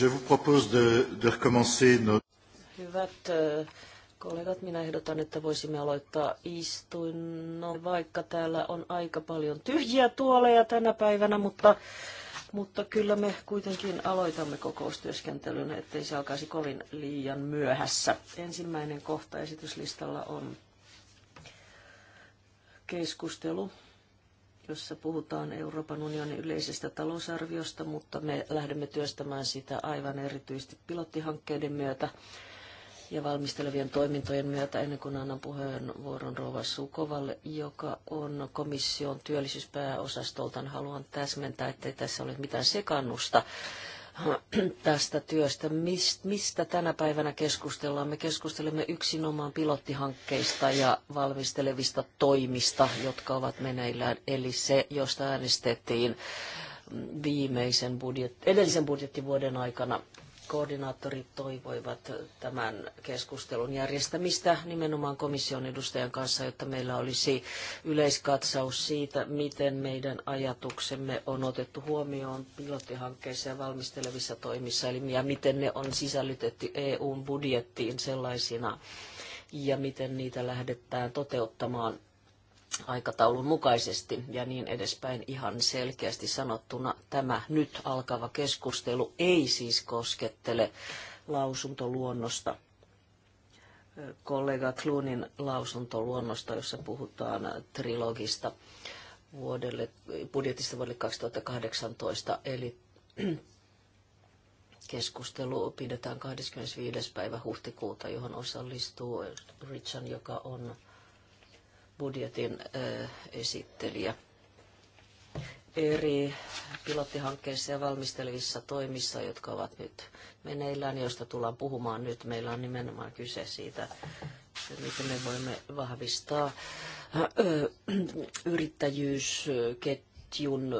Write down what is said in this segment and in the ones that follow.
Je vous propose de, de recommencer notre... Hyvät äh, kollegat, minä ehdotan, että voisimme aloittaa istunnon, vaikka täällä on aika paljon tyhjiä tuoleja tänä päivänä, mutta, mutta kyllä me kuitenkin aloitamme kokoustyöskentelyn, ettei se alkaisi kovin liian myöhässä. Ensimmäinen kohta esityslistalla on keskustelu jossa puhutaan Euroopan unionin yleisestä talousarviosta, mutta me lähdemme työstämään sitä aivan erityisesti pilottihankkeiden myötä ja valmistelevien toimintojen myötä ennen kuin annan puheenvuoron Rova Sukovalle, joka on komission työllisyyspääosastolta. Haluan täsmentää, ettei tässä ole mitään sekannusta tästä työstä. Mistä tänä päivänä keskustellaan? Me keskustelemme yksinomaan pilottihankkeista ja valmistelevista toimista, jotka ovat meneillään. Eli se, josta äänestettiin viimeisen budjet, edellisen budjettivuoden aikana koordinaattorit toivoivat tämän keskustelun järjestämistä nimenomaan komission edustajan kanssa, jotta meillä olisi yleiskatsaus siitä, miten meidän ajatuksemme on otettu huomioon pilottihankkeissa ja valmistelevissa toimissa, eli ja miten ne on sisällytetty EUn budjettiin sellaisina ja miten niitä lähdetään toteuttamaan aikataulun mukaisesti ja niin edespäin ihan selkeästi sanottuna. Tämä nyt alkava keskustelu ei siis koskettele lausuntoluonnosta, kollega Kluunin lausuntoluonnosta, jossa puhutaan trilogista vuodelle, budjetista vuodelle 2018, eli keskustelu pidetään 25. päivä huhtikuuta, johon osallistuu Richard, joka on budjetin esittelijä eri pilottihankkeissa ja valmistelevissa toimissa, jotka ovat nyt meneillään, joista tullaan puhumaan nyt. Meillä on nimenomaan kyse siitä, miten me voimme vahvistaa yrittäjyys, ketjun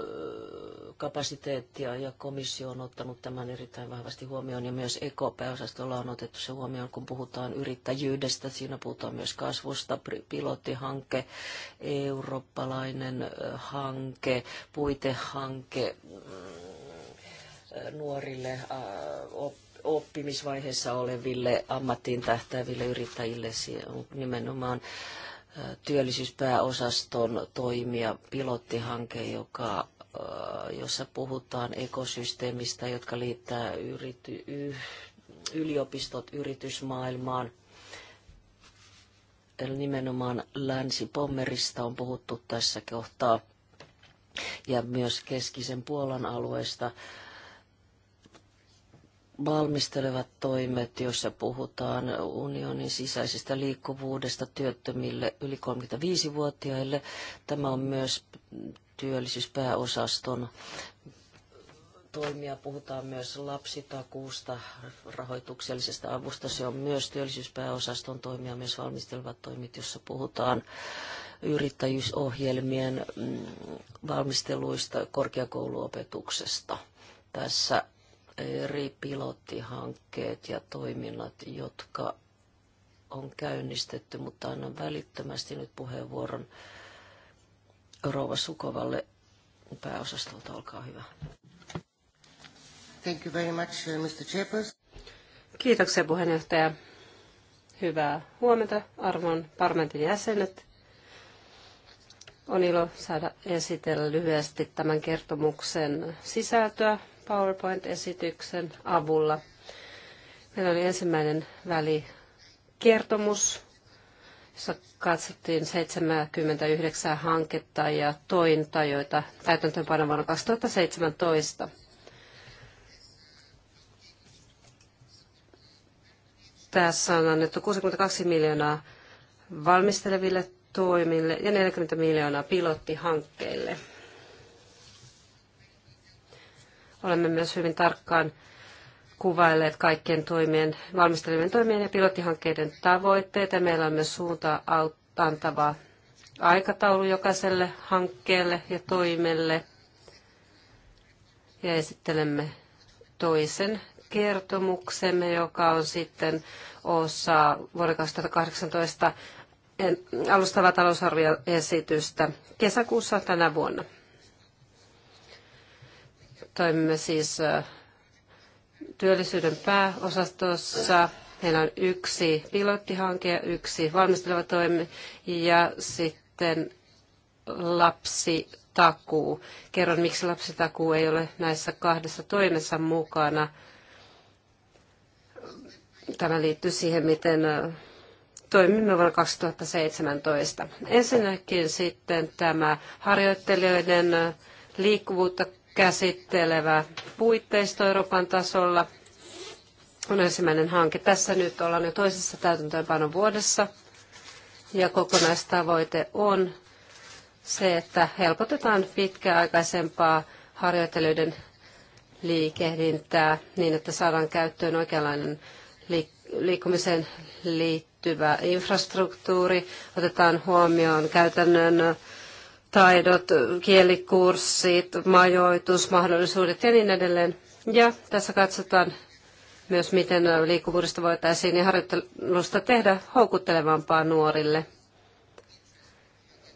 kapasiteettia ja komissio on ottanut tämän erittäin vahvasti huomioon ja myös EKP-osastolla on otettu se huomioon, kun puhutaan yrittäjyydestä. Siinä puhutaan myös kasvusta, pilottihanke, eurooppalainen hanke, puitehanke mm, nuorille oppimisvaiheessa oleville ammattiin tähtääville yrittäjille nimenomaan työllisyyspääosaston toimia pilottihanke, joka, äh, jossa puhutaan ekosysteemistä, jotka liittää yrity, y, yliopistot yritysmaailmaan. Eli nimenomaan Länsi-Pommerista on puhuttu tässä kohtaa ja myös keskisen Puolan alueesta valmistelevat toimet, joissa puhutaan unionin sisäisestä liikkuvuudesta työttömille yli 35-vuotiaille. Tämä on myös työllisyyspääosaston toimia. Puhutaan myös lapsitakuusta, rahoituksellisesta avusta. Se on myös työllisyyspääosaston toimia, myös valmistelevat toimit, jossa puhutaan yrittäjyysohjelmien mm, valmisteluista, korkeakouluopetuksesta. Tässä eri pilottihankkeet ja toiminnat, jotka on käynnistetty, mutta annan välittömästi nyt puheenvuoron Rouva Sukovalle pääosastolta. Olkaa hyvä. Thank you very much, uh, Mr. Chairperson. Kiitoksia puheenjohtaja. Hyvää huomenta arvon parlamentin jäsenet. On ilo saada esitellä lyhyesti tämän kertomuksen sisältöä, PowerPoint-esityksen avulla. Meillä oli ensimmäinen välikertomus, jossa katsottiin 79 hanketta ja tointa, joita täytäntöönpano vuonna 2017. Tässä on annettu 62 miljoonaa valmisteleville toimille ja 40 miljoonaa pilottihankkeille. Olemme myös hyvin tarkkaan kuvailleet kaikkien toimien, valmistelevien toimien ja pilottihankkeiden tavoitteet. Ja meillä on myös suunta antava aikataulu jokaiselle hankkeelle ja toimelle. Ja esittelemme toisen kertomuksemme, joka on sitten osa vuoden 2018 alustavaa talousarvioesitystä kesäkuussa tänä vuonna. Toimimme siis työllisyyden pääosastossa. Meillä on yksi pilottihanke ja yksi valmisteleva toimi ja sitten lapsitakuu. Kerron, miksi lapsitakuu ei ole näissä kahdessa toimessa mukana. Tämä liittyy siihen, miten toimimme vuonna 2017. Ensinnäkin sitten tämä harjoittelijoiden liikkuvuutta käsittelevä puitteisto Euroopan tasolla on ensimmäinen hanke. Tässä nyt ollaan jo toisessa täytäntöönpanon vuodessa ja kokonaistavoite on se, että helpotetaan pitkäaikaisempaa harjoittelijoiden liikehdintää niin, että saadaan käyttöön oikeanlainen liikkumiseen liittyvä infrastruktuuri, otetaan huomioon käytännön taidot, kielikurssit, majoitusmahdollisuudet ja niin edelleen. Ja tässä katsotaan myös, miten liikkuvuudesta voitaisiin ja harjoittelusta tehdä houkuttelevampaa nuorille.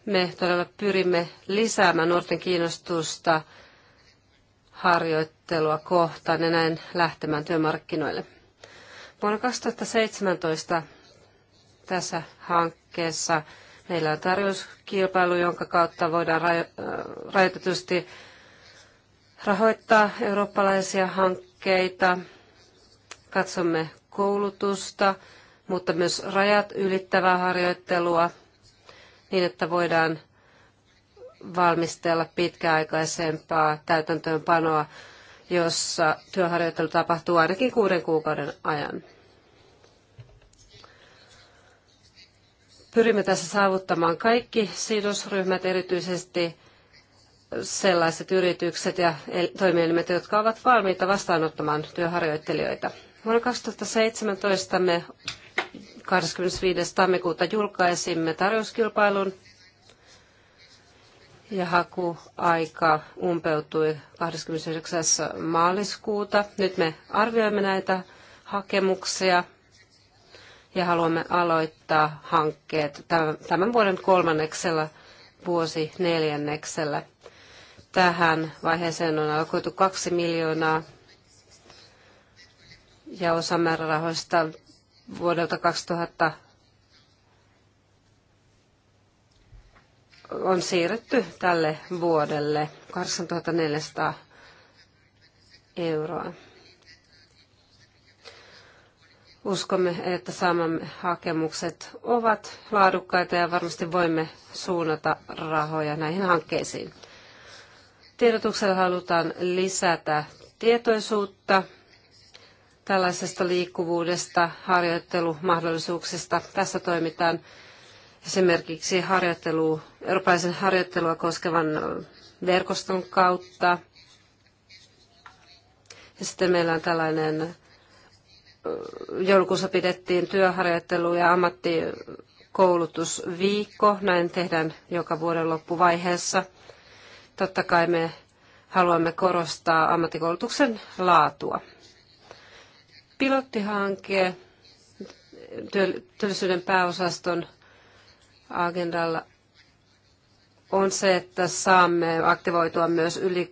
Me todella pyrimme lisäämään nuorten kiinnostusta harjoittelua kohtaan ja näin lähtemään työmarkkinoille. Vuonna 2017 tässä hankkeessa Meillä on tarjouskilpailu, jonka kautta voidaan äh, rajoitetusti rahoittaa eurooppalaisia hankkeita. Katsomme koulutusta, mutta myös rajat ylittävää harjoittelua niin, että voidaan valmistella pitkäaikaisempaa täytäntöönpanoa, jossa työharjoittelu tapahtuu ainakin kuuden kuukauden ajan. Pyrimme tässä saavuttamaan kaikki sidosryhmät, erityisesti sellaiset yritykset ja toimielimet, jotka ovat valmiita vastaanottamaan työharjoittelijoita. Vuonna 2017 me 25. tammikuuta julkaisimme tarjouskilpailun ja hakuaika umpeutui 29. maaliskuuta. Nyt me arvioimme näitä hakemuksia ja haluamme aloittaa hankkeet tämän vuoden kolmanneksella vuosi neljänneksellä. Tähän vaiheeseen on alkoitu kaksi miljoonaa ja osa määrärahoista vuodelta 2000 on siirretty tälle vuodelle 8400 euroa. Uskomme, että saamamme hakemukset ovat laadukkaita ja varmasti voimme suunnata rahoja näihin hankkeisiin. Tiedotuksella halutaan lisätä tietoisuutta tällaisesta liikkuvuudesta, harjoittelumahdollisuuksista. Tässä toimitaan esimerkiksi harjoittelu, eurooppalaisen harjoittelua koskevan verkoston kautta. Ja sitten meillä on tällainen joulukuussa pidettiin työharjoittelu- ja ammattikoulutusviikko. Näin tehdään joka vuoden loppuvaiheessa. Totta kai me haluamme korostaa ammattikoulutuksen laatua. Pilottihanke työllisyyden pääosaston agendalla on se, että saamme aktivoitua myös yli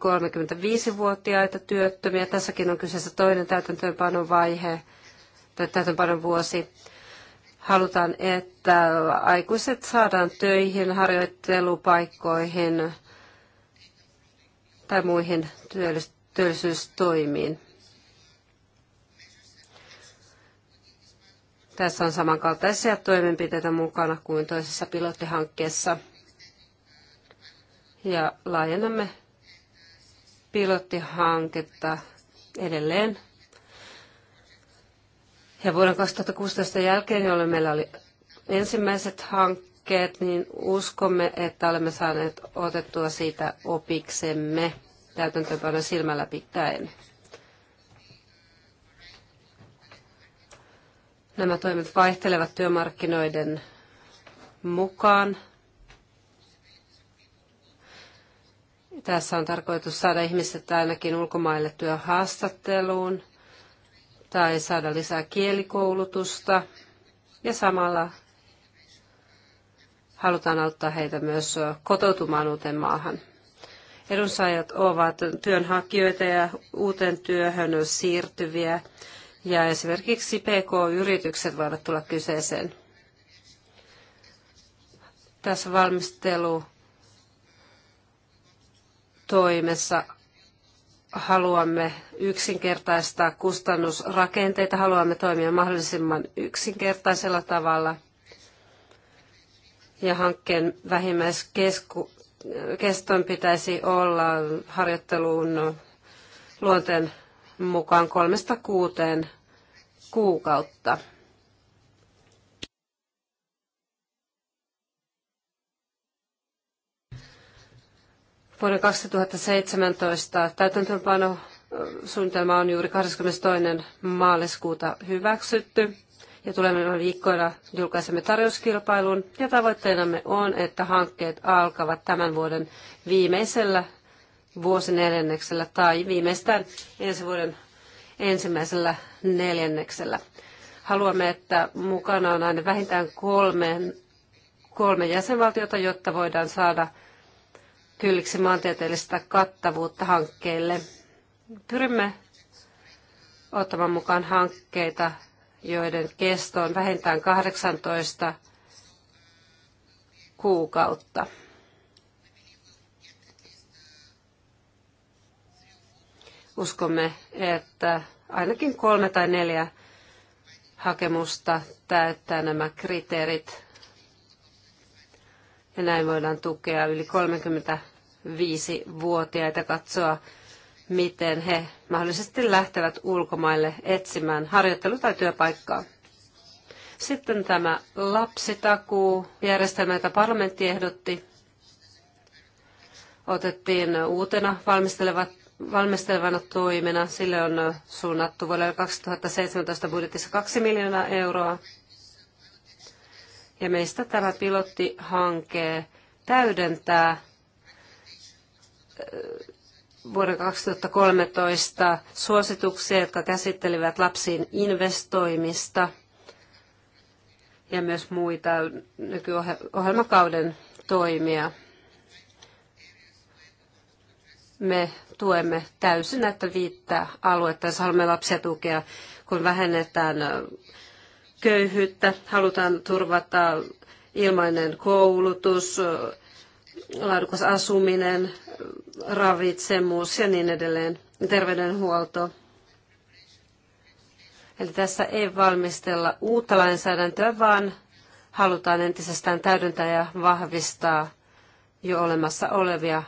35-vuotiaita työttömiä. Tässäkin on kyseessä toinen täytäntöönpanovaihe vaihe Tätä täytäntöönpanon vuosi. Halutaan, että aikuiset saadaan töihin, harjoittelupaikkoihin tai muihin työllisyystoimiin. Tässä on samankaltaisia toimenpiteitä mukana kuin toisessa pilottihankkeessa. Ja laajennamme pilottihanketta edelleen ja vuoden 2016 jälkeen, jolloin meillä oli ensimmäiset hankkeet, niin uskomme, että olemme saaneet otettua siitä opiksemme täytäntöönpanon silmällä pitäen. Nämä toimet vaihtelevat työmarkkinoiden mukaan. Tässä on tarkoitus saada ihmiset ainakin ulkomaille työhaastatteluun tai saada lisää kielikoulutusta ja samalla halutaan auttaa heitä myös kotoutumaan uuteen maahan. Edunsaajat ovat työnhakijoita ja uuteen työhön siirtyviä ja esimerkiksi PK-yritykset voivat tulla kyseeseen. Tässä valmistelu toimessa haluamme yksinkertaistaa kustannusrakenteita, haluamme toimia mahdollisimman yksinkertaisella tavalla ja hankkeen vähimmäiskeston pitäisi olla harjoitteluun luonteen mukaan kolmesta kuuteen kuukautta. Vuonna 2017 täytäntöönpano suunnitelma on juuri 22. maaliskuuta hyväksytty ja tulevina viikkoina julkaisemme tarjouskilpailun ja tavoitteenamme on, että hankkeet alkavat tämän vuoden viimeisellä vuosineljänneksellä tai viimeistään ensi vuoden ensimmäisellä neljänneksellä. Haluamme, että mukana on aina vähintään kolme, kolme jäsenvaltiota, jotta voidaan saada kylliksi maantieteellistä kattavuutta hankkeille. Pyrimme ottamaan mukaan hankkeita, joiden kesto on vähintään 18 kuukautta. Uskomme, että ainakin kolme tai neljä hakemusta täyttää nämä kriteerit. Ja näin voidaan tukea yli 30 viisivuotiaita katsoa, miten he mahdollisesti lähtevät ulkomaille etsimään harjoittelu- tai työpaikkaa. Sitten tämä lapsitakuu, järjestelmä, jota parlamentti ehdotti, otettiin uutena valmistelevat valmistelevana toimena. Sille on suunnattu vuodelle 2017 budjetissa 2 miljoonaa euroa. Ja meistä tämä pilottihanke täydentää vuoden 2013 suosituksia, jotka käsittelivät lapsiin investoimista ja myös muita nykyohjelmakauden toimia. Me tuemme täysin näitä viittä aluetta, jos haluamme lapsia tukea, kun vähennetään köyhyyttä, halutaan turvata ilmainen koulutus, laadukas asuminen, ravitsemus ja niin edelleen, terveydenhuolto. Eli tässä ei valmistella uutta lainsäädäntöä, vaan halutaan entisestään täydentää ja vahvistaa jo olemassa olevia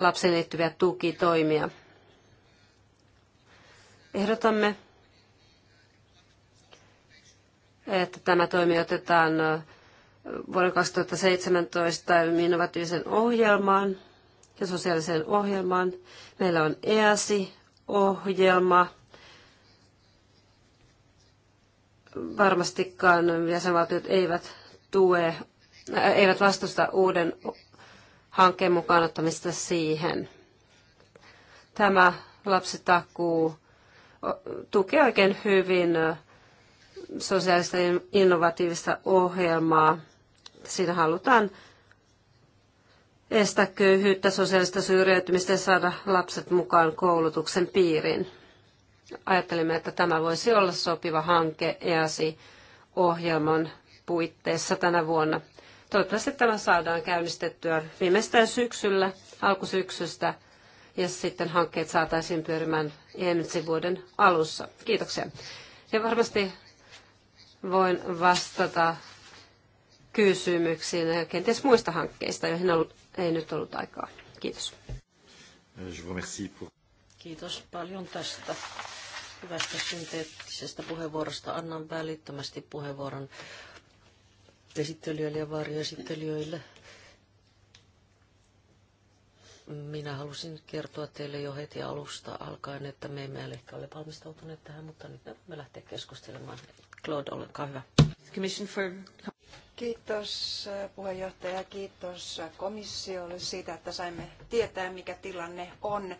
lapsen liittyviä tukitoimia. Ehdotamme, että tämä toimi otetaan vuoden 2017 innovatiivisen ohjelmaan ja sosiaaliseen ohjelmaan. Meillä on EASI-ohjelma. Varmastikaan jäsenvaltiot eivät tue, äh, eivät vastusta uuden hankkeen mukaan ottamista siihen. Tämä lapsitakuu tukee oikein hyvin sosiaalista innovatiivista ohjelmaa. Siinä halutaan estää köyhyyttä, sosiaalista syrjäytymistä ja saada lapset mukaan koulutuksen piiriin. Ajattelimme, että tämä voisi olla sopiva hanke EASI-ohjelman puitteissa tänä vuonna. Toivottavasti tämä saadaan käynnistettyä viimeistään syksyllä, alkusyksystä, ja sitten hankkeet saataisiin pyörimään ensi vuoden alussa. Kiitoksia. Ja varmasti voin vastata kysymyksiin ja kenties muista hankkeista, joihin ei nyt ollut aikaa. Kiitos. Kiitos paljon tästä hyvästä synteettisestä puheenvuorosta. Annan välittömästi puheenvuoron esittelijöille ja varjoesittelijöille. Minä halusin kertoa teille jo heti alusta alkaen, että me emme ehkä ole valmistautuneet tähän, mutta nyt me lähtee keskustelemaan. Claude, olkaa hyvä. Commission for... Kiitos puheenjohtaja, kiitos komissiolle siitä, että saimme tietää, mikä tilanne on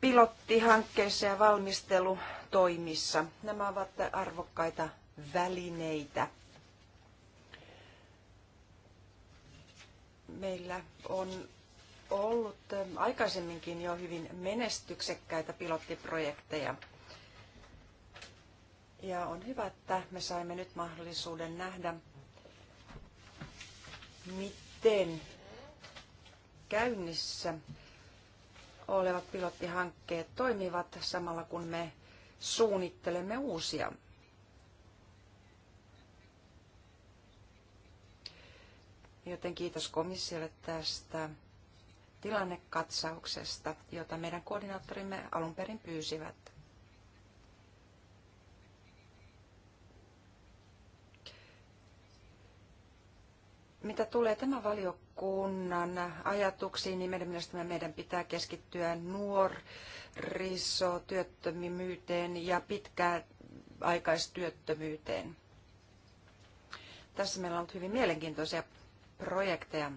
pilottihankkeissa ja valmistelutoimissa. Nämä ovat arvokkaita välineitä. Meillä on ollut aikaisemminkin jo hyvin menestyksekkäitä pilottiprojekteja. Ja on hyvä, että me saimme nyt mahdollisuuden nähdä, miten käynnissä olevat pilottihankkeet toimivat samalla kun me suunnittelemme uusia. Joten kiitos komissiolle tästä tilannekatsauksesta, jota meidän koordinaattorimme alun perin pyysivät. Mitä tulee tämän valiokunnan ajatuksiin, niin meidän mielestämme meidän pitää keskittyä nuorisotyöttömyyteen ja pitkäaikaistyöttömyyteen. Tässä meillä on ollut hyvin mielenkiintoisia projekteja.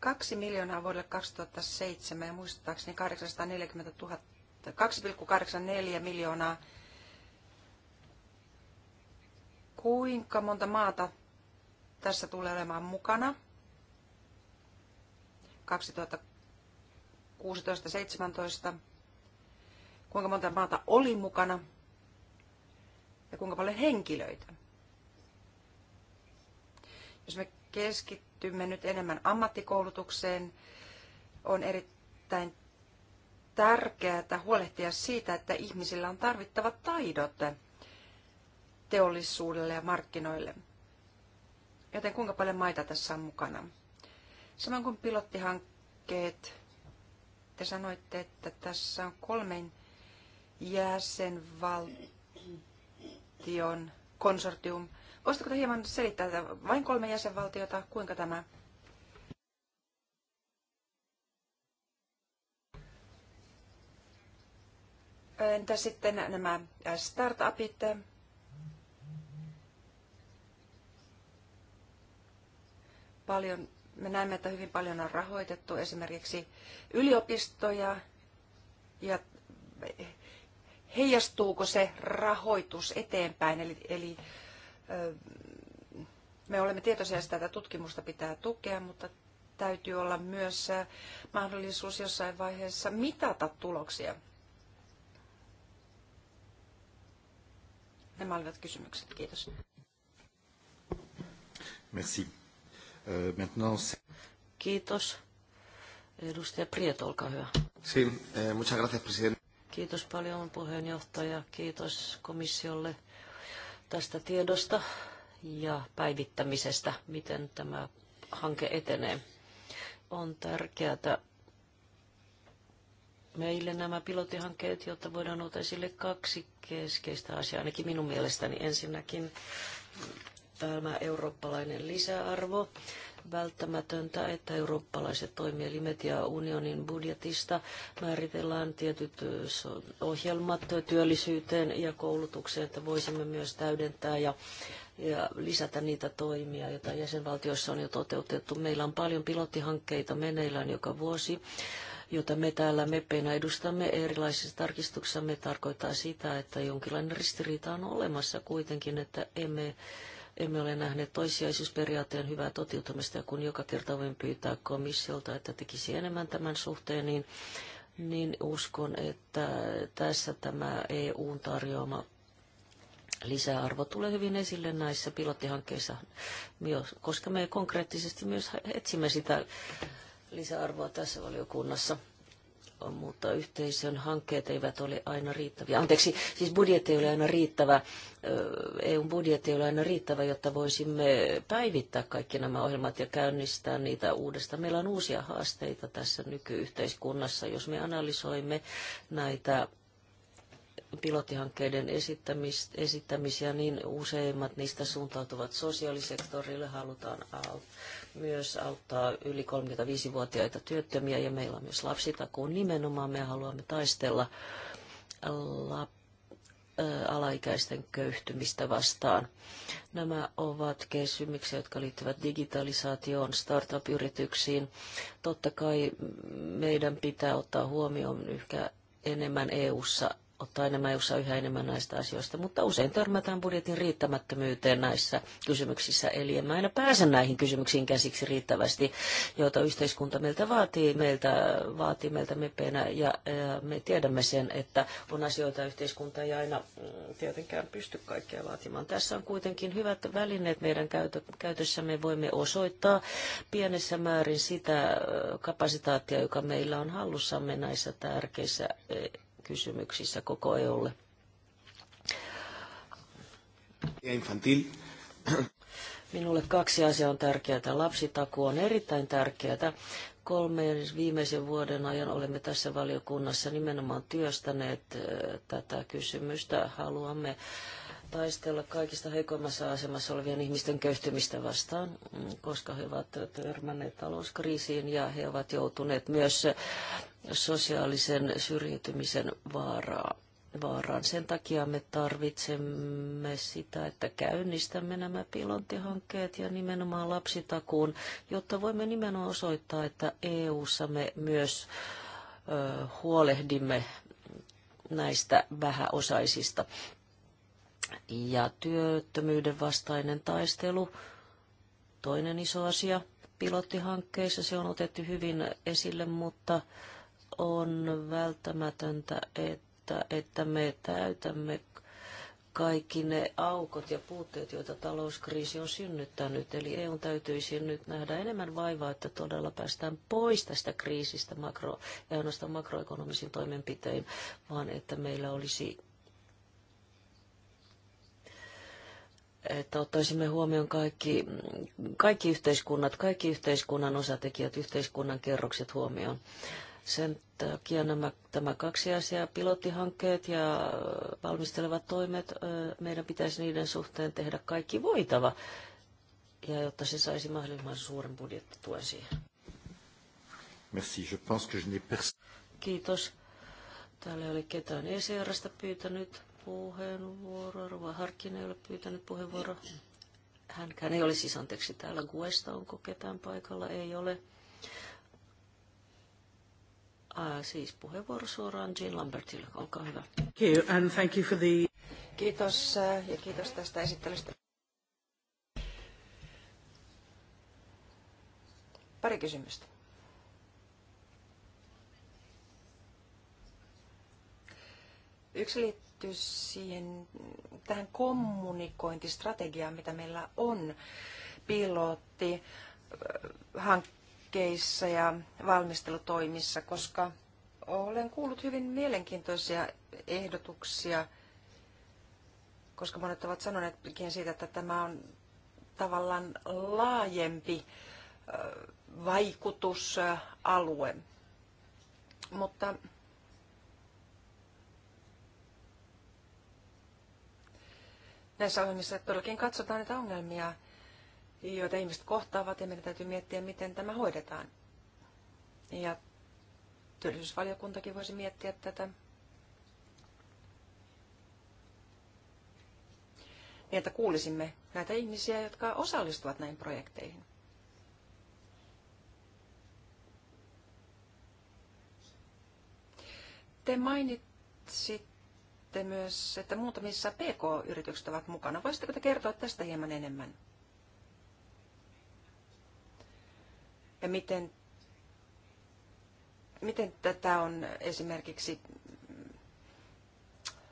Kaksi miljoonaa vuodelle 2007 ja muistaakseni 840 000, 2,84 miljoonaa kuinka monta maata tässä tulee olemaan mukana 2016-2017, kuinka monta maata oli mukana ja kuinka paljon henkilöitä. Jos me keskittymme nyt enemmän ammattikoulutukseen, on erittäin tärkeää huolehtia siitä, että ihmisillä on tarvittavat taidot teollisuudelle ja markkinoille. Joten kuinka paljon maita tässä on mukana? Samoin kuin pilottihankkeet, te sanoitte, että tässä on kolmen jäsenvaltion konsortium. Voisitko te hieman selittää että Vain kolme jäsenvaltiota, kuinka tämä Entä sitten nämä startupit? paljon, me näemme, että hyvin paljon on rahoitettu esimerkiksi yliopistoja ja heijastuuko se rahoitus eteenpäin. Eli, eli me olemme tietoisia sitä, että tutkimusta pitää tukea, mutta täytyy olla myös mahdollisuus jossain vaiheessa mitata tuloksia. Nämä olivat kysymykset. Kiitos. Merci. Euh, maintenant... Kiitos. Edustaja Prieto, olkaa hyvä. Sí, eh, muchas gracias, presidente. Kiitos paljon puheenjohtaja. Kiitos komissiolle tästä tiedosta ja päivittämisestä, miten tämä hanke etenee. On tärkeää meille nämä pilottihankkeet, jotta voidaan ottaa esille kaksi keskeistä asiaa, ainakin minun mielestäni. Ensinnäkin tämä eurooppalainen lisäarvo. Välttämätöntä, että eurooppalaiset toimielimet ja unionin budjetista määritellään tietyt ohjelmat työllisyyteen ja koulutukseen, että voisimme myös täydentää ja ja lisätä niitä toimia, joita jäsenvaltioissa on jo toteutettu. Meillä on paljon pilottihankkeita meneillään joka vuosi jota me täällä meppeinä edustamme erilaisissa tarkistuksissa, me tarkoittaa sitä, että jonkinlainen ristiriita on olemassa kuitenkin, että emme emme ole nähneet toissijaisuusperiaatteen hyvää totiutumista, ja kun joka kerta voin pyytää komissiolta, että tekisi enemmän tämän suhteen, niin, niin uskon, että tässä tämä EUn tarjoama lisäarvo tulee hyvin esille näissä pilottihankkeissa, koska me konkreettisesti myös etsimme sitä lisäarvoa tässä valiokunnassa mutta yhteisön hankkeet eivät ole aina riittäviä. Anteeksi, siis budjetti ei ole aina riittävä. EUn budjetti ei ole aina riittävä, jotta voisimme päivittää kaikki nämä ohjelmat ja käynnistää niitä uudestaan. Meillä on uusia haasteita tässä nykyyhteiskunnassa, jos me analysoimme näitä pilottihankkeiden esittämisiä, niin useimmat niistä suuntautuvat sosiaalisektorille, halutaan myös auttaa yli 35-vuotiaita työttömiä ja meillä on myös lapsitakuun. Nimenomaan me haluamme taistella lap- alaikäisten köyhtymistä vastaan. Nämä ovat kysymyksiä, jotka liittyvät digitalisaatioon, startup-yrityksiin. Totta kai meidän pitää ottaa huomioon yhkä enemmän EU-ssa ottaa enemmän EU-ssa yhä enemmän näistä asioista, mutta usein törmätään budjetin riittämättömyyteen näissä kysymyksissä. Eli emme aina pääse näihin kysymyksiin käsiksi riittävästi, joita yhteiskunta meiltä vaatii, meiltä, vaatii meiltä mepeenä. Ja, ja me tiedämme sen, että on asioita yhteiskunta ei aina mm, tietenkään pysty kaikkea vaatimaan. Tässä on kuitenkin hyvät välineet meidän käytö, käytössämme. Voimme osoittaa pienessä määrin sitä kapasitaattia, joka meillä on hallussamme näissä tärkeissä kysymyksissä koko EUlle. Minulle kaksi asiaa on tärkeää. Lapsitaku on erittäin tärkeää. Kolmen viimeisen vuoden ajan olemme tässä valiokunnassa nimenomaan työstäneet tätä kysymystä. Haluamme taistella kaikista heikoimmassa asemassa olevien ihmisten köyhtymistä vastaan, mm, koska he ovat törmänneet talouskriisiin ja he ovat joutuneet myös sosiaalisen syrjäytymisen vaaraa, vaaraan. Sen takia me tarvitsemme sitä, että käynnistämme nämä pilottihankkeet ja nimenomaan lapsitakuun, jotta voimme nimenomaan osoittaa, että EU-ssa me myös ö, huolehdimme näistä vähäosaisista. Ja työttömyyden vastainen taistelu, toinen iso asia pilottihankkeissa, se on otettu hyvin esille, mutta on välttämätöntä, että, että me täytämme kaikki ne aukot ja puutteet, joita talouskriisi on synnyttänyt. Eli EU täytyisi nyt nähdä enemmän vaivaa, että todella päästään pois tästä kriisistä makro, ja ainoastaan makroekonomisin toimenpitein, vaan että meillä olisi että ottaisimme huomioon kaikki, kaikki yhteiskunnat, kaikki yhteiskunnan osatekijät, yhteiskunnan kerrokset huomioon. Sen takia nämä, tämä kaksi asiaa, pilottihankkeet ja valmistelevat toimet, meidän pitäisi niiden suhteen tehdä kaikki voitava, ja jotta se saisi mahdollisimman suuren budjettituen siihen. Merci. Je pense que je n'ai pers- Kiitos. Täällä ei ole ketään ECRstä pyytänyt puheenvuoroa. Ruva Harkkinen ei ole pyytänyt puheenvuoroa. Hänkään ei ole siis anteeksi täällä Guesta. Onko ketään paikalla? Ei ole. Äh, siis puheenvuoro suoraan Jean Lambertille. Olkaa hyvä. Thank you and thank you for the... Kiitos äh, ja kiitos tästä esittelystä. Pari kysymystä. Yksi liittyy siihen, tähän kommunikointistrategiaan, mitä meillä on pilotti äh, hankkeissa ja valmistelutoimissa, koska olen kuullut hyvin mielenkiintoisia ehdotuksia, koska monet ovat sanoneetkin siitä, että tämä on tavallaan laajempi vaikutusalue. Mutta näissä ohjelmissa todellakin katsotaan niitä ongelmia – joita ihmiset kohtaavat, ja meidän täytyy miettiä, miten tämä hoidetaan. Ja työllisyysvaliokuntakin voisi miettiä tätä. Niin, että kuulisimme näitä ihmisiä, jotka osallistuvat näihin projekteihin. Te mainitsitte myös, että muutamissa PK-yritykset ovat mukana. Voisitteko te kertoa tästä hieman enemmän? ja miten, miten tätä on esimerkiksi,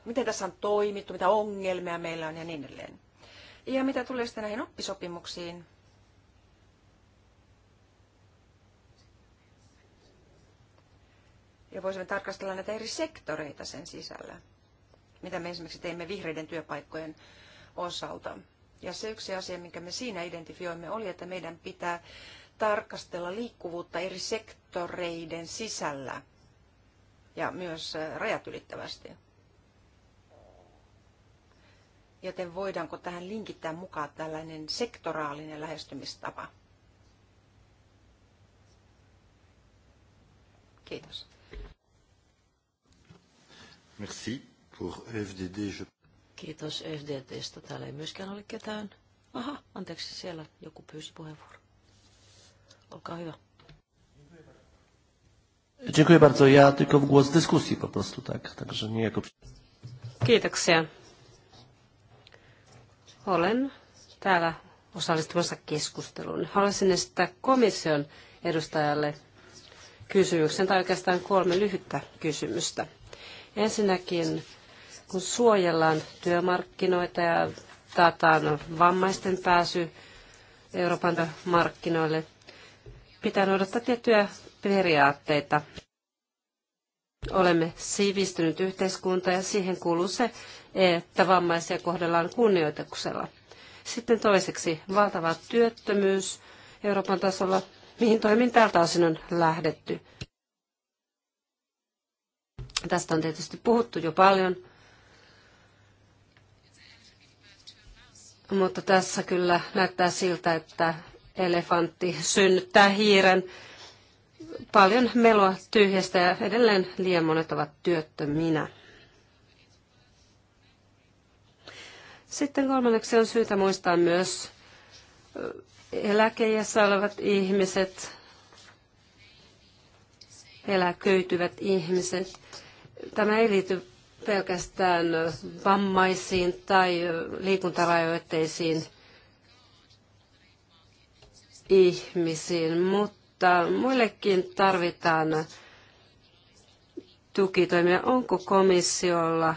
miten tässä on toimittu, mitä ongelmia meillä on ja niin edelleen. Ja mitä tulee sitten näihin oppisopimuksiin, ja voisimme tarkastella näitä eri sektoreita sen sisällä, mitä me esimerkiksi teimme vihreiden työpaikkojen osalta. Ja se yksi asia, minkä me siinä identifioimme, oli, että meidän pitää tarkastella liikkuvuutta eri sektoreiden sisällä ja myös äh, rajat ylittävästi. Joten voidaanko tähän linkittää mukaan tällainen sektoraalinen lähestymistapa? Kiitos. Merci pour FDD. Kiitos FDDstä. Täällä ei myöskään ole ketään. Aha, anteeksi, siellä joku pyysi puheenvuoron. Olkaa Dziękuję bardzo. Ja tylko w głos dyskusji po prostu, tak? Także nie jako... Kiitoksia. Olen täällä osallistumassa keskusteluun. Haluaisin esittää komission edustajalle kysymyksen, tai oikeastaan kolme lyhyttä kysymystä. Ensinnäkin, kun suojellaan työmarkkinoita ja taataan vammaisten pääsy Euroopan markkinoille, pitää noudattaa tiettyjä periaatteita. Olemme sivistynyt yhteiskunta ja siihen kuuluu se, että vammaisia kohdellaan kunnioituksella. Sitten toiseksi valtava työttömyys Euroopan tasolla. Mihin toimin tältä osin on lähdetty? Tästä on tietysti puhuttu jo paljon, mutta tässä kyllä näyttää siltä, että elefantti synnyttää hiiren. Paljon melua tyhjästä ja edelleen liian monet ovat työttöminä. Sitten kolmanneksi on syytä muistaa myös eläkeijässä olevat ihmiset, eläköityvät ihmiset. Tämä ei liity pelkästään vammaisiin tai liikuntarajoitteisiin ihmisiin, mutta muillekin tarvitaan tukitoimia. Onko komissiolla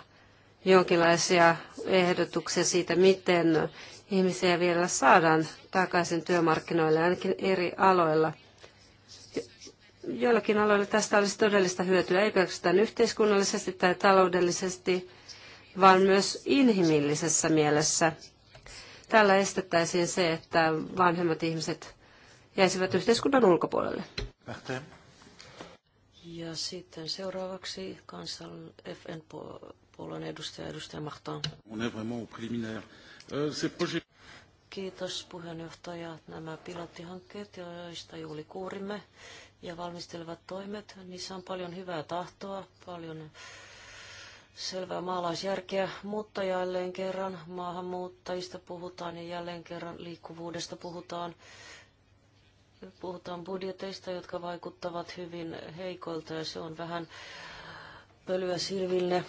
jonkinlaisia ehdotuksia siitä, miten ihmisiä vielä saadaan takaisin työmarkkinoille, ainakin eri aloilla? Joillakin aloilla tästä olisi todellista hyötyä, ei pelkästään yhteiskunnallisesti tai taloudellisesti, vaan myös inhimillisessä mielessä. Tällä estettäisiin se, että vanhemmat ihmiset jäisivät yhteiskunnan ulkopuolelle. Lähtee. Ja sitten seuraavaksi kansan FN puolueen edustaja, edustaja Mahtaan. On vraiment euh, Kiitos puheenjohtaja. Nämä pilottihankkeet, joista juuri kuurimme, ja valmistelevat toimet, niissä on paljon hyvää tahtoa, paljon selvää maalaisjärkeä, mutta jälleen kerran maahanmuuttajista puhutaan ja jälleen kerran liikkuvuudesta puhutaan puhutaan budjeteista, jotka vaikuttavat hyvin heikoilta ja se on vähän pölyä silville,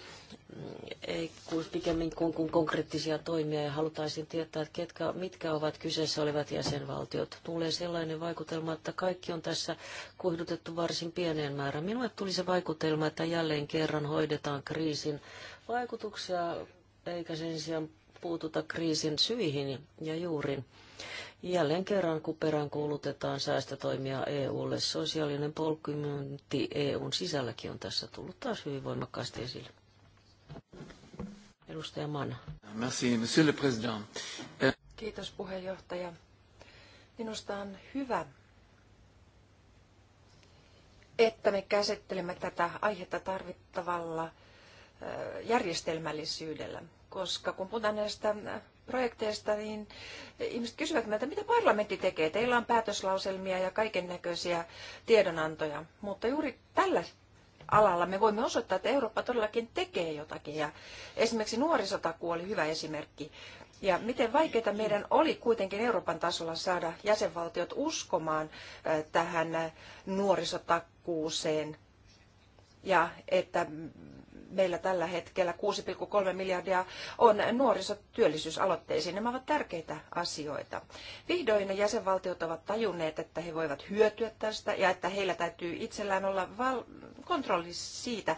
ei kuin pikemmin kuin, kuin konkreettisia toimia ja halutaisin tietää, että ketkä, mitkä ovat kyseessä olevat jäsenvaltiot. Tulee sellainen vaikutelma, että kaikki on tässä kohdutettu varsin pieneen määrään. Minulle tuli se vaikutelma, että jälleen kerran hoidetaan kriisin vaikutuksia eikä sen sijaan puututa kriisin syihin ja juurin. Jälleen kerran, kun peräänkuulutetaan kuulutetaan säästötoimia EUlle, sosiaalinen polkymyynti EUn sisälläkin on tässä tullut taas hyvin voimakkaasti esille. Edustaja Merci, monsieur le président. Kiitos puheenjohtaja. Minusta on hyvä, että me käsittelemme tätä aihetta tarvittavalla järjestelmällisyydellä, koska kun puhutaan näistä projekteista, niin ihmiset kysyvät meiltä, mitä parlamentti tekee. Teillä on päätöslauselmia ja kaiken näköisiä tiedonantoja, mutta juuri tällä alalla me voimme osoittaa, että Eurooppa todellakin tekee jotakin. Ja esimerkiksi nuorisotakuu oli hyvä esimerkki. Ja miten vaikeaa meidän oli kuitenkin Euroopan tasolla saada jäsenvaltiot uskomaan tähän nuorisotakuuseen ja että meillä tällä hetkellä 6,3 miljardia on nuorisotyöllisyysaloitteisiin. Nämä ovat tärkeitä asioita. Vihdoin ne jäsenvaltiot ovat tajunneet, että he voivat hyötyä tästä ja että heillä täytyy itsellään olla val- kontrolli siitä,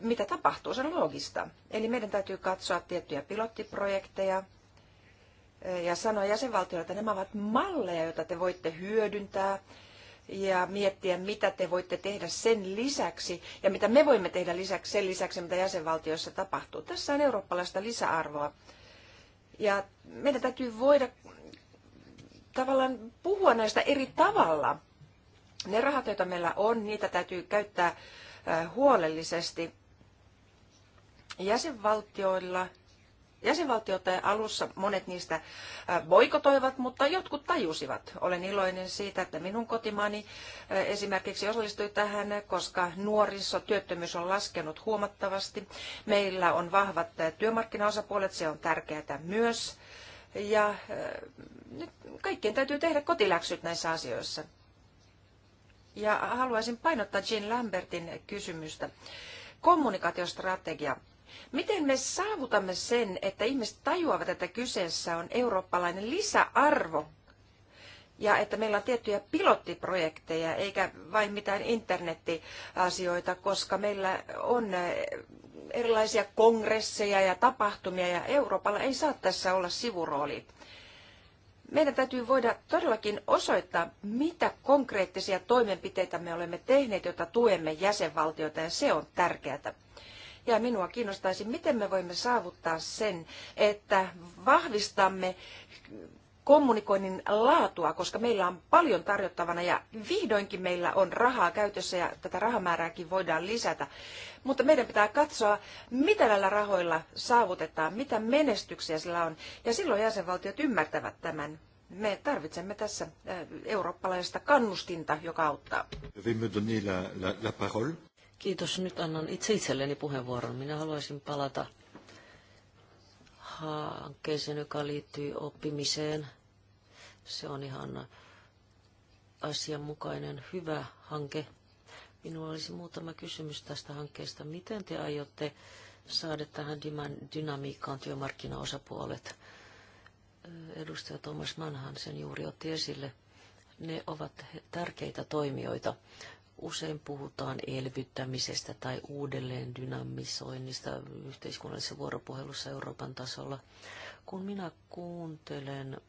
mitä tapahtuu, se on loogista. Eli meidän täytyy katsoa tiettyjä pilottiprojekteja, ja sanoa jäsenvaltioille, että nämä ovat malleja, joita te voitte hyödyntää ja miettiä, mitä te voitte tehdä sen lisäksi ja mitä me voimme tehdä lisäksi, sen lisäksi, mitä jäsenvaltioissa tapahtuu. Tässä on eurooppalaista lisäarvoa. Ja meidän täytyy voida tavallaan puhua näistä eri tavalla. Ne rahat, joita meillä on, niitä täytyy käyttää huolellisesti. Jäsenvaltioilla ja alussa monet niistä boikotoivat, mutta jotkut tajusivat. Olen iloinen siitä, että minun kotimaani esimerkiksi osallistui tähän, koska nuorisotyöttömyys on laskenut huomattavasti. Meillä on vahvat työmarkkinaosapuolet, se on tärkeää myös. Ja nyt kaikkien täytyy tehdä kotiläksyt näissä asioissa. Ja haluaisin painottaa Jean Lambertin kysymystä kommunikaatiostrategia. Miten me saavutamme sen, että ihmiset tajuavat, että kyseessä on eurooppalainen lisäarvo ja että meillä on tiettyjä pilottiprojekteja eikä vain mitään internettiasioita, koska meillä on eh, erilaisia kongresseja ja tapahtumia ja Euroopalla ei saa tässä olla sivurooli. Meidän täytyy voida todellakin osoittaa, mitä konkreettisia toimenpiteitä me olemme tehneet, jotta tuemme jäsenvaltioita, ja se on tärkeää. Ja minua kiinnostaisi, miten me voimme saavuttaa sen, että vahvistamme kommunikoinnin laatua, koska meillä on paljon tarjottavana ja vihdoinkin meillä on rahaa käytössä ja tätä rahamäärääkin voidaan lisätä. Mutta meidän pitää katsoa, mitä näillä rahoilla saavutetaan, mitä menestyksiä sillä on. Ja silloin jäsenvaltiot ymmärtävät tämän. Me tarvitsemme tässä äh, eurooppalaista kannustinta, joka auttaa. Kiitos. Nyt annan itse itselleni puheenvuoron. Minä haluaisin palata hankkeeseen, joka liittyy oppimiseen. Se on ihan asianmukainen, hyvä hanke. Minulla olisi muutama kysymys tästä hankkeesta. Miten te aiotte saada tähän dynamiikkaan työmarkkinaosapuolet? Edustaja Thomas Manhan sen juuri otti esille. Ne ovat tärkeitä toimijoita Usein puhutaan elvyttämisestä tai uudelleen dynamisoinnista yhteiskunnallisessa vuoropuhelussa Euroopan tasolla. Kun minä kuuntelen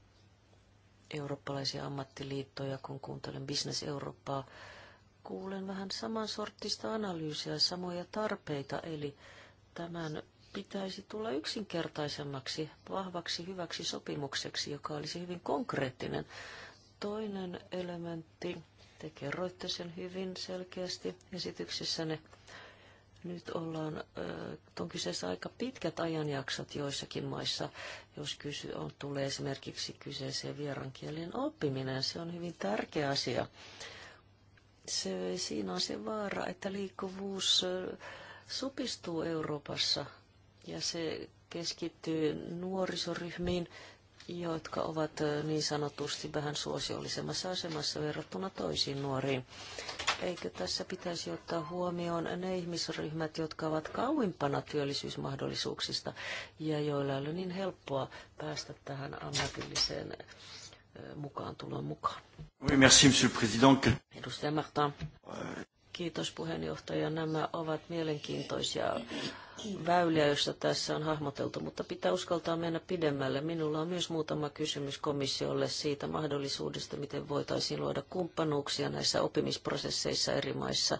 eurooppalaisia ammattiliittoja, kun kuuntelen Business Eurooppaa, kuulen vähän samansorttista analyysiä, samoja tarpeita, eli tämän pitäisi tulla yksinkertaisemmaksi, vahvaksi, hyväksi sopimukseksi, joka olisi hyvin konkreettinen. Toinen elementti te kerroitte sen hyvin selkeästi esityksissänne. Nyt ollaan, on kyseessä aika pitkät ajanjaksot joissakin maissa, jos kysy, on, tulee esimerkiksi kyseeseen vierankielen oppiminen. Se on hyvin tärkeä asia. Se, siinä on se vaara, että liikkuvuus supistuu Euroopassa ja se keskittyy nuorisoryhmiin, jotka ovat niin sanotusti vähän suosiollisemmassa asemassa verrattuna toisiin nuoriin. Eikö tässä pitäisi ottaa huomioon ne ihmisryhmät, jotka ovat kauimpana työllisyysmahdollisuuksista ja joilla ei ole niin helppoa päästä tähän ammatilliseen mukaan tulon mukaan? Oui, merci, monsieur le président. Edustaja Martin. Euh, Kiitos puheenjohtaja. Nämä ovat mielenkiintoisia väyliä, joissa tässä on hahmoteltu, mutta pitää uskaltaa mennä pidemmälle. Minulla on myös muutama kysymys komissiolle siitä mahdollisuudesta, miten voitaisiin luoda kumppanuuksia näissä oppimisprosesseissa eri maissa.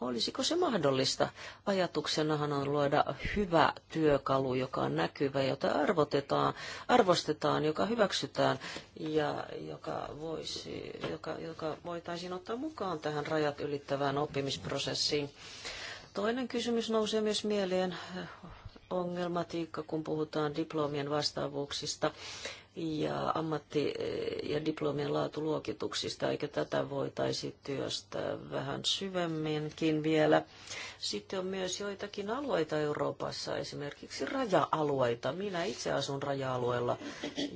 Olisiko se mahdollista? Ajatuksenahan on luoda hyvä työkalu, joka on näkyvä, jota arvotetaan, arvostetaan, joka hyväksytään ja joka, voisi, joka, joka voitaisiin ottaa mukaan tähän rajat ylittävään oppimisprosessiin. Toinen kysymys nousee myös mieleen ongelmatiikka, kun puhutaan diplomien vastaavuuksista ja ammatti- ja diplomien laatuluokituksista, eikä tätä voitaisi työstää vähän syvemminkin vielä. Sitten on myös joitakin alueita Euroopassa, esimerkiksi raja-alueita. Minä itse asun raja-alueella,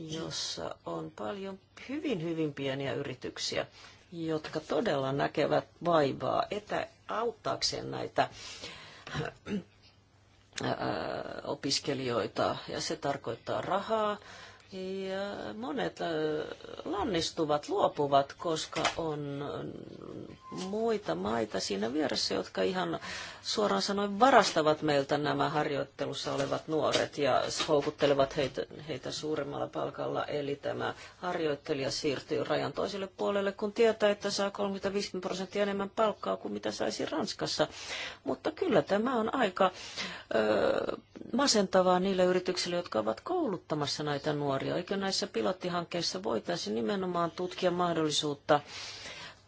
jossa on paljon hyvin, hyvin pieniä yrityksiä, jotka todella näkevät vaivaa etä, auttaakseen näitä äh, opiskelijoita, ja se tarkoittaa rahaa ja monet äh, lannistuvat, luopuvat, koska on muita maita siinä vieressä, jotka ihan suoraan sanoen varastavat meiltä nämä harjoittelussa olevat nuoret ja houkuttelevat heitä, heitä suuremmalla palkalla. Eli tämä harjoittelija siirtyy rajan toiselle puolelle, kun tietää, että saa 35 prosenttia enemmän palkkaa kuin mitä saisi Ranskassa. Mutta kyllä tämä on aika ö, masentavaa niille yrityksille, jotka ovat kouluttamassa näitä nuoria. Eikö näissä pilottihankkeissa voitaisiin nimenomaan tutkia mahdollisuutta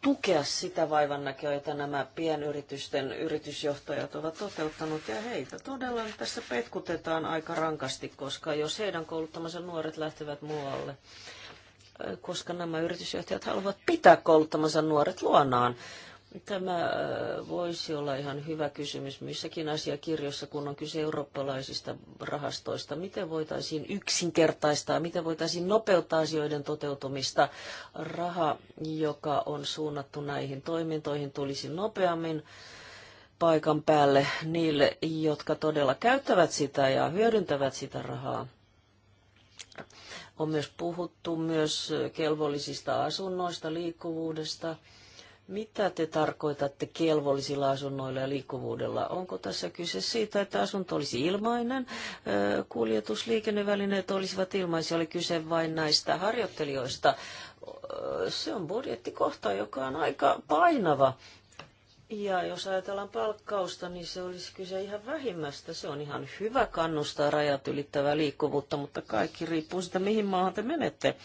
tukea sitä vaivannäköä, jota nämä pienyritysten yritysjohtajat ovat toteuttanut, ja heitä todella tässä petkutetaan aika rankasti, koska jos heidän kouluttamansa nuoret lähtevät muualle, koska nämä yritysjohtajat haluavat pitää kouluttamansa nuoret luonaan, Tämä äh, voisi olla ihan hyvä kysymys missäkin asiakirjoissa, kun on kyse eurooppalaisista rahastoista. Miten voitaisiin yksinkertaistaa, miten voitaisiin nopeuttaa asioiden toteutumista? Raha, joka on suunnattu näihin toimintoihin, tulisi nopeammin paikan päälle niille, jotka todella käyttävät sitä ja hyödyntävät sitä rahaa. On myös puhuttu myös kelvollisista asunnoista, liikkuvuudesta – mitä te tarkoitatte kelvollisilla asunnoilla ja liikkuvuudella? Onko tässä kyse siitä, että asunto olisi ilmainen, kuljetusliikennevälineet olisivat ilmaisia, oli kyse vain näistä harjoittelijoista? Se on budjettikohta, joka on aika painava ja jos ajatellaan palkkausta, niin se olisi kyse ihan vähimmästä. Se on ihan hyvä kannustaa rajat ylittävää liikkuvuutta, mutta kaikki riippuu siitä, mihin maahan te menette.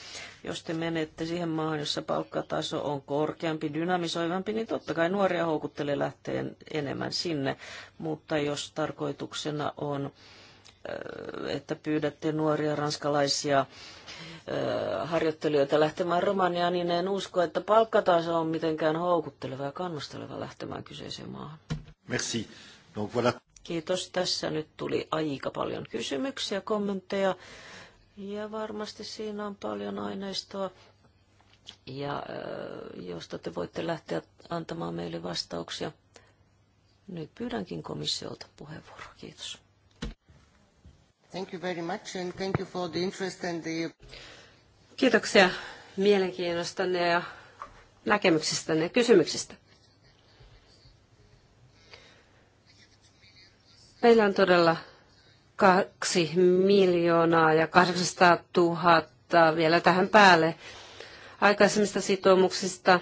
Jos te menette siihen maahan, jossa palkkataso on korkeampi, dynamisoivampi, niin totta kai nuoria houkuttelee lähteen enemmän sinne. Mutta jos tarkoituksena on että pyydätte nuoria ranskalaisia harjoittelijoita lähtemään Romaniaan, niin en usko, että palkkataso on mitenkään houkutteleva ja kannusteleva lähtemään kyseiseen maahan. Merci. Donc voilà. Kiitos. Tässä nyt tuli aika paljon kysymyksiä, kommentteja ja varmasti siinä on paljon aineistoa, ja, josta te voitte lähteä antamaan meille vastauksia. Nyt pyydänkin komissiolta puheenvuoro. Kiitos. Thank you very much and thank you for the interest and the... Kiitoksia mielenkiinnostanne ja näkemyksistänne ja kysymyksistä. Meillä on todella kaksi miljoonaa ja 800 000 vielä tähän päälle aikaisemmista sitoumuksista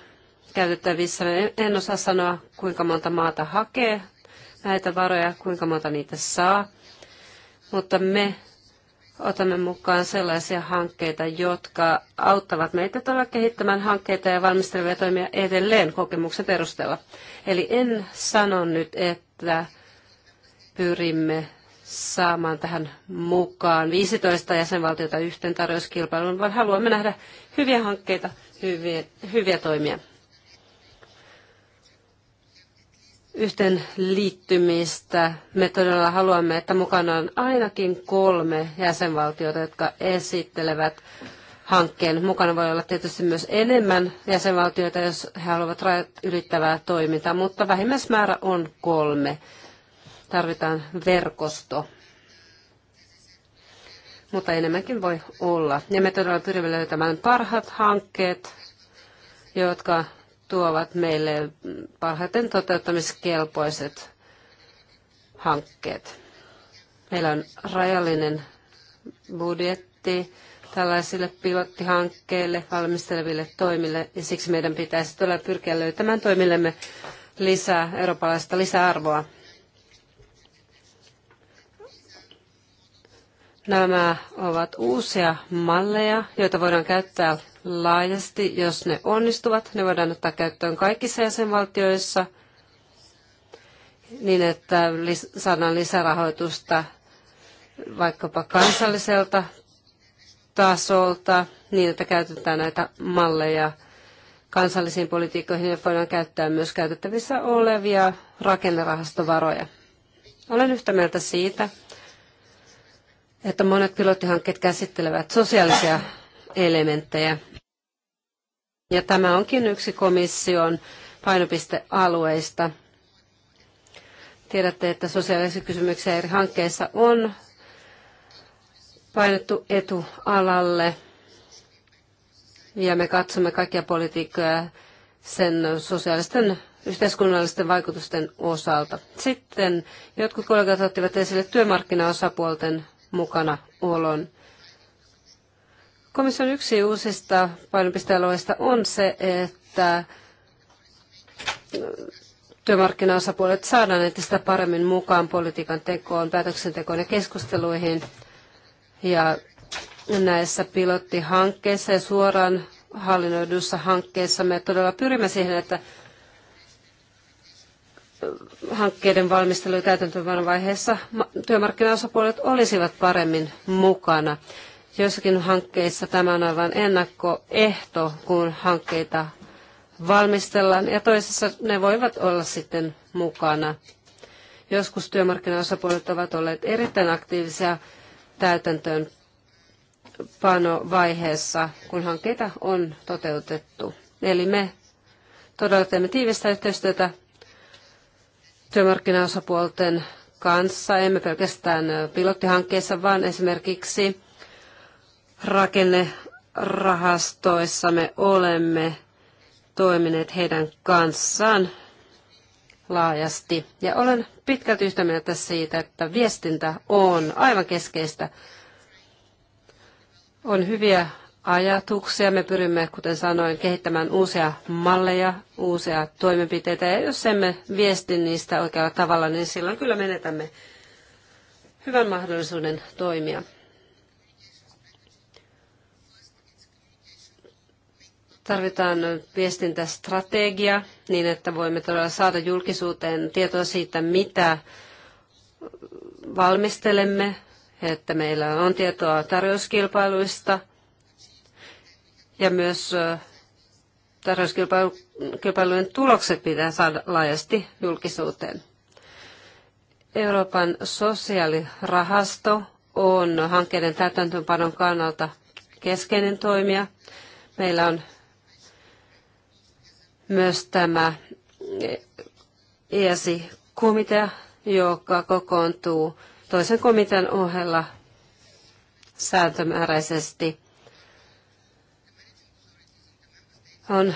käytettävissä. En osaa sanoa, kuinka monta maata hakee näitä varoja, kuinka monta niitä saa mutta me otamme mukaan sellaisia hankkeita, jotka auttavat meitä todella kehittämään hankkeita ja valmistelevia toimia edelleen kokemuksen perusteella. Eli en sano nyt, että pyrimme saamaan tähän mukaan 15 jäsenvaltiota yhteen tarjouskilpailuun, vaan haluamme nähdä hyviä hankkeita, hyviä, hyviä toimia. yhteen liittymistä. Me todella haluamme, että mukana on ainakin kolme jäsenvaltiota, jotka esittelevät hankkeen. Mukana voi olla tietysti myös enemmän jäsenvaltioita, jos he haluavat rajat ylittävää toimintaa, mutta vähimmäismäärä on kolme. Tarvitaan verkosto. Mutta enemmänkin voi olla. Ja me todella pyrimme löytämään parhaat hankkeet, jotka tuovat meille parhaiten toteuttamiskelpoiset hankkeet. Meillä on rajallinen budjetti tällaisille pilottihankkeille, valmisteleville toimille, ja siksi meidän pitäisi todella pyrkiä löytämään toimillemme lisää eurooppalaista lisäarvoa. Nämä ovat uusia malleja, joita voidaan käyttää laajasti. Jos ne onnistuvat, ne voidaan ottaa käyttöön kaikissa jäsenvaltioissa niin, että saadaan lisärahoitusta vaikkapa kansalliselta tasolta niin, että käytetään näitä malleja kansallisiin politiikkoihin ja voidaan käyttää myös käytettävissä olevia rakennerahastovaroja. Olen yhtä mieltä siitä, että monet pilottihankkeet käsittelevät sosiaalisia elementtejä. Ja tämä onkin yksi komission painopistealueista. Tiedätte, että sosiaalisia kysymyksiä eri hankkeissa on painettu etualalle. Ja me katsomme kaikkia politiikkoja sen sosiaalisten yhteiskunnallisten vaikutusten osalta. Sitten jotkut kollegat ottivat esille työmarkkinaosapuolten mukana olon. Komission yksi uusista painopistealueista on se, että työmarkkinaosapuolet saadaan entistä paremmin mukaan politiikan tekoon, päätöksentekoon ja keskusteluihin. Ja näissä pilottihankkeissa ja suoraan hallinnoidussa hankkeessa me todella pyrimme siihen, että hankkeiden valmistelu- ja täytäntöönpanon vaiheessa työmarkkinaosapuolet olisivat paremmin mukana. Joissakin hankkeissa tämä on aivan ennakkoehto, kun hankkeita valmistellaan, ja toisessa ne voivat olla sitten mukana. Joskus työmarkkinaosapuolet ovat olleet erittäin aktiivisia täytäntöön panovaiheessa, kun hankkeita on toteutettu. Eli me todella teemme tiivistä yhteistyötä työmarkkinaosapuolten kanssa, emme pelkästään pilottihankkeessa, vaan esimerkiksi rakennerahastoissa me olemme toimineet heidän kanssaan laajasti. Ja olen pitkälti yhtä mieltä siitä, että viestintä on aivan keskeistä. On hyviä ajatuksia. Me pyrimme, kuten sanoin, kehittämään uusia malleja, uusia toimenpiteitä. Ja jos emme viesti niistä oikealla tavalla, niin silloin kyllä menetämme hyvän mahdollisuuden toimia. Tarvitaan viestintästrategia niin, että voimme todella saada julkisuuteen tietoa siitä, mitä valmistelemme, että meillä on tietoa tarjouskilpailuista ja myös tarjouskilpailujen tulokset pitää saada laajasti julkisuuteen. Euroopan sosiaalirahasto on hankkeiden täytäntöönpanon kannalta keskeinen toimija. Meillä on myös tämä ESI-komitea, joka kokoontuu toisen komitean ohella sääntömääräisesti. On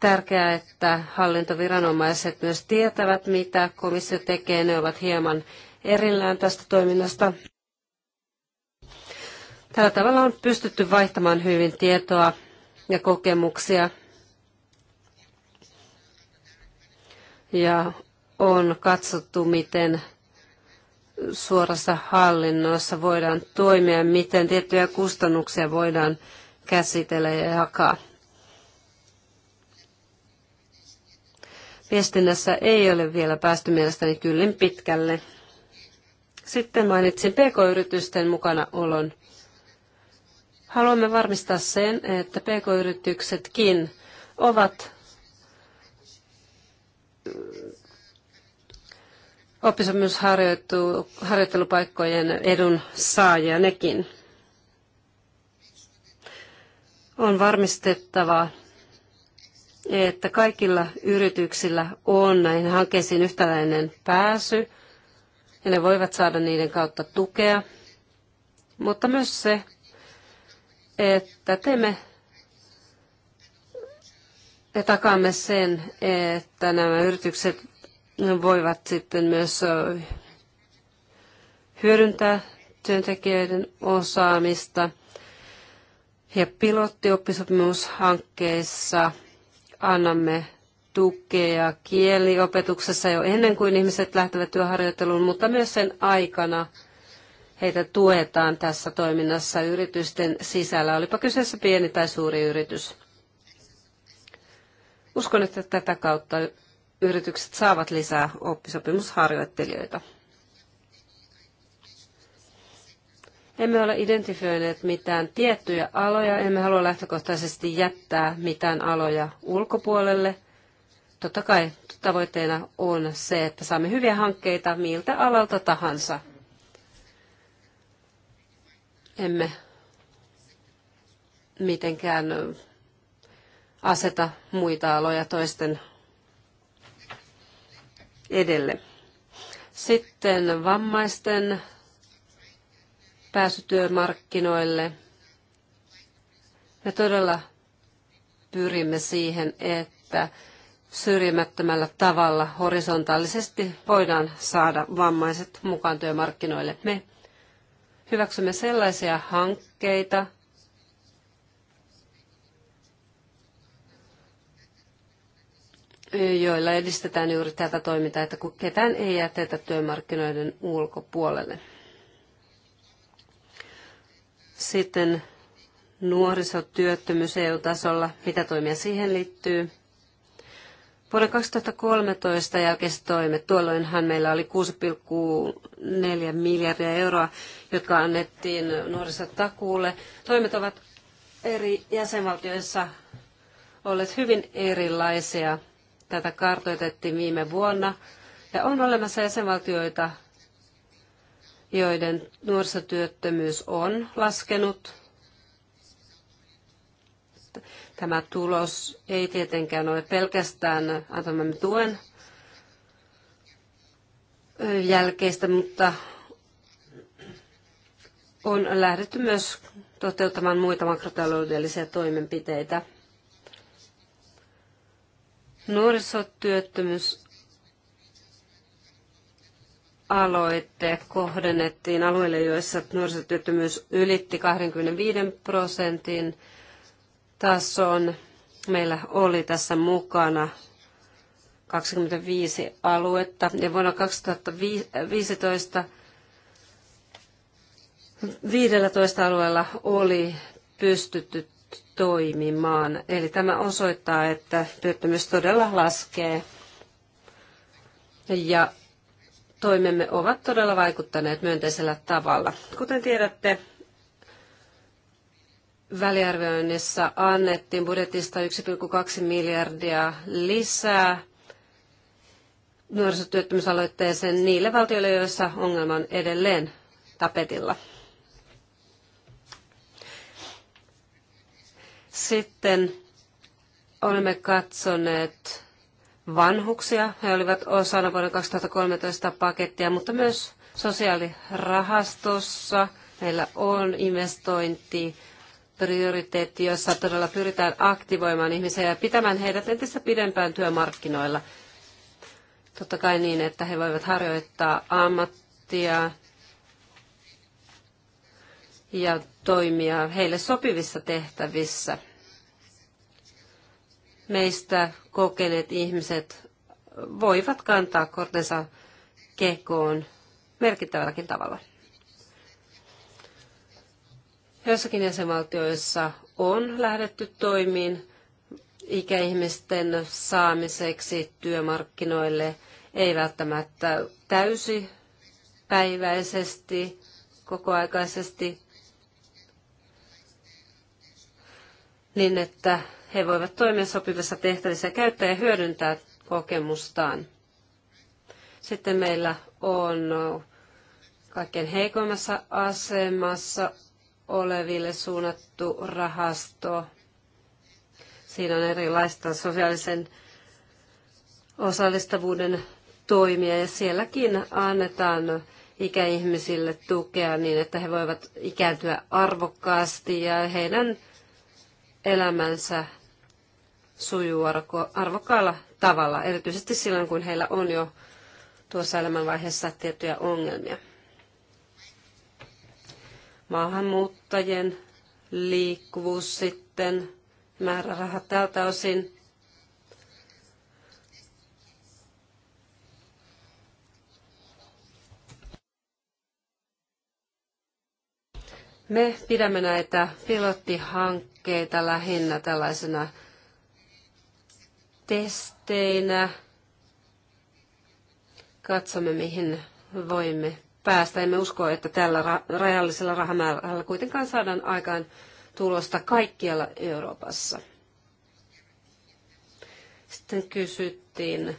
tärkeää, että hallintoviranomaiset myös tietävät, mitä komissio tekee. Ne ovat hieman erillään tästä toiminnasta. Tällä tavalla on pystytty vaihtamaan hyvin tietoa ja kokemuksia ja on katsottu, miten suorassa hallinnossa voidaan toimia, miten tiettyjä kustannuksia voidaan käsitellä ja jakaa. Viestinnässä ei ole vielä päästy mielestäni kyllin pitkälle. Sitten mainitsin pk-yritysten mukana olon. Haluamme varmistaa sen, että pk-yrityksetkin ovat oppisopimusharjoittelupaikkojen edun saajia nekin. On varmistettava, että kaikilla yrityksillä on näihin hankkeisiin yhtäläinen pääsy ja ne voivat saada niiden kautta tukea, mutta myös se, että teemme ja takaamme sen, että nämä yritykset voivat sitten myös hyödyntää työntekijöiden osaamista. Ja pilottioppisopimushankkeissa annamme tukea kieliopetuksessa jo ennen kuin ihmiset lähtevät työharjoitteluun, mutta myös sen aikana heitä tuetaan tässä toiminnassa yritysten sisällä, olipa kyseessä pieni tai suuri yritys. Uskon, että tätä kautta yritykset saavat lisää oppisopimusharjoittelijoita. Emme ole identifioineet mitään tiettyjä aloja, emme halua lähtökohtaisesti jättää mitään aloja ulkopuolelle. Totta kai tavoitteena on se, että saamme hyviä hankkeita miltä alalta tahansa. Emme mitenkään aseta muita aloja toisten edelle. Sitten vammaisten pääsytyömarkkinoille. Me todella pyrimme siihen, että syrjimättömällä tavalla horisontaalisesti voidaan saada vammaiset mukaan työmarkkinoille. Me hyväksymme sellaisia hankkeita, joilla edistetään juuri tätä toimintaa, että kun ketään ei jätetä työmarkkinoiden ulkopuolelle. Sitten nuorisotyöttömyys EU-tasolla, mitä toimia siihen liittyy. Vuoden 2013 jälkeiset toimet, tuolloinhan meillä oli 6,4 miljardia euroa, jotka annettiin nuorisotakuulle. Toimet ovat eri jäsenvaltioissa olleet hyvin erilaisia. Tätä kartoitettiin viime vuonna. Ja on olemassa jäsenvaltioita, joiden nuorisotyöttömyys on laskenut. Tämä tulos ei tietenkään ole pelkästään antamamme tuen jälkeistä, mutta on lähdetty myös toteuttamaan muita makrotaloudellisia toimenpiteitä. Nuorisotyöttömyys aloitteet kohdennettiin alueille, joissa nuorisotyöttömyys ylitti 25 prosentin tason. Meillä oli tässä mukana 25 aluetta ja vuonna 2015 15 alueella oli pystytty toimimaan. Eli tämä osoittaa, että työttömyys todella laskee ja toimemme ovat todella vaikuttaneet myönteisellä tavalla. Kuten tiedätte, väliarvioinnissa annettiin budjetista 1,2 miljardia lisää nuorisotyöttömyysaloitteeseen niille valtioille, joissa ongelma on edelleen tapetilla. Sitten olemme katsoneet vanhuksia. He olivat osana vuoden 2013 pakettia, mutta myös sosiaalirahastossa meillä on investointi prioriteetti, jossa todella pyritään aktivoimaan ihmisiä ja pitämään heidät entistä pidempään työmarkkinoilla. Totta kai niin, että he voivat harjoittaa ammattia ja toimia heille sopivissa tehtävissä. Meistä kokeneet ihmiset voivat kantaa kortensa kekoon merkittävälläkin tavalla. Joissakin jäsenvaltioissa on lähdetty toimiin ikäihmisten saamiseksi työmarkkinoille, ei välttämättä täysipäiväisesti, kokoaikaisesti, niin että he voivat toimia sopivassa tehtävissä ja käyttää ja hyödyntää kokemustaan. Sitten meillä on kaikkein heikoimmassa asemassa oleville suunnattu rahasto. Siinä on erilaista sosiaalisen osallistavuuden toimia ja sielläkin annetaan ikäihmisille tukea niin, että he voivat ikääntyä arvokkaasti ja heidän elämänsä sujuu arvokkaalla tavalla, erityisesti silloin, kun heillä on jo tuossa elämänvaiheessa tiettyjä ongelmia. Maahanmuuttajien liikkuvuus sitten, määrärahat tältä osin Me pidämme näitä pilottihankkeita lähinnä tällaisena testeinä. Katsomme, mihin voimme päästä. Emme usko, että tällä rajallisella rahamäärällä kuitenkaan saadaan aikaan tulosta kaikkialla Euroopassa. Sitten kysyttiin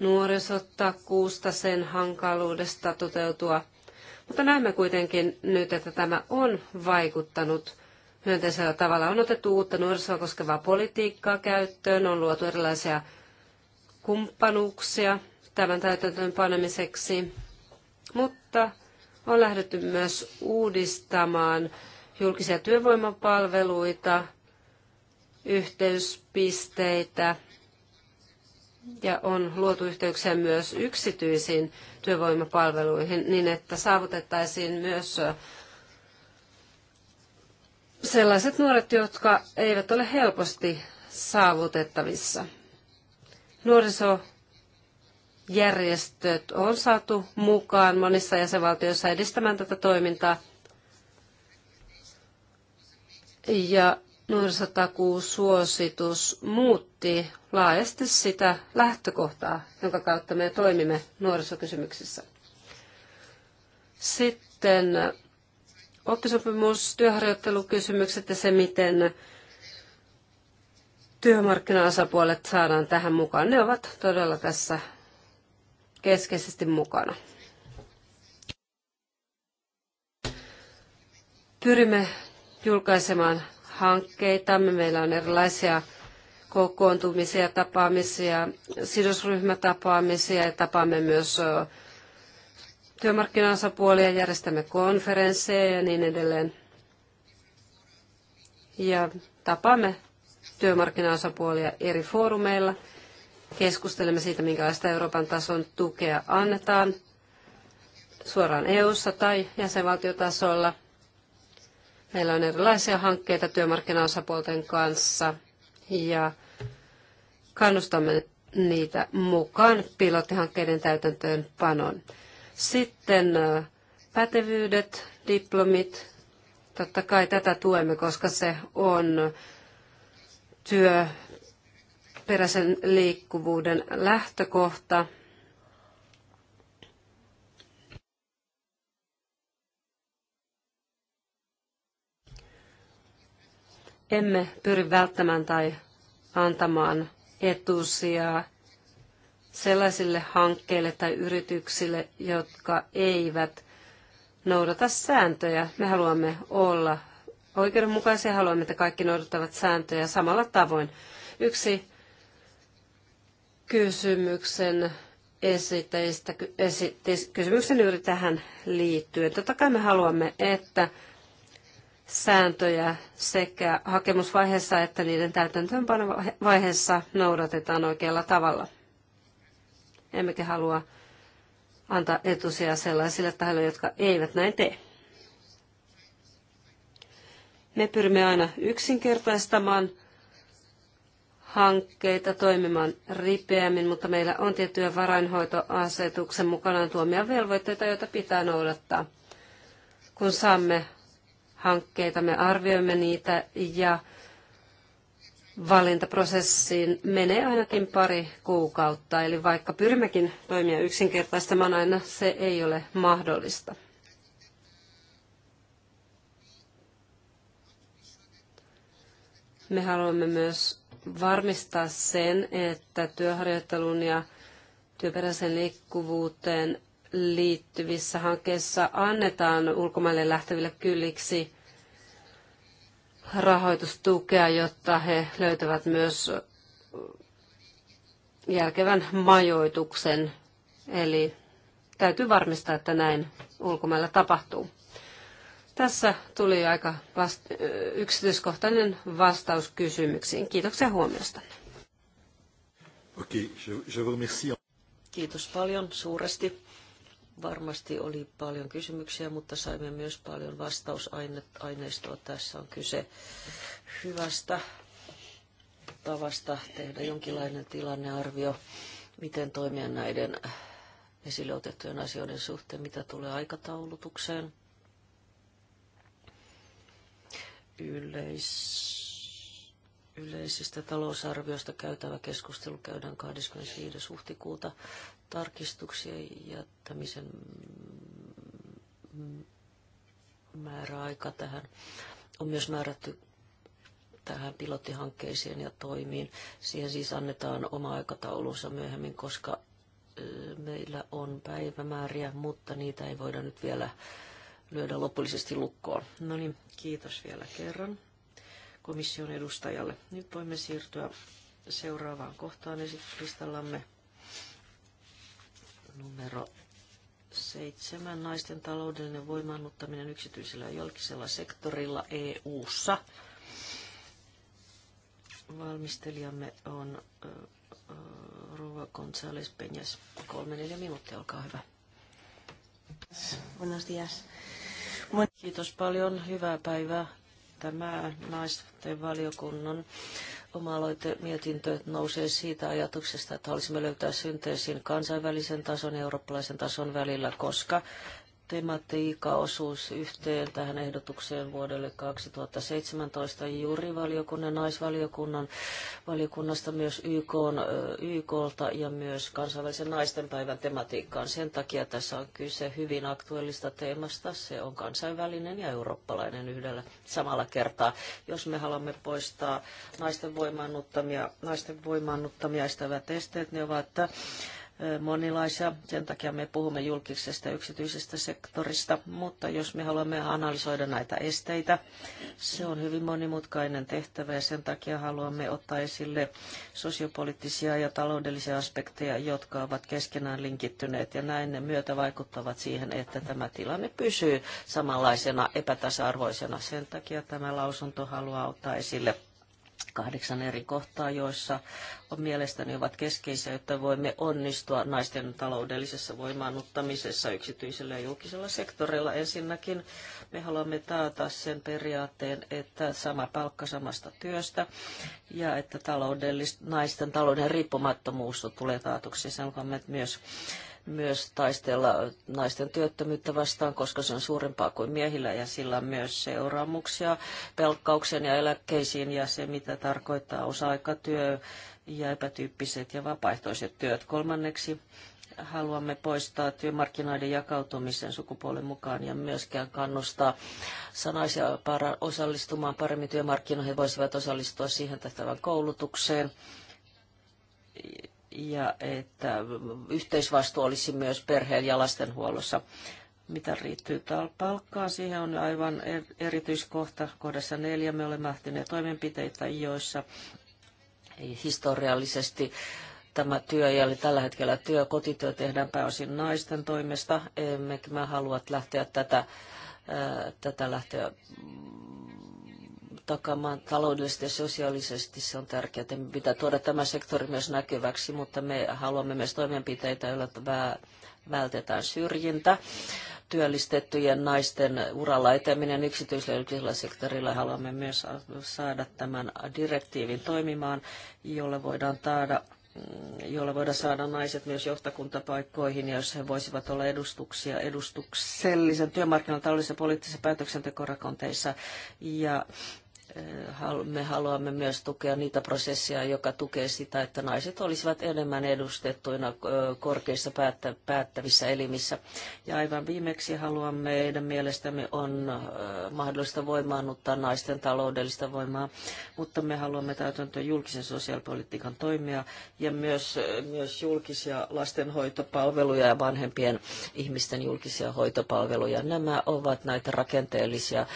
nuorisotakuusta, sen hankaluudesta toteutua – mutta näemme kuitenkin nyt, että tämä on vaikuttanut myönteisellä tavalla. On otettu uutta nuorisoa koskevaa politiikkaa käyttöön, on luotu erilaisia kumppanuuksia tämän täytäntöön panemiseksi, mutta on lähdetty myös uudistamaan julkisia työvoimapalveluita, yhteyspisteitä ja on luotu yhteyksiä myös yksityisiin työvoimapalveluihin niin, että saavutettaisiin myös sellaiset nuoret, jotka eivät ole helposti saavutettavissa. Nuorisojärjestöt on saatu mukaan monissa jäsenvaltioissa edistämään tätä toimintaa. Ja nuorisotakuu suositus muutti laajasti sitä lähtökohtaa, jonka kautta me toimimme nuorisokysymyksissä. Sitten oppisopimus, työharjoittelukysymykset ja se, miten työmarkkina työmarkkinaosapuolet saadaan tähän mukaan. Ne ovat todella tässä keskeisesti mukana. Pyrimme julkaisemaan hankkeitamme. Meillä on erilaisia kokoontumisia, tapaamisia, sidosryhmätapaamisia ja tapaamme myös työmarkkinaosapuolia, järjestämme konferensseja ja niin edelleen. Ja tapaamme työmarkkinaosapuolia eri foorumeilla. Keskustelemme siitä, minkälaista Euroopan tason tukea annetaan suoraan EU-ssa tai jäsenvaltiotasolla – Meillä on erilaisia hankkeita työmarkkinaosapuolten kanssa ja kannustamme niitä mukaan pilottihankkeiden täytäntöönpanoon. Sitten pätevyydet, diplomit, totta kai tätä tuemme, koska se on työperäisen liikkuvuuden lähtökohta emme pyri välttämään tai antamaan etusijaa sellaisille hankkeille tai yrityksille, jotka eivät noudata sääntöjä. Me haluamme olla oikeudenmukaisia, haluamme, että kaikki noudattavat sääntöjä samalla tavoin. Yksi kysymyksen esittäjistä, esi, kysymyksen juuri tähän liittyen. Totta kai me haluamme, että sääntöjä sekä hakemusvaiheessa että niiden täytäntöönpanovaiheessa noudatetaan oikealla tavalla. Emmekä halua antaa etusia sellaisille tahoille, jotka eivät näin tee. Me pyrimme aina yksinkertaistamaan hankkeita toimimaan ripeämmin, mutta meillä on tiettyjä varainhoitoasetuksen mukanaan tuomia velvoitteita, joita pitää noudattaa. Kun saamme hankkeita, me arvioimme niitä ja valintaprosessiin menee ainakin pari kuukautta. Eli vaikka pyrimmekin toimia yksinkertaistamaan aina, se ei ole mahdollista. Me haluamme myös varmistaa sen, että työharjoitteluun ja työperäisen liikkuvuuteen liittyvissä hankkeissa annetaan ulkomaille lähteville kylliksi rahoitustukea, jotta he löytävät myös järkevän majoituksen. Eli täytyy varmistaa, että näin ulkomailla tapahtuu. Tässä tuli aika vast- yksityiskohtainen vastaus kysymyksiin. Kiitoksia huomiosta. okay, je, je vous Kiitos paljon suuresti Varmasti oli paljon kysymyksiä, mutta saimme myös paljon vastausaineistoa. Tässä on kyse hyvästä tavasta tehdä jonkinlainen tilannearvio, miten toimia näiden esille otettujen asioiden suhteen, mitä tulee aikataulutukseen. Yleis, yleisestä talousarviosta käytävä keskustelu käydään 25. huhtikuuta. Tarkistuksien jättämisen määräaika tähän on myös määrätty tähän pilottihankkeeseen ja toimiin. Siihen siis annetaan oma aikataulunsa myöhemmin, koska meillä on päivämääriä, mutta niitä ei voida nyt vielä lyödä lopullisesti lukkoon. No niin, kiitos vielä kerran komission edustajalle. Nyt voimme siirtyä seuraavaan kohtaan esityslistallamme numero seitsemän. Naisten taloudellinen voimaannuttaminen yksityisellä ja julkisella sektorilla EU-ssa. Valmistelijamme on Rova González Peñas. Kolme neljä minuuttia, olkaa hyvä. Buenos días. Kiitos paljon, hyvää päivää. Tämä naisten valiokunnan Oma-aloite mietintö nousee siitä ajatuksesta, että haluaisimme löytää synteesin kansainvälisen tason ja eurooppalaisen tason välillä, koska osuus yhteen tähän ehdotukseen vuodelle 2017 juurivaliokunnan, naisvaliokunnan valiokunnasta myös YK, YKlta ja myös kansainvälisen naistenpäivän tematiikkaan. Sen takia tässä on kyse hyvin aktuellista teemasta. Se on kansainvälinen ja eurooppalainen yhdellä samalla kertaa. Jos me haluamme poistaa naisten voimaannuttamia, naisten voimaannuttamia estävät esteet, ne ovat monilaisia. Sen takia me puhumme julkisesta ja yksityisestä sektorista, mutta jos me haluamme analysoida näitä esteitä, se on hyvin monimutkainen tehtävä ja sen takia haluamme ottaa esille sosiopoliittisia ja taloudellisia aspekteja, jotka ovat keskenään linkittyneet ja näin ne myötä vaikuttavat siihen, että tämä tilanne pysyy samanlaisena epätasa-arvoisena. Sen takia tämä lausunto haluaa ottaa esille kahdeksan eri kohtaa, joissa on mielestäni ovat keskeisiä, jotta voimme onnistua naisten taloudellisessa voimaannuttamisessa yksityisellä ja julkisella sektorilla. Ensinnäkin me haluamme taata sen periaatteen, että sama palkka samasta työstä ja että taloudellis- naisten talouden riippumattomuus tulee taatuksi. Sen haluamme myös myös taistella naisten työttömyyttä vastaan, koska se on suurempaa kuin miehillä ja sillä on myös seuraamuksia pelkkauksen ja eläkkeisiin ja se, mitä tarkoittaa osa-aikatyö ja epätyyppiset ja vapaaehtoiset työt. Kolmanneksi haluamme poistaa työmarkkinoiden jakautumisen sukupuolen mukaan ja myöskään kannustaa sanaisia osallistumaan paremmin työmarkkinoihin. He voisivat osallistua siihen tehtävän koulutukseen ja että yhteisvastuu olisi myös perheen ja lastenhuollossa. Mitä riittyy palkkaan, siihen on aivan er- erityiskohta. Kohdassa neljä me olemme lähteneet toimenpiteitä, joissa historiallisesti tämä työ, eli tällä hetkellä työ, kotityö tehdään pääosin naisten toimesta. Emmekä mä haluat lähteä tätä, tätä lähteä takaamaan taloudellisesti ja sosiaalisesti. Se on tärkeää, että me pitää tuoda tämä sektori myös näkyväksi, mutta me haluamme myös toimenpiteitä, joilla vältetään syrjintä. Työllistettyjen naisten uralla eteminen yksityisellä sektorilla haluamme myös saada tämän direktiivin toimimaan, jolle voidaan taada jolla voidaan saada naiset myös johtakuntapaikkoihin, jos he voisivat olla edustuksia edustuksellisen työmarkkinoilla taloudellisessa poliittisessa päätöksentekorakenteissa. Ja me haluamme myös tukea niitä prosesseja, joka tukee sitä, että naiset olisivat enemmän edustettuina korkeissa päättävissä elimissä. Ja aivan viimeksi haluamme, meidän mielestämme on mahdollista voimaannuttaa naisten taloudellista voimaa, mutta me haluamme täytäntöä julkisen sosiaalipolitiikan toimia ja myös, myös julkisia lastenhoitopalveluja ja vanhempien ihmisten julkisia hoitopalveluja. Nämä ovat näitä rakenteellisia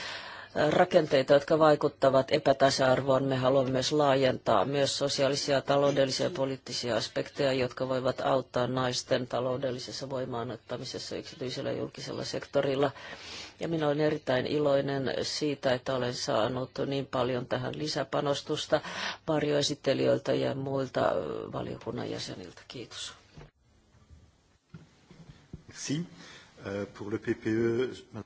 rakenteita, jotka vaikuttavat epätasa-arvoon. Me haluamme myös laajentaa myös sosiaalisia, taloudellisia ja poliittisia aspekteja, jotka voivat auttaa naisten taloudellisessa voimaanottamisessa yksityisellä ja julkisella sektorilla. Ja minä olen erittäin iloinen siitä, että olen saanut niin paljon tähän lisäpanostusta varjoesittelijöiltä ja muilta valiokunnan jäseniltä. Kiitos. Euh, pour le PPE...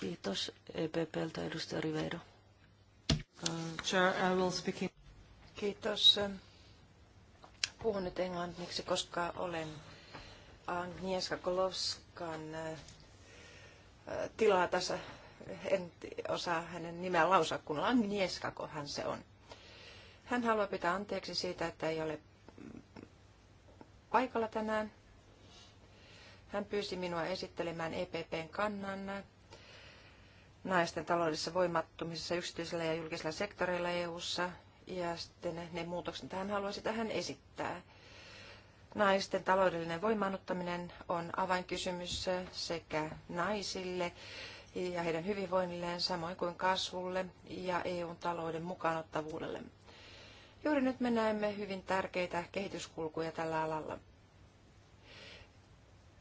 Kiitos EPPltä edustaja Riveiro. Chair, I will speak in... Kiitos. Puhun nyt englanniksi, koska olen Agnieszka Kolovskan tilaa tässä. En osaa hänen nimeään lausua, kun Agnieszka, kun hän se on. Hän haluaa pitää anteeksi siitä, että ei ole paikalla tänään. Hän pyysi minua esittelemään EPPn kannan naisten taloudellisessa voimattumisessa yksityisellä ja julkisella sektorilla EU:ssa ja sitten ne muutokset, mitä hän haluaisi tähän esittää. Naisten taloudellinen voimaannuttaminen on avainkysymys sekä naisille ja heidän hyvinvoinnilleen, samoin kuin kasvulle ja EUn talouden mukaanottavuudelle. Juuri nyt me näemme hyvin tärkeitä kehityskulkuja tällä alalla.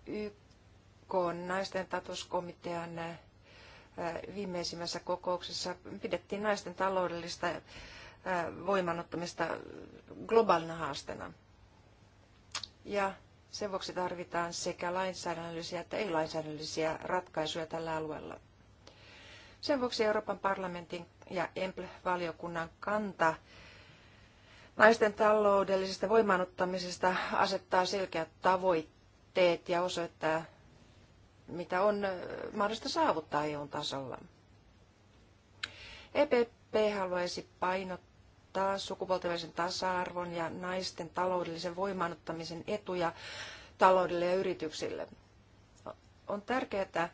YK naisten statuskomitean viimeisimmässä kokouksessa pidettiin naisten taloudellista voimanottamista globaalina haasteena. Ja sen vuoksi tarvitaan sekä lainsäädännöllisiä että ei-lainsäädännöllisiä ratkaisuja tällä alueella. Sen vuoksi Euroopan parlamentin ja EMPL-valiokunnan kanta naisten taloudellisesta voimaannuttamisesta asettaa selkeät tavoitteet ja osoittaa mitä on mahdollista saavuttaa EUn tasolla EPP haluaisi painottaa sukupuolten välisen tasa-arvon ja naisten taloudellisen voimaanottamisen etuja taloudelle ja yrityksille. On tärkeää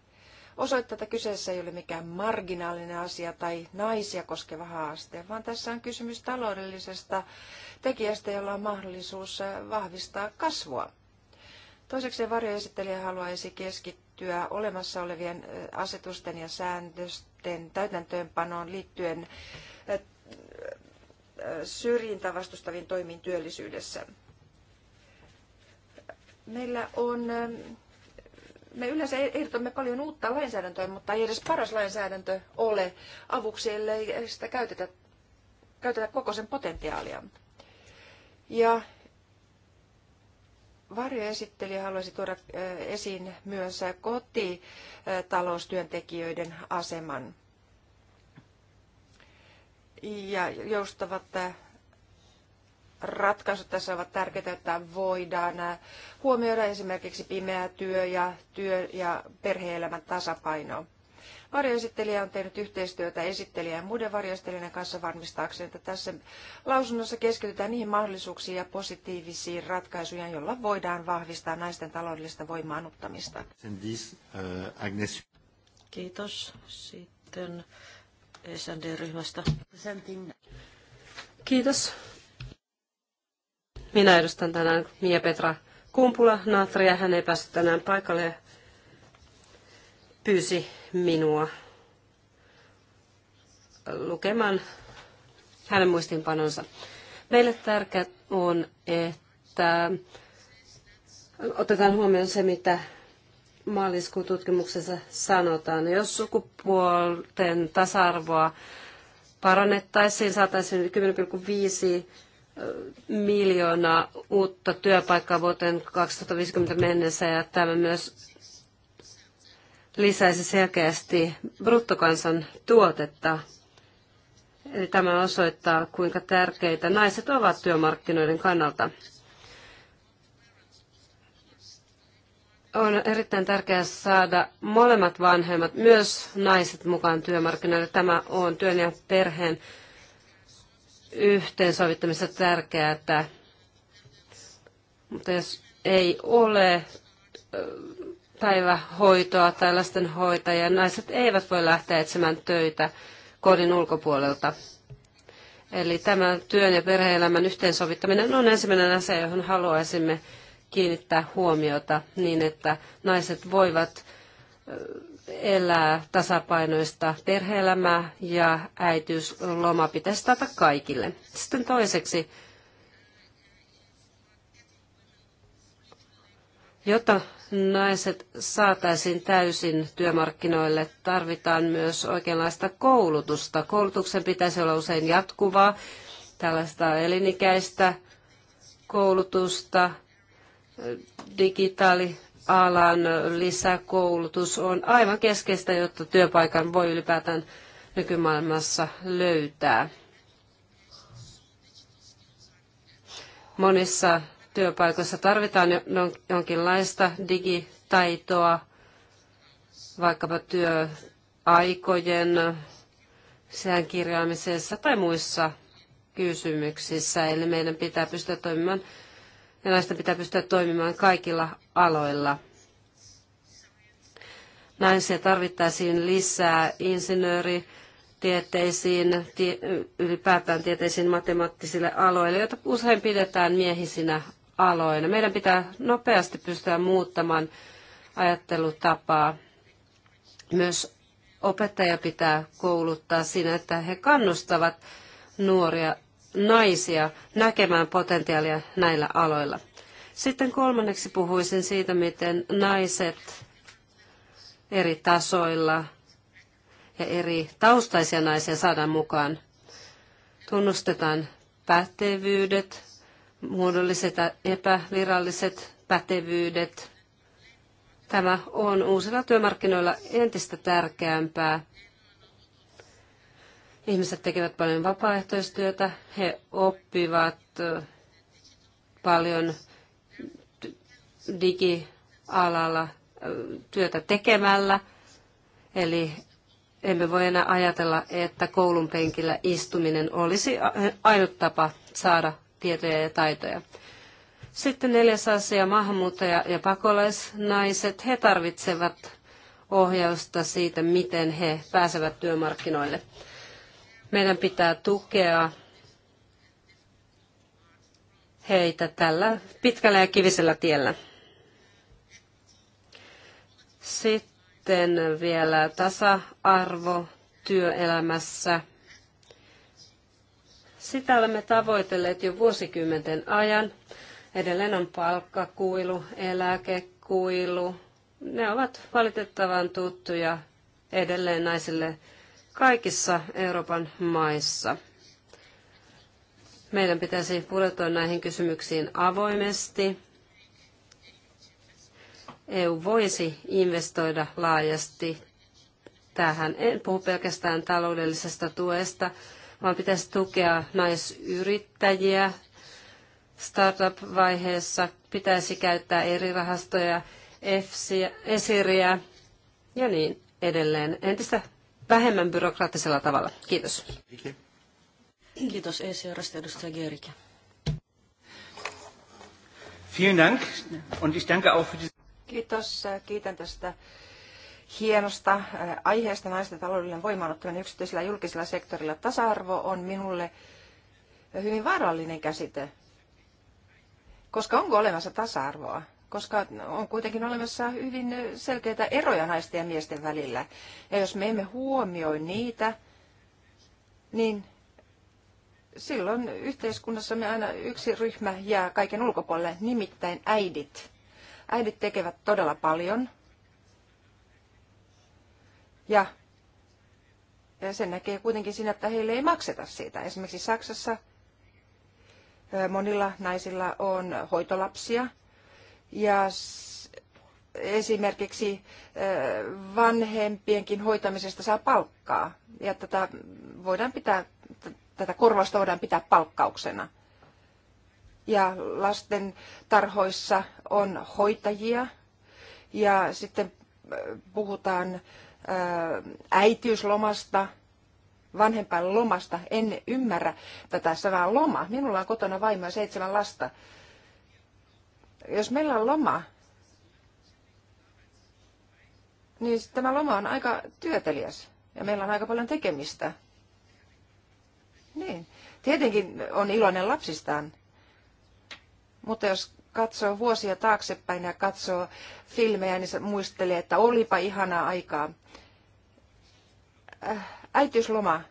osoittaa, että kyseessä ei ole mikään marginaalinen asia tai naisia koskeva haaste, vaan tässä on kysymys taloudellisesta tekijästä, jolla on mahdollisuus vahvistaa kasvua. Toiseksi varjoesittelijä haluaisi keskittyä liittyä olemassa olevien asetusten ja säännösten täytäntöönpanoon liittyen syrjintää vastustaviin toimiin työllisyydessä. Meillä on, me yleensä ehdotamme paljon uutta lainsäädäntöä, mutta ei edes paras lainsäädäntö ole avuksi, ellei sitä käytetä, käytetä koko sen potentiaalia. Ja varjoesittelijä haluaisi tuoda äh, esiin myös kotitaloustyöntekijöiden aseman ja joustavat äh, ratkaisut tässä ovat tärkeitä, että voidaan äh, huomioida esimerkiksi pimeä työ ja työ- ja perhe-elämän tasapaino. Varjoesittelijä on tehnyt yhteistyötä esittelijän ja muiden varjoesittelijän kanssa varmistaakseen, että tässä lausunnossa keskitytään niihin mahdollisuuksiin ja positiivisiin ratkaisuihin, joilla voidaan vahvistaa naisten taloudellista voimaanuttamista. Kiitos. Sitten SND-ryhmästä. Kiitos. Minä edustan tänään Mia Petra Kumpula Natria. Hän ei päässyt tänään paikalle pyysi minua lukemaan hänen muistinpanonsa. Meille tärkeää on, että otetaan huomioon se, mitä maaliskuun tutkimuksessa sanotaan. Jos sukupuolten tasa-arvoa parannettaisiin, saataisiin 10,5 miljoonaa uutta työpaikkaa vuoteen 2050 mennessä ja tämä myös lisäisi selkeästi bruttokansan tuotetta. Eli tämä osoittaa, kuinka tärkeitä naiset ovat työmarkkinoiden kannalta. On erittäin tärkeää saada molemmat vanhemmat, myös naiset mukaan työmarkkinoille. Tämä on työn ja perheen yhteensovittamista tärkeää, että, mutta jos ei ole päivähoitoa tai lastenhoitajia. Naiset eivät voi lähteä etsimään töitä kodin ulkopuolelta. Eli tämä työn ja perheelämän yhteensovittaminen on ensimmäinen asia, johon haluaisimme kiinnittää huomiota niin, että naiset voivat elää tasapainoista perheelämää ja äitiysloma pitäisi taata kaikille. Sitten toiseksi, jotta naiset saataisiin täysin työmarkkinoille, tarvitaan myös oikeanlaista koulutusta. Koulutuksen pitäisi olla usein jatkuvaa, tällaista elinikäistä koulutusta, digitaalialan lisäkoulutus on aivan keskeistä, jotta työpaikan voi ylipäätään nykymaailmassa löytää. Monissa työpaikoissa tarvitaan no- jonkinlaista digitaitoa, vaikkapa työaikojen sään kirjaamisessa tai muissa kysymyksissä. Eli meidän pitää pystyä toimimaan ja naisten pitää pystyä toimimaan kaikilla aloilla. Naisia tarvittaisiin lisää insinööri, tieteisiin, ylipäätään tieteisiin matemaattisille aloille, joita usein pidetään miehisinä aloina. Meidän pitää nopeasti pystyä muuttamaan ajattelutapaa. Myös opettaja pitää kouluttaa siinä, että he kannustavat nuoria naisia näkemään potentiaalia näillä aloilla. Sitten kolmanneksi puhuisin siitä, miten naiset eri tasoilla ja eri taustaisia naisia saadaan mukaan. Tunnustetaan pätevyydet, muodolliset epäviralliset pätevyydet. Tämä on uusilla työmarkkinoilla entistä tärkeämpää. Ihmiset tekevät paljon vapaaehtoistyötä, he oppivat paljon digialalla työtä tekemällä. Eli emme voi enää ajatella, että koulun penkillä istuminen olisi ainut tapa saada tietoja ja taitoja. Sitten neljäs asia, maahanmuuttaja- ja pakolaisnaiset. He tarvitsevat ohjausta siitä, miten he pääsevät työmarkkinoille. Meidän pitää tukea heitä tällä pitkällä ja kivisellä tiellä. Sitten vielä tasa-arvo työelämässä sitä olemme tavoitelleet jo vuosikymmenten ajan. Edelleen on palkkakuilu, eläkekuilu. Ne ovat valitettavan tuttuja edelleen naisille kaikissa Euroopan maissa. Meidän pitäisi pureutua näihin kysymyksiin avoimesti. EU voisi investoida laajasti tähän. En puhu pelkästään taloudellisesta tuesta, vaan pitäisi tukea naisyrittäjiä. Startup-vaiheessa pitäisi käyttää eri rahastoja, EFSIä, ESIRiä ja niin edelleen. Entistä vähemmän byrokraattisella tavalla. Kiitos. Kiitos ECRstä edustaja Gerike. Vielen Dank und ich danke auch für Kiitos. Kiitän tästä hienosta äh, aiheesta naisten taloudellinen voimaanottaminen yksityisellä ja julkisella sektorilla. Tasa-arvo on minulle hyvin vaarallinen käsite, koska onko olemassa tasa-arvoa? koska on kuitenkin olemassa hyvin selkeitä eroja naisten ja miesten välillä. Ja jos me emme huomioi niitä, niin silloin yhteiskunnassa me aina yksi ryhmä jää kaiken ulkopuolelle, nimittäin äidit. Äidit tekevät todella paljon ja sen näkee kuitenkin siinä, että heille ei makseta siitä. Esimerkiksi Saksassa monilla naisilla on hoitolapsia ja esimerkiksi vanhempienkin hoitamisesta saa palkkaa ja tätä, voidaan pitää, tätä korvausta voidaan pitää palkkauksena. Ja lasten tarhoissa on hoitajia ja sitten puhutaan äitiyslomasta, vanhempain lomasta. En ymmärrä tätä sanaa loma. Minulla on kotona vaimo ja seitsemän lasta. Jos meillä on loma, niin tämä loma on aika työteliäs ja meillä on aika paljon tekemistä. Niin. Tietenkin on iloinen lapsistaan, mutta jos katsoo vuosia taaksepäin ja katsoo filmejä, niin se muistelee, että olipa ihanaa aikaa. Äh, äitiysloma.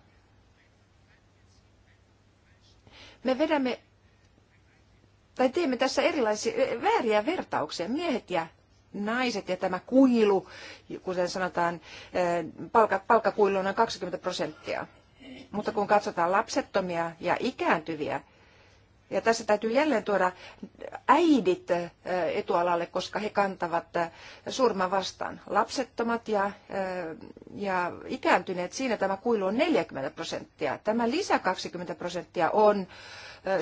Me vedämme tai teemme tässä erilaisia eh, vääriä vertauksia. Miehet ja naiset ja tämä kuilu, kuten sanotaan, eh, palkka, palkkakuilu on noin 20 prosenttia. Mutta kun katsotaan lapsettomia ja ikääntyviä, ja tässä täytyy jälleen tuoda äidit äh, etualalle, koska he kantavat äh, surman vastaan. Lapsettomat ja, äh, ja ikääntyneet, siinä tämä kuilu on 40 prosenttia. Tämä lisä 20 prosenttia on,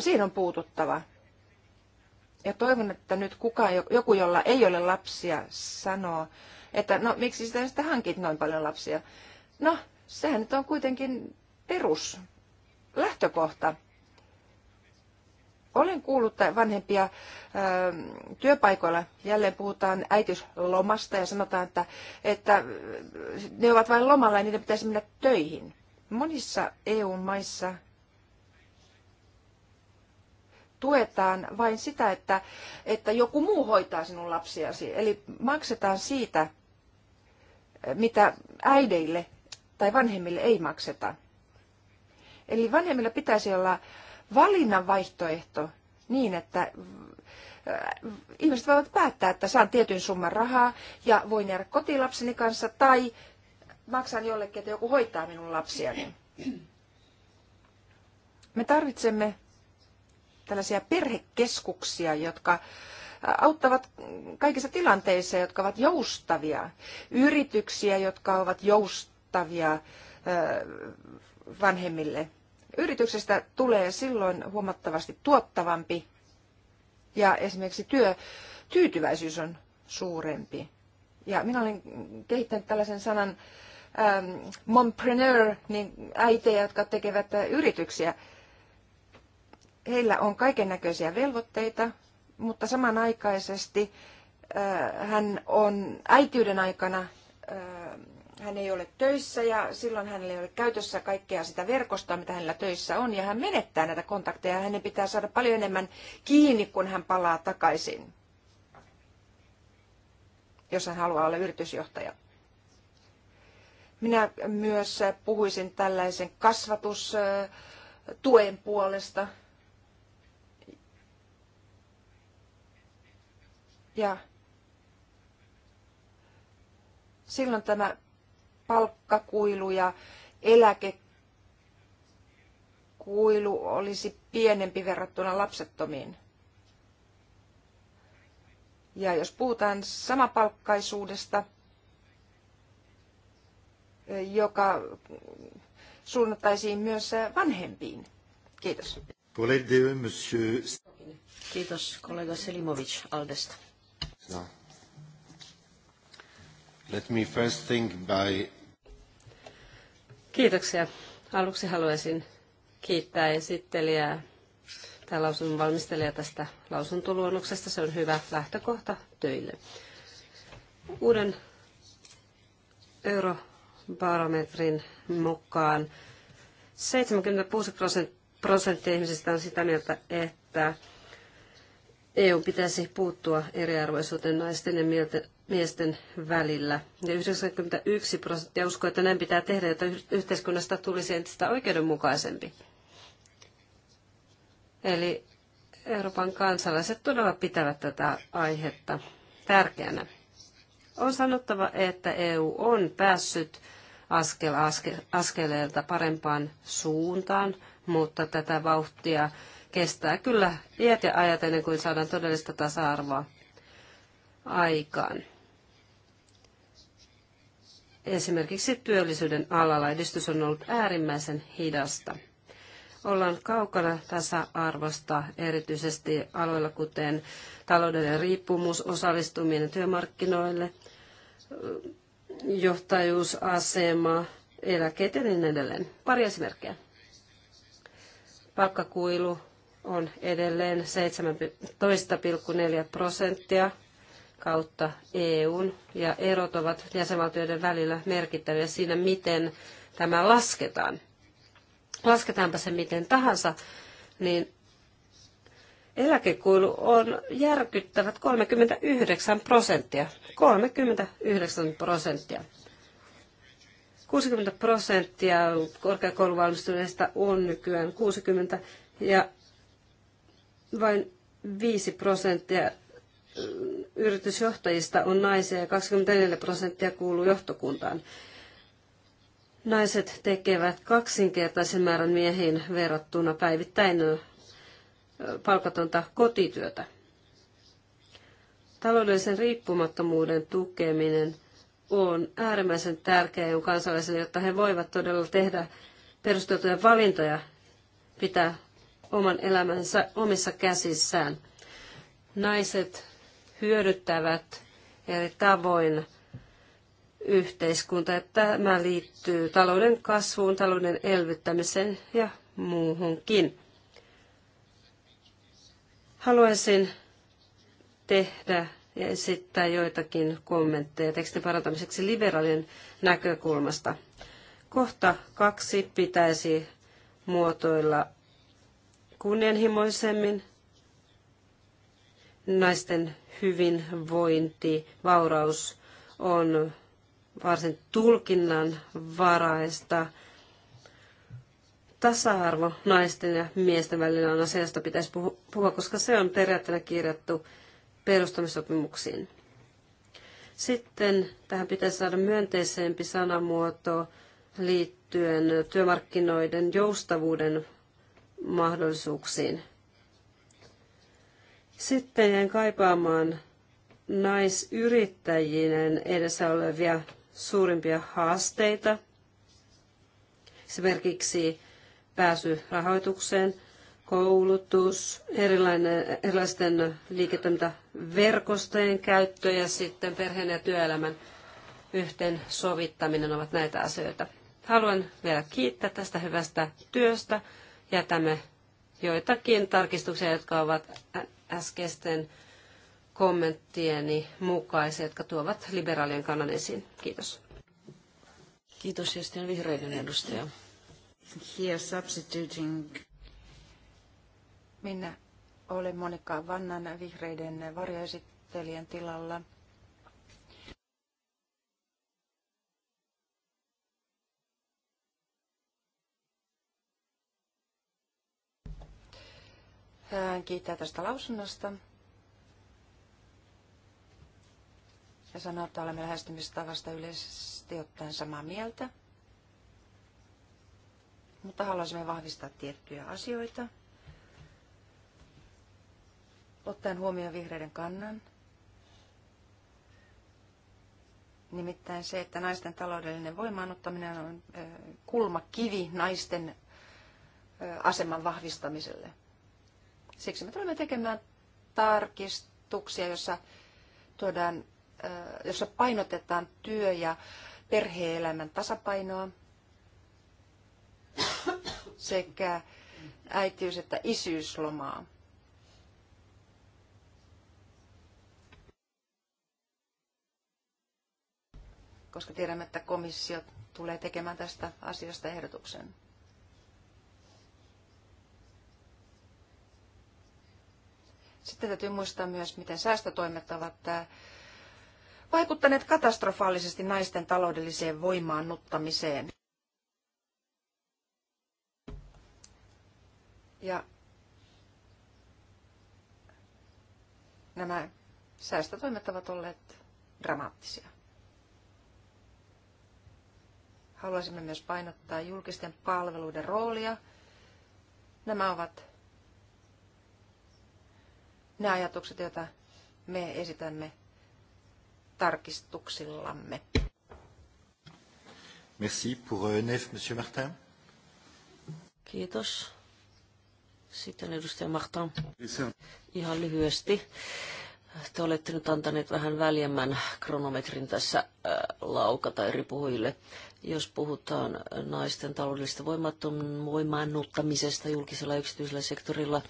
siinä on puututtava. Ja toivon, että nyt kukaan, joku, jolla ei ole lapsia, sanoo, että no miksi sitä sitten hankit noin paljon lapsia. No, sehän nyt on kuitenkin perus lähtökohta olen kuullut vanhempia työpaikoilla, jälleen puhutaan äitiyslomasta ja sanotaan, että, että ne ovat vain lomalla ja niiden pitäisi mennä töihin. Monissa EU-maissa tuetaan vain sitä, että, että joku muu hoitaa sinun lapsiasi. Eli maksetaan siitä, mitä äideille tai vanhemmille ei makseta. Eli vanhemmilla pitäisi olla valinnan vaihtoehto niin, että äh, ihmiset voivat päättää, että saan tietyn summan rahaa ja voin jäädä kotilapseni kanssa tai maksan jollekin, että joku hoitaa minun lapsiani. Me tarvitsemme tällaisia perhekeskuksia, jotka äh, auttavat kaikissa tilanteissa, jotka ovat joustavia, yrityksiä, jotka ovat joustavia äh, vanhemmille Yrityksestä tulee silloin huomattavasti tuottavampi ja esimerkiksi työ, tyytyväisyys on suurempi. Ja minä olen kehittänyt tällaisen sanan ähm, mompreneur, niin äitejä, jotka tekevät äh, yrityksiä. Heillä on kaiken näköisiä velvoitteita, mutta samanaikaisesti äh, hän on äitiyden aikana äh, hän ei ole töissä ja silloin hänellä ei ole käytössä kaikkea sitä verkostoa, mitä hänellä töissä on. Ja hän menettää näitä kontakteja ja hänen pitää saada paljon enemmän kiinni, kun hän palaa takaisin, jos hän haluaa olla yritysjohtaja. Minä myös puhuisin tällaisen kasvatustuen puolesta. Ja silloin tämä palkkakuiluja, eläkekuilu olisi pienempi verrattuna lapsettomiin. Ja jos puhutaan samapalkkaisuudesta, joka suunnattaisiin myös vanhempiin. Kiitos. Kiitos kollega Selimovic Aldesta. Let me first think by Kiitoksia. Aluksi haluaisin kiittää esittelijää tai lausunnon valmistelija tästä lausuntoluonnoksesta. Se on hyvä lähtökohta töille. Uuden eurobarometrin mukaan 76 prosenttia ihmisistä on sitä mieltä, että EU pitäisi puuttua eriarvoisuuteen naisten ja miesten välillä. Ja 91 prosenttia uskoo, että näin pitää tehdä, että yhteiskunnasta tulisi entistä oikeudenmukaisempi. Eli Euroopan kansalaiset todella pitävät tätä aihetta tärkeänä. On sanottava, että EU on päässyt askel, askel askeleelta parempaan suuntaan, mutta tätä vauhtia kestää kyllä iät ja ajat ennen kuin saadaan todellista tasa-arvoa aikaan. Esimerkiksi työllisyyden alalla edistys on ollut äärimmäisen hidasta. Ollaan kaukana tasa-arvosta, erityisesti aloilla kuten taloudellinen riippumus, osallistuminen työmarkkinoille, johtajuusasema, eläkeet ja niin edelleen. Pari esimerkkiä. Palkkakuilu on edelleen 17,4 prosenttia kautta EUn ja erot ovat jäsenvaltioiden välillä merkittäviä siinä, miten tämä lasketaan. Lasketaanpa se miten tahansa, niin eläkekuilu on järkyttävät 39 prosenttia. 39 prosenttia. 60 prosenttia korkeakouluvalmistuneista on nykyään 60 ja vain 5 prosenttia yritysjohtajista on naisia ja 24 prosenttia kuuluu johtokuntaan. Naiset tekevät kaksinkertaisen määrän miehiin verrattuna päivittäin palkatonta kotityötä. Taloudellisen riippumattomuuden tukeminen on äärimmäisen tärkeää EUn kansalaisille, jotta he voivat todella tehdä perusteltuja valintoja, pitää oman elämänsä omissa käsissään. Naiset hyödyttävät eri tavoin yhteiskuntaa. Tämä liittyy talouden kasvuun, talouden elvyttämiseen ja muuhunkin. Haluaisin tehdä ja esittää joitakin kommentteja tekstin parantamiseksi liberaalien näkökulmasta. Kohta kaksi pitäisi muotoilla kunnianhimoisemmin naisten hyvinvointi, vauraus on varsin tulkinnan varaista. Tasa-arvo naisten ja miesten välillä on asia, josta pitäisi puhua, koska se on periaatteena kirjattu perustamissopimuksiin. Sitten tähän pitäisi saada myönteisempi sanamuoto liittyen työmarkkinoiden joustavuuden mahdollisuuksiin. Sitten jäin kaipaamaan naisyrittäjien edessä olevia suurimpia haasteita, esimerkiksi pääsy rahoitukseen, koulutus, erilainen, erilaisten liiketoimintaverkostojen käyttö ja sitten perheen ja työelämän yhteensovittaminen ovat näitä asioita. Haluan vielä kiittää tästä hyvästä työstä. Jätämme joitakin tarkistuksia, jotka ovat äskeisten kommenttieni mukaisia, jotka tuovat liberaalien kannan esiin. Kiitos. Kiitos, Justin Vihreiden edustaja. Here substituting. Minä olen Monika Vannan vihreiden varjoesittelijän tilalla. Hän kiittää tästä lausunnosta ja sanoo, että olemme lähestymistavasta yleisesti ottaen samaa mieltä, mutta haluaisimme vahvistaa tiettyjä asioita, ottaen huomioon vihreiden kannan, Nimittäin se, että naisten taloudellinen voimaanottaminen on kulmakivi naisten aseman vahvistamiselle. Siksi me tulemme tekemään tarkistuksia, jossa, tuodaan, jossa painotetaan työ- ja perhe-elämän tasapainoa sekä äitiys- että isyyslomaa. koska tiedämme, että komissio tulee tekemään tästä asiasta ehdotuksen. Sitten täytyy muistaa myös, miten säästötoimet ovat äh, vaikuttaneet katastrofaalisesti naisten taloudelliseen voimaannuttamiseen. Ja nämä säästötoimet ovat olleet dramaattisia. Haluaisimme myös painottaa julkisten palveluiden roolia. Nämä ovat ne ajatukset, joita me esitämme tarkistuksillamme. Merci pour ENF, euh, Monsieur Martin. Kiitos. Sitten edustaja Martin. Ihan lyhyesti. Te olette nyt antaneet vähän väljemmän kronometrin tässä äh, lauka- tai ripuhujille. Jos puhutaan naisten taloudellista voimattomuuttamisesta julkisella ja yksityisellä sektorilla,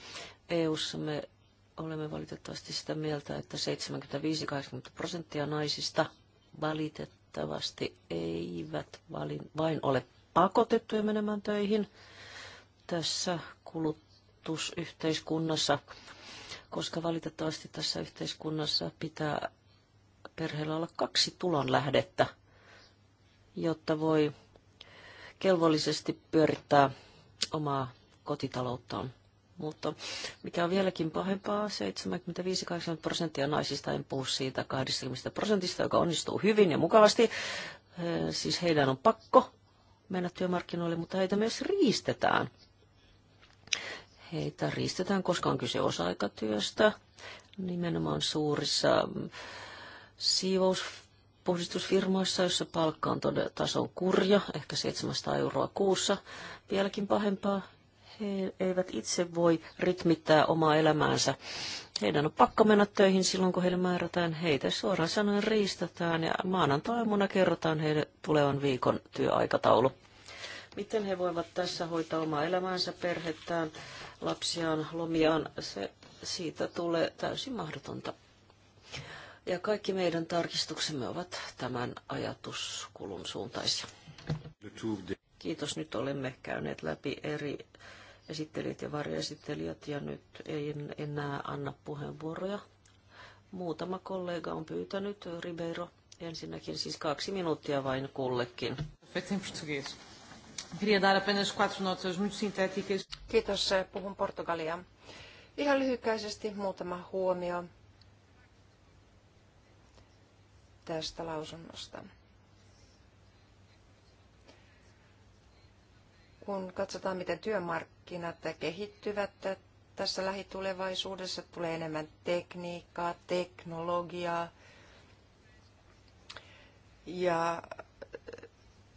EU-ssa me olemme valitettavasti sitä mieltä, että 75-80 prosenttia naisista valitettavasti eivät valin, vain ole pakotettuja menemään töihin tässä kulutusyhteiskunnassa, koska valitettavasti tässä yhteiskunnassa pitää perheellä olla kaksi tulonlähdettä, jotta voi kelvollisesti pyörittää omaa kotitalouttaan. Mutta mikä on vieläkin pahempaa, 75-80 prosenttia naisista, en puhu siitä 20 prosentista, joka onnistuu hyvin ja mukavasti, siis heidän on pakko mennä työmarkkinoille, mutta heitä myös riistetään. Heitä riistetään, koska on kyse osa-aikatyöstä, nimenomaan suurissa mm, siivous puhdistusfirmoissa, jossa palkka on taso kurja, ehkä 700 euroa kuussa, vieläkin pahempaa he eivät itse voi rytmittää omaa elämäänsä. Heidän on pakko mennä töihin silloin, kun heille määrätään heitä. Suoraan sanoen riistetään ja maanantaimuna kerrotaan heille tulevan viikon työaikataulu. Miten he voivat tässä hoitaa omaa elämäänsä, perhettään, lapsiaan, lomiaan, se, siitä tulee täysin mahdotonta. Ja kaikki meidän tarkistuksemme ovat tämän ajatuskulun suuntaisia. Kiitos. Nyt olemme käyneet läpi eri esittelijät ja varjoesittelijät ja nyt ei enää anna puheenvuoroja. Muutama kollega on pyytänyt, Ribeiro ensinnäkin, siis kaksi minuuttia vain kullekin. Kiitos, eh, puhun Portugalia. Ihan lyhykäisesti muutama huomio tästä lausunnosta. kun katsotaan, miten työmarkkinat kehittyvät tässä lähitulevaisuudessa, tulee enemmän tekniikkaa, teknologiaa. Ja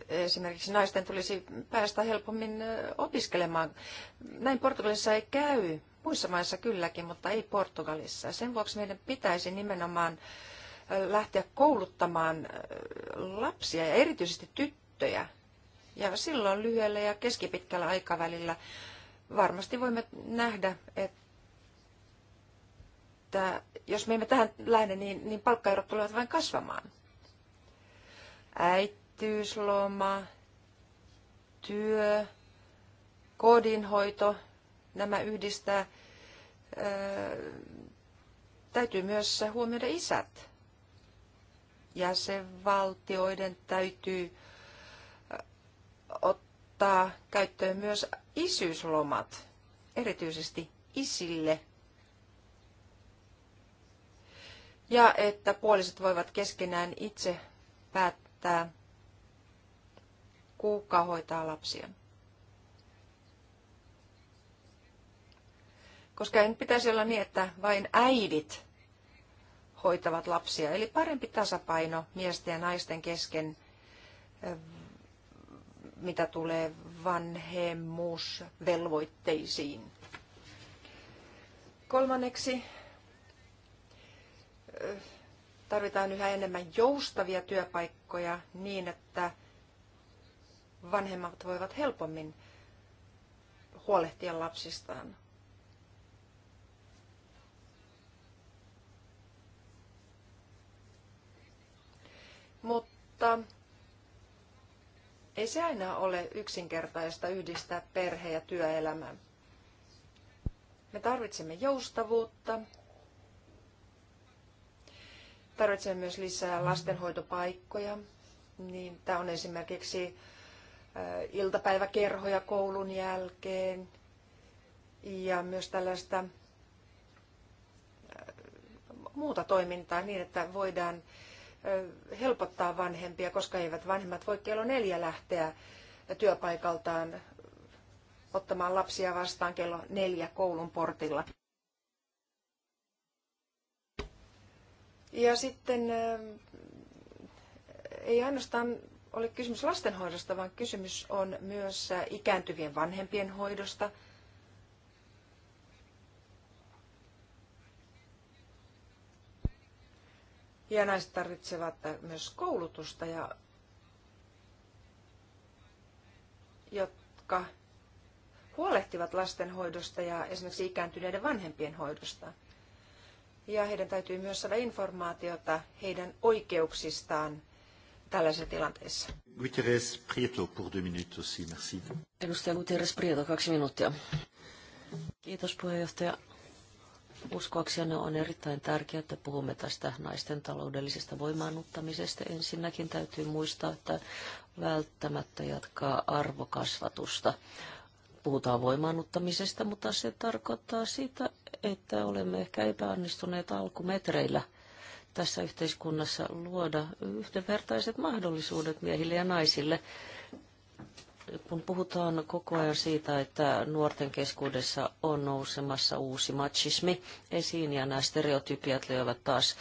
eh, esimerkiksi naisten tulisi päästä helpommin eh, opiskelemaan. Näin Portugalissa ei käy, muissa maissa kylläkin, mutta ei Portugalissa. Sen vuoksi meidän pitäisi nimenomaan eh, lähteä kouluttamaan lapsia ja erityisesti tyttöjä ja silloin lyhyellä ja keskipitkällä aikavälillä varmasti voimme nähdä, että jos me emme tähän lähde, niin, niin palkkaerot tulevat vain kasvamaan. Äityysloma, työ, kodinhoito, nämä yhdistää. Öö, täytyy myös huomioida isät. Jäsenvaltioiden täytyy ottaa käyttöön myös isyyslomat, erityisesti isille. Ja että puoliset voivat keskenään itse päättää, kuka hoitaa lapsia. Koska ei pitäisi olla niin, että vain äidit hoitavat lapsia. Eli parempi tasapaino miesten ja naisten kesken mitä tulee vanhemmuusvelvoitteisiin. Kolmanneksi tarvitaan yhä enemmän joustavia työpaikkoja niin, että vanhemmat voivat helpommin huolehtia lapsistaan. Mutta ei se aina ole yksinkertaista yhdistää perhe- ja työelämä. Me tarvitsemme joustavuutta, tarvitsemme myös lisää lastenhoitopaikkoja. Niin, tämä on esimerkiksi iltapäiväkerhoja koulun jälkeen ja myös tällaista muuta toimintaa niin, että voidaan helpottaa vanhempia, koska eivät vanhemmat voi kello neljä lähteä työpaikaltaan ottamaan lapsia vastaan kello neljä koulun portilla. Ja sitten ei ainoastaan ole kysymys lastenhoidosta, vaan kysymys on myös ikääntyvien vanhempien hoidosta – Ja naiset tarvitsevat myös koulutusta, ja, jotka huolehtivat lastenhoidosta ja esimerkiksi ikääntyneiden vanhempien hoidosta. Ja heidän täytyy myös saada informaatiota heidän oikeuksistaan tällaisessa tilanteessa. Gutierrez Prieto pour deux minutes aussi, merci. Edustaja Gutierrez Prieto, kaksi minuuttia. Kiitos puheenjohtaja. Uskoakseni on erittäin tärkeää, että puhumme tästä naisten taloudellisesta voimaannuttamisesta. Ensinnäkin täytyy muistaa, että välttämättä jatkaa arvokasvatusta. Puhutaan voimaannuttamisesta, mutta se tarkoittaa sitä, että olemme ehkä epäonnistuneet alkumetreillä tässä yhteiskunnassa luoda yhdenvertaiset mahdollisuudet miehille ja naisille kun puhutaan koko ajan siitä, että nuorten keskuudessa on nousemassa uusi machismi esiin ja nämä stereotypiat löyvät taas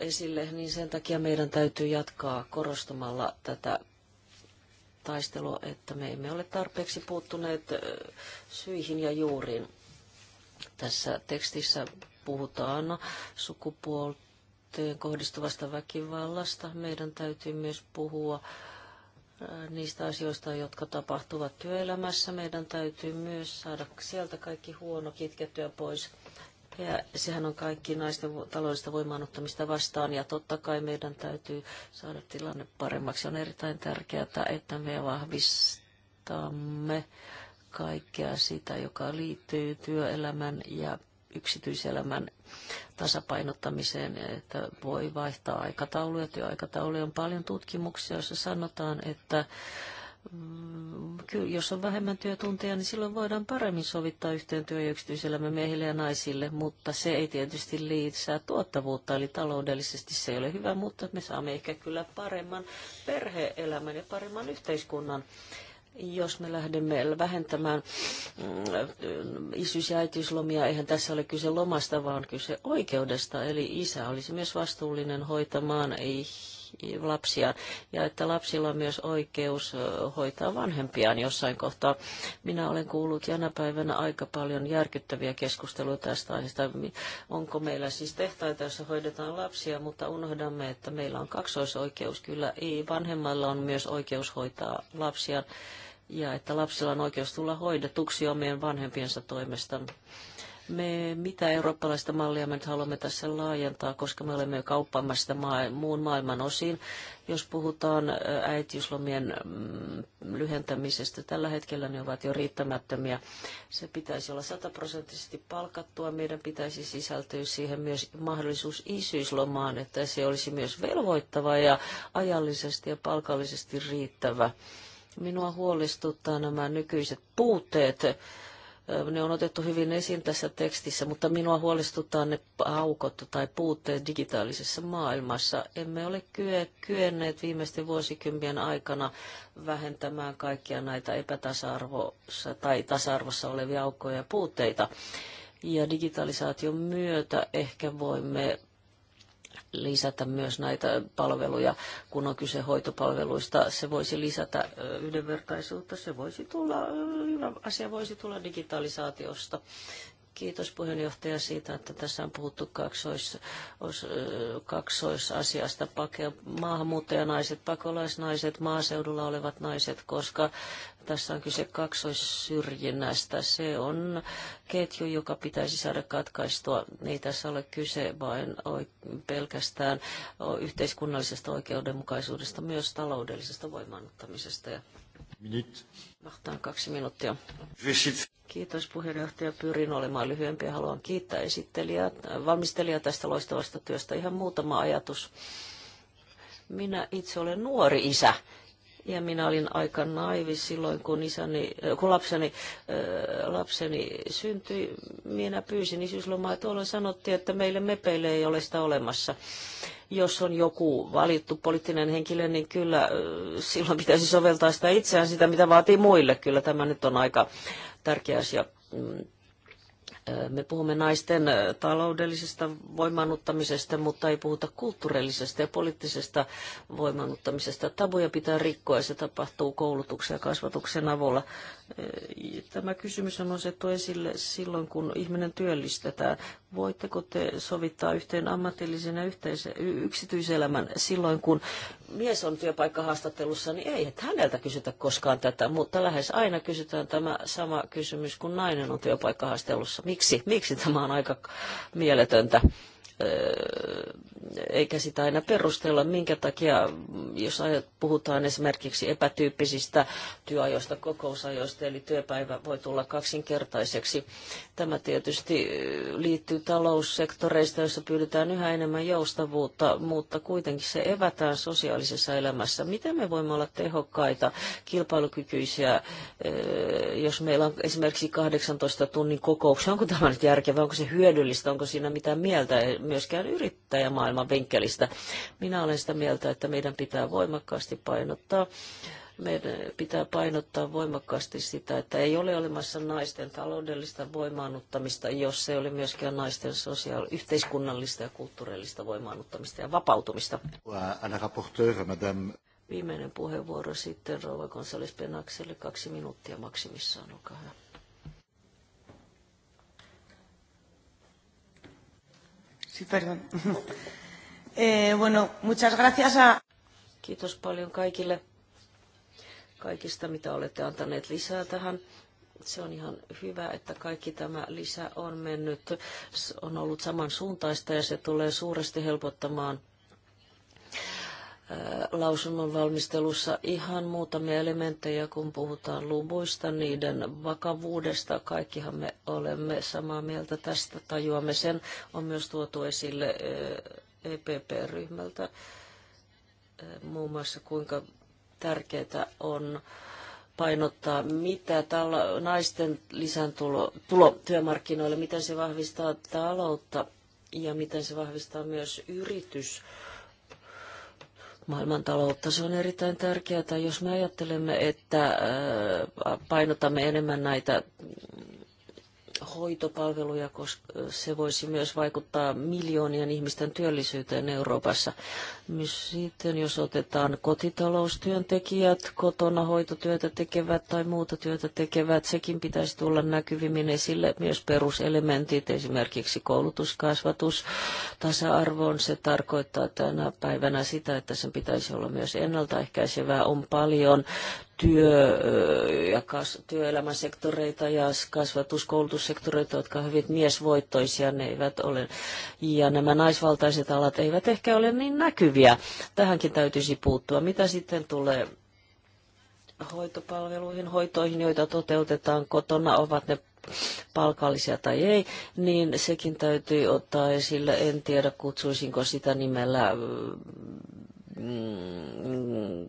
esille, niin sen takia meidän täytyy jatkaa korostamalla tätä taistelua, että me emme ole tarpeeksi puuttuneet syihin ja juuriin. Tässä tekstissä puhutaan sukupuolteen kohdistuvasta väkivallasta. Meidän täytyy myös puhua äh, niistä asioista, jotka tapahtuvat työelämässä. Meidän täytyy myös saada sieltä kaikki huono kitkettyä pois. Ja sehän on kaikki naisten taloudellista voimaanottamista vastaan ja totta kai meidän täytyy saada tilanne paremmaksi. On erittäin tärkeää, että me vahvistamme kaikkea sitä, joka liittyy työelämän ja yksityiselämän tasapainottamiseen, että voi vaihtaa aikatauluja, työaikatauluja. On paljon tutkimuksia, joissa sanotaan, että mm, jos on vähemmän työtunteja, niin silloin voidaan paremmin sovittaa yhteen työ- ja yksityiselämä miehille ja naisille, mutta se ei tietysti lisää tuottavuutta, eli taloudellisesti se ei ole hyvä, mutta me saamme ehkä kyllä paremman perheelämän ja paremman yhteiskunnan jos me lähdemme vähentämään mm, isyys- ja äitiyslomia, eihän tässä ole kyse lomasta, vaan kyse oikeudesta. Eli isä olisi myös vastuullinen hoitamaan ei lapsia ja että lapsilla on myös oikeus hoitaa vanhempiaan jossain kohtaa. Minä olen kuullut jana päivänä aika paljon järkyttäviä keskusteluja tästä aiheesta. Onko meillä siis tehtaita, joissa hoidetaan lapsia, mutta unohdamme, että meillä on kaksoisoikeus. Kyllä ei, vanhemmalla on myös oikeus hoitaa lapsia ja että lapsilla on oikeus tulla hoidetuksi omien vanhempiensa toimesta me, mitä eurooppalaista mallia me nyt haluamme tässä laajentaa, koska me olemme jo kauppaamassa sitä maa, muun maailman osiin. Jos puhutaan äitiyslomien mm, lyhentämisestä, tällä hetkellä ne ovat jo riittämättömiä. Se pitäisi olla sataprosenttisesti palkattua. Meidän pitäisi sisältyä siihen myös mahdollisuus isyyslomaan, että se olisi myös velvoittava ja ajallisesti ja palkallisesti riittävä. Minua huolestuttaa nämä nykyiset puutteet ne on otettu hyvin esiin tässä tekstissä, mutta minua huolestuttaa ne aukot tai puutteet digitaalisessa maailmassa. Emme ole kyenneet viimeisten vuosikymmenen aikana vähentämään kaikkia näitä epätasa-arvossa tai tasa-arvossa olevia aukkoja ja puutteita. Ja digitalisaation myötä ehkä voimme lisätä myös näitä palveluja, kun on kyse hoitopalveluista. Se voisi lisätä yhdenvertaisuutta, se voisi tulla, hyvä asia voisi tulla digitalisaatiosta. Kiitos puheenjohtaja siitä, että tässä on puhuttu kaksois, os, kaksoisasiasta. Pake, maahanmuuttajanaiset, pakolaisnaiset, maaseudulla olevat naiset, koska tässä on kyse kaksoissyrjinnästä. Se on ketju, joka pitäisi saada katkaistua. Ei tässä ole kyse vain pelkästään yhteiskunnallisesta oikeudenmukaisuudesta, myös taloudellisesta voimaannuttamisesta. Minut. Mahtaan kaksi minuuttia. Kiitos puheenjohtaja. Pyrin olemaan lyhyempi ja haluan kiittää esittelijää, valmistelijaa tästä loistavasta työstä. Ihan muutama ajatus. Minä itse olen nuori isä ja minä olin aika naivi silloin, kun, isäni, äh, kun lapseni, äh, lapseni syntyi. Minä pyysin isyyslomaa, että olen sanottu, että meille mepeille ei ole sitä olemassa. Jos on joku valittu poliittinen henkilö, niin kyllä äh, silloin pitäisi soveltaa sitä itseään, sitä mitä vaatii muille. Kyllä tämä nyt on aika tärkeä asia mm. Me puhumme naisten taloudellisesta voimannuttamisesta, mutta ei puhuta kulttuurillisesta ja poliittisesta voimannuttamisesta. Tabuja pitää rikkoa ja se tapahtuu koulutuksen ja kasvatuksen avulla. Tämä kysymys on osettu esille silloin, kun ihminen työllistetään. Voitteko te sovittaa yhteen ammatillisen ja yksityiselämän silloin, kun mies on työpaikkahaastattelussa, niin ei että häneltä kysytä koskaan tätä, mutta lähes aina kysytään tämä sama kysymys, kun nainen on työpaikkahaastattelussa. Miksi? Miksi tämä on aika mieletöntä? Öö, eikä sitä aina perustella, minkä takia, jos puhutaan esimerkiksi epätyyppisistä työajoista, kokousajoista, eli työpäivä voi tulla kaksinkertaiseksi. Tämä tietysti liittyy taloussektoreista, joissa pyydetään yhä enemmän joustavuutta, mutta kuitenkin se evätään sosiaalisessa elämässä. Miten me voimme olla tehokkaita, kilpailukykyisiä, eh, jos meillä on esimerkiksi 18 tunnin kokouksia? Onko tämä nyt järkevää, onko se hyödyllistä, onko siinä mitään mieltä myöskään yrittäjämaailmassa? maailman vinkkelistä. Minä olen sitä mieltä, että meidän pitää voimakkaasti painottaa meidän pitää painottaa voimakkaasti sitä, että ei ole olemassa naisten taloudellista voimaannuttamista, jos ei ole myöskään naisten sosiaali- yhteiskunnallista ja kulttuurillista voimaannuttamista ja vapautumista. Äh, Viimeinen puheenvuoro sitten Rova Gonzales Penakselle, kaksi minuuttia maksimissaan, olkaa hyvä. Sí, perdón. Eh, bueno, muchas gracias a... Kiitos paljon kaikille kaikista, mitä olette antaneet lisää tähän. Se on ihan hyvä, että kaikki tämä lisä on mennyt, on ollut samansuuntaista ja se tulee suuresti helpottamaan eh, lausunnon valmistelussa ihan muutamia elementtejä, kun puhutaan luvuista, niiden vakavuudesta. Kaikkihan me olemme samaa mieltä tästä, tajuamme sen. On myös tuotu esille eh, EPP-ryhmältä e, muun muassa kuinka tärkeää on painottaa, mitä tällä naisten lisääntulo tulo työmarkkinoille, miten se vahvistaa taloutta ja miten se vahvistaa myös yritys maailmantaloutta. Se on erittäin tärkeää, jos me ajattelemme, että painotamme enemmän näitä hoitopalveluja, koska se voisi myös vaikuttaa miljoonien ihmisten työllisyyteen Euroopassa. Myös sitten jos otetaan kotitaloustyöntekijät, kotona hoitotyötä tekevät tai muuta työtä tekevät, sekin pitäisi tulla näkyvimmin esille myös peruselementit, esimerkiksi koulutuskasvatus, tasa-arvoon. Se tarkoittaa tänä päivänä sitä, että sen pitäisi olla myös ennaltaehkäisevää. On paljon työ- ja kas- työelämäsektoreita ja kasvatus- koulutussektoreita, jotka ovat hyvin miesvoittoisia, ne eivät ole. Ja nämä naisvaltaiset alat eivät ehkä ole niin näkyviä. Tähänkin täytyisi puuttua. Mitä sitten tulee hoitopalveluihin, hoitoihin, joita toteutetaan kotona, ovat ne palkallisia tai ei, niin sekin täytyy ottaa esille. En tiedä, kutsuisinko sitä nimellä mm,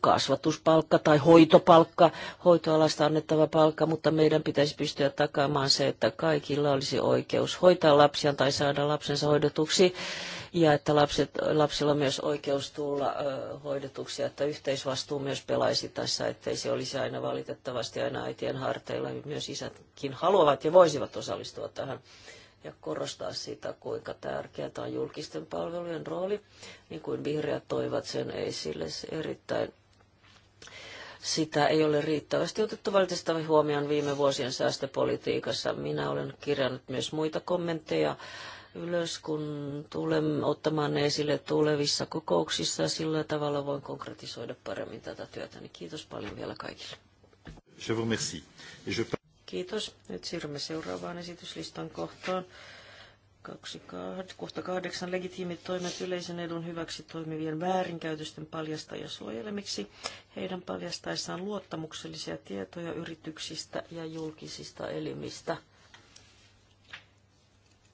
kasvatuspalkka tai hoitopalkka, hoitoalasta annettava palkka, mutta meidän pitäisi pystyä takaamaan se, että kaikilla olisi oikeus hoitaa lapsiaan tai saada lapsensa hoidetuksi ja että lapset, lapsilla on myös oikeus tulla ö, hoidetuksi, että yhteisvastuu myös pelaisi tässä, ettei se olisi aina valitettavasti aina äitien harteilla. Myös isätkin haluavat ja voisivat osallistua tähän ja korostaa sitä, kuinka tämä on julkisten palvelujen rooli, niin kuin vihreät toivat sen esille se erittäin sitä ei ole riittävästi otettu valitettavasti huomioon viime vuosien säästöpolitiikassa. Minä olen kirjannut myös muita kommentteja ylös, kun tulen ottamaan ne esille tulevissa kokouksissa. Sillä tavalla voin konkretisoida paremmin tätä työtä. Niin kiitos paljon vielä kaikille. Je vous remercie. Je... Kiitos. Nyt siirrymme seuraavaan esityslistan kohtaan. 28, kohta kahdeksan legitiimit toimet yleisen edun hyväksi toimivien väärinkäytösten paljastajia suojelemiksi heidän paljastaessaan luottamuksellisia tietoja yrityksistä ja julkisista elimistä.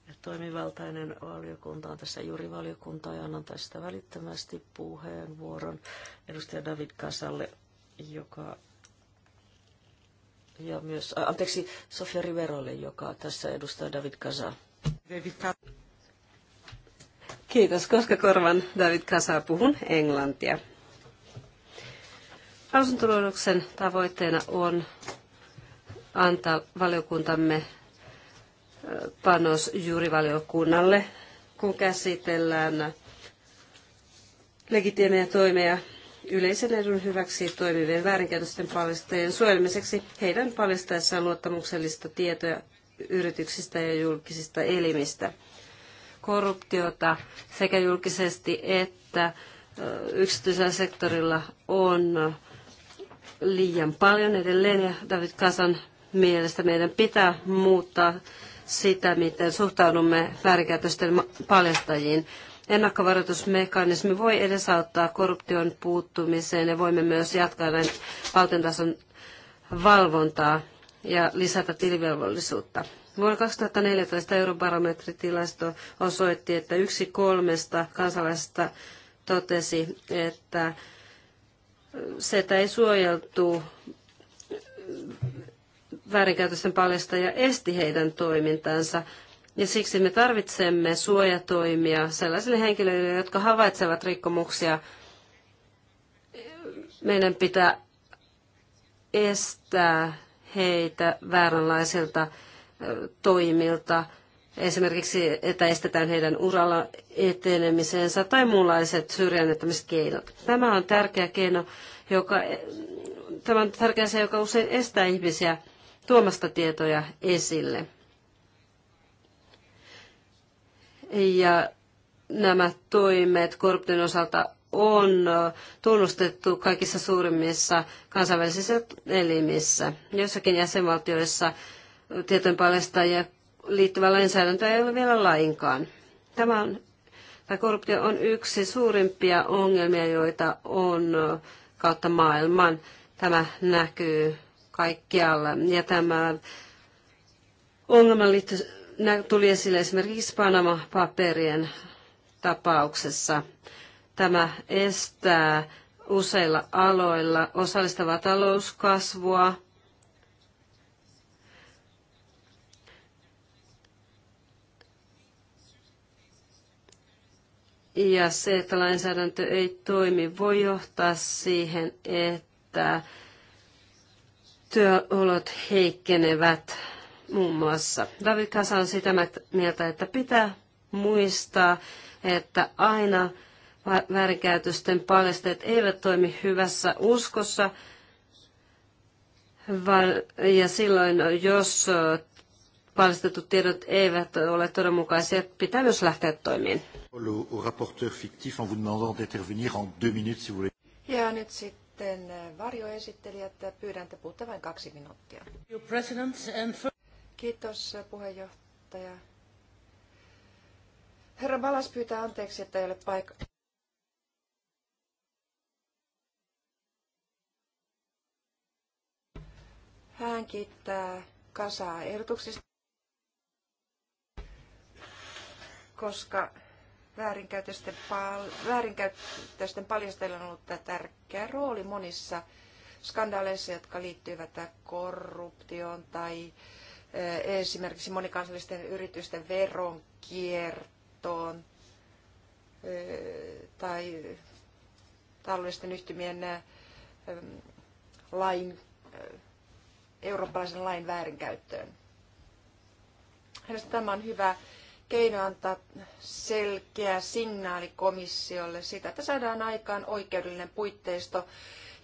Ja toimivaltainen valiokunta on tässä juuri valiokunta ja annan tästä välittömästi puheenvuoron edustaja David Kasalle, joka ja myös, anteeksi, Sofia Riverolle, joka tässä edustaa David Kazaa. Kiitos, koska korvan David Kasa puhun englantia. Lausuntoluonnoksen tavoitteena on antaa valiokuntamme panos juurivaliokunnalle, kun käsitellään legitiimejä toimeja yleisen edun hyväksi toimivien väärinkäytösten paljastajien suojelmiseksi heidän paljastaessaan luottamuksellista tietoja yrityksistä ja julkisista elimistä. Korruptiota sekä julkisesti että yksityisellä sektorilla on liian paljon edelleen ja David Kasan mielestä meidän pitää muuttaa sitä, miten suhtaudumme väärinkäytösten paljastajiin ennakkovaroitusmekanismi voi edesauttaa korruption puuttumiseen ja voimme myös jatkaa näin valtiontason valvontaa ja lisätä tilivelvollisuutta. Vuonna 2014 eurobarometritilasto osoitti, että yksi kolmesta kansalaisesta totesi, että se, että ei suojeltu väärinkäytösten paljasta ja esti heidän toimintansa. Ja siksi me tarvitsemme suojatoimia sellaisille henkilöille, jotka havaitsevat rikkomuksia. Meidän pitää estää heitä vääränlaisilta toimilta, esimerkiksi että estetään heidän uralla etenemisensä tai muunlaiset syrjäännettämiskeinot. Tämä on tärkeä keino, joka, e, tämä on tärkeä se, joka usein estää ihmisiä tuomasta tietoja esille. Ja nämä toimet korruption osalta on tunnustettu kaikissa suurimmissa kansainvälisissä elimissä. Jossakin jäsenvaltioissa tietojen paljastajia liittyvä lainsäädäntö ei ole vielä lainkaan. Tämä on, tämä korruptio on yksi suurimpia ongelmia, joita on kautta maailman. Tämä näkyy kaikkialla. Ja tämä ongelma liittyy tuli esille esimerkiksi Panama-paperien tapauksessa. Tämä estää useilla aloilla osallistavaa talouskasvua, Ja se, että lainsäädäntö ei toimi, voi johtaa siihen, että työolot heikkenevät muun muassa. David Kasa on sitä mieltä, että pitää muistaa, että aina väärinkäytösten paljasteet eivät toimi hyvässä uskossa, ja silloin jos paljastetut tiedot eivät ole todenmukaisia, pitää myös lähteä toimiin. Ja nyt sitten varjoesittelijät, pyydän, että puhutte vain kaksi minuuttia. Kiitos puheenjohtaja. Herra Balas pyytää anteeksi, että ei ole paikka. Hän kiittää kasaa ehdotuksista, koska väärinkäytösten, pal- väärinkäytösten paljastajilla on ollut tärkeä rooli monissa skandaaleissa, jotka liittyvät korruptioon tai esimerkiksi monikansallisten yritysten veronkiertoon tai taloudellisten yhtymien lain, eurooppalaisen lain väärinkäyttöön. tämä on hyvä keino antaa selkeä signaali komissiolle siitä, että saadaan aikaan oikeudellinen puitteisto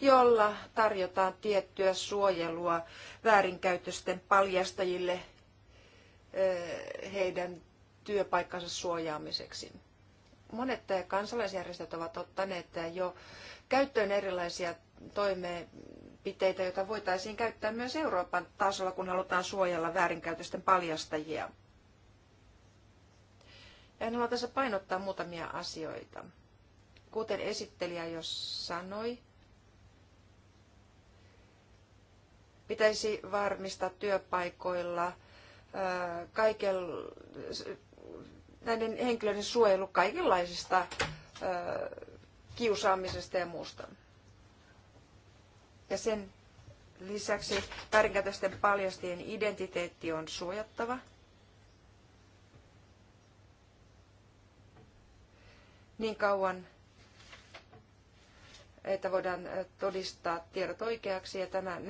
jolla tarjotaan tiettyä suojelua väärinkäytösten paljastajille heidän työpaikkansa suojaamiseksi. Monet kansalaisjärjestöt ovat ottaneet jo käyttöön erilaisia toimenpiteitä, joita voitaisiin käyttää myös Euroopan tasolla, kun halutaan suojella väärinkäytösten paljastajia. Ja haluan tässä painottaa muutamia asioita. Kuten esittelijä jo sanoi, Pitäisi varmistaa työpaikoilla kaiken, näiden henkilöiden suojelu kaikenlaisista kiusaamisesta ja muusta. Ja sen lisäksi väärinkäytösten paljastien identiteetti on suojattava. Niin kauan että voidaan äh, todistaa tiedot oikeaksi ja tämä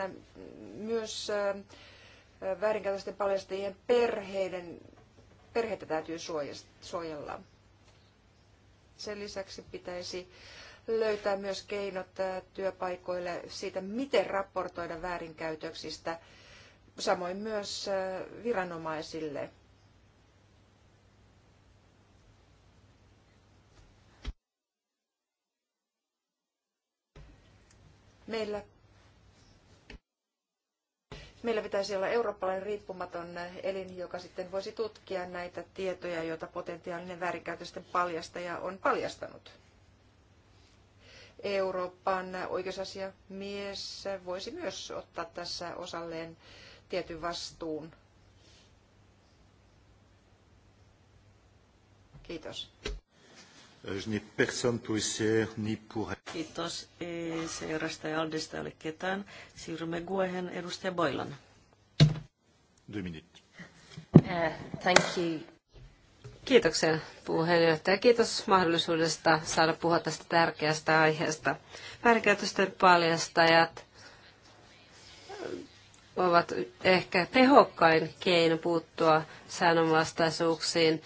myös äh, väärinkäytösten paljastajien perheiden, perheitä täytyy suojella. Sen lisäksi pitäisi löytää myös keinot äh, työpaikoille siitä, miten raportoida väärinkäytöksistä, samoin myös viranomaisille. Meillä, meillä pitäisi olla eurooppalainen riippumaton elin, joka sitten voisi tutkia näitä tietoja, joita potentiaalinen väärinkäytösten paljastaja on paljastanut. Euroopan oikeusasiamies voisi myös ottaa tässä osalleen tietyn vastuun. Kiitos. Je n'ai personne pour ICR, ni pour... Kiitos. ECRstä ja Aldesta ei ole ketään. Siirrymme Guehen edustaja Boilan. Deux minutes. Uh, thank you. Kiitoksia puheenjohtaja. Kiitos mahdollisuudesta saada puhua tästä tärkeästä aiheesta. Väärinkäytösten paljastajat ovat ehkä tehokkain keino puuttua säännönvastaisuuksiin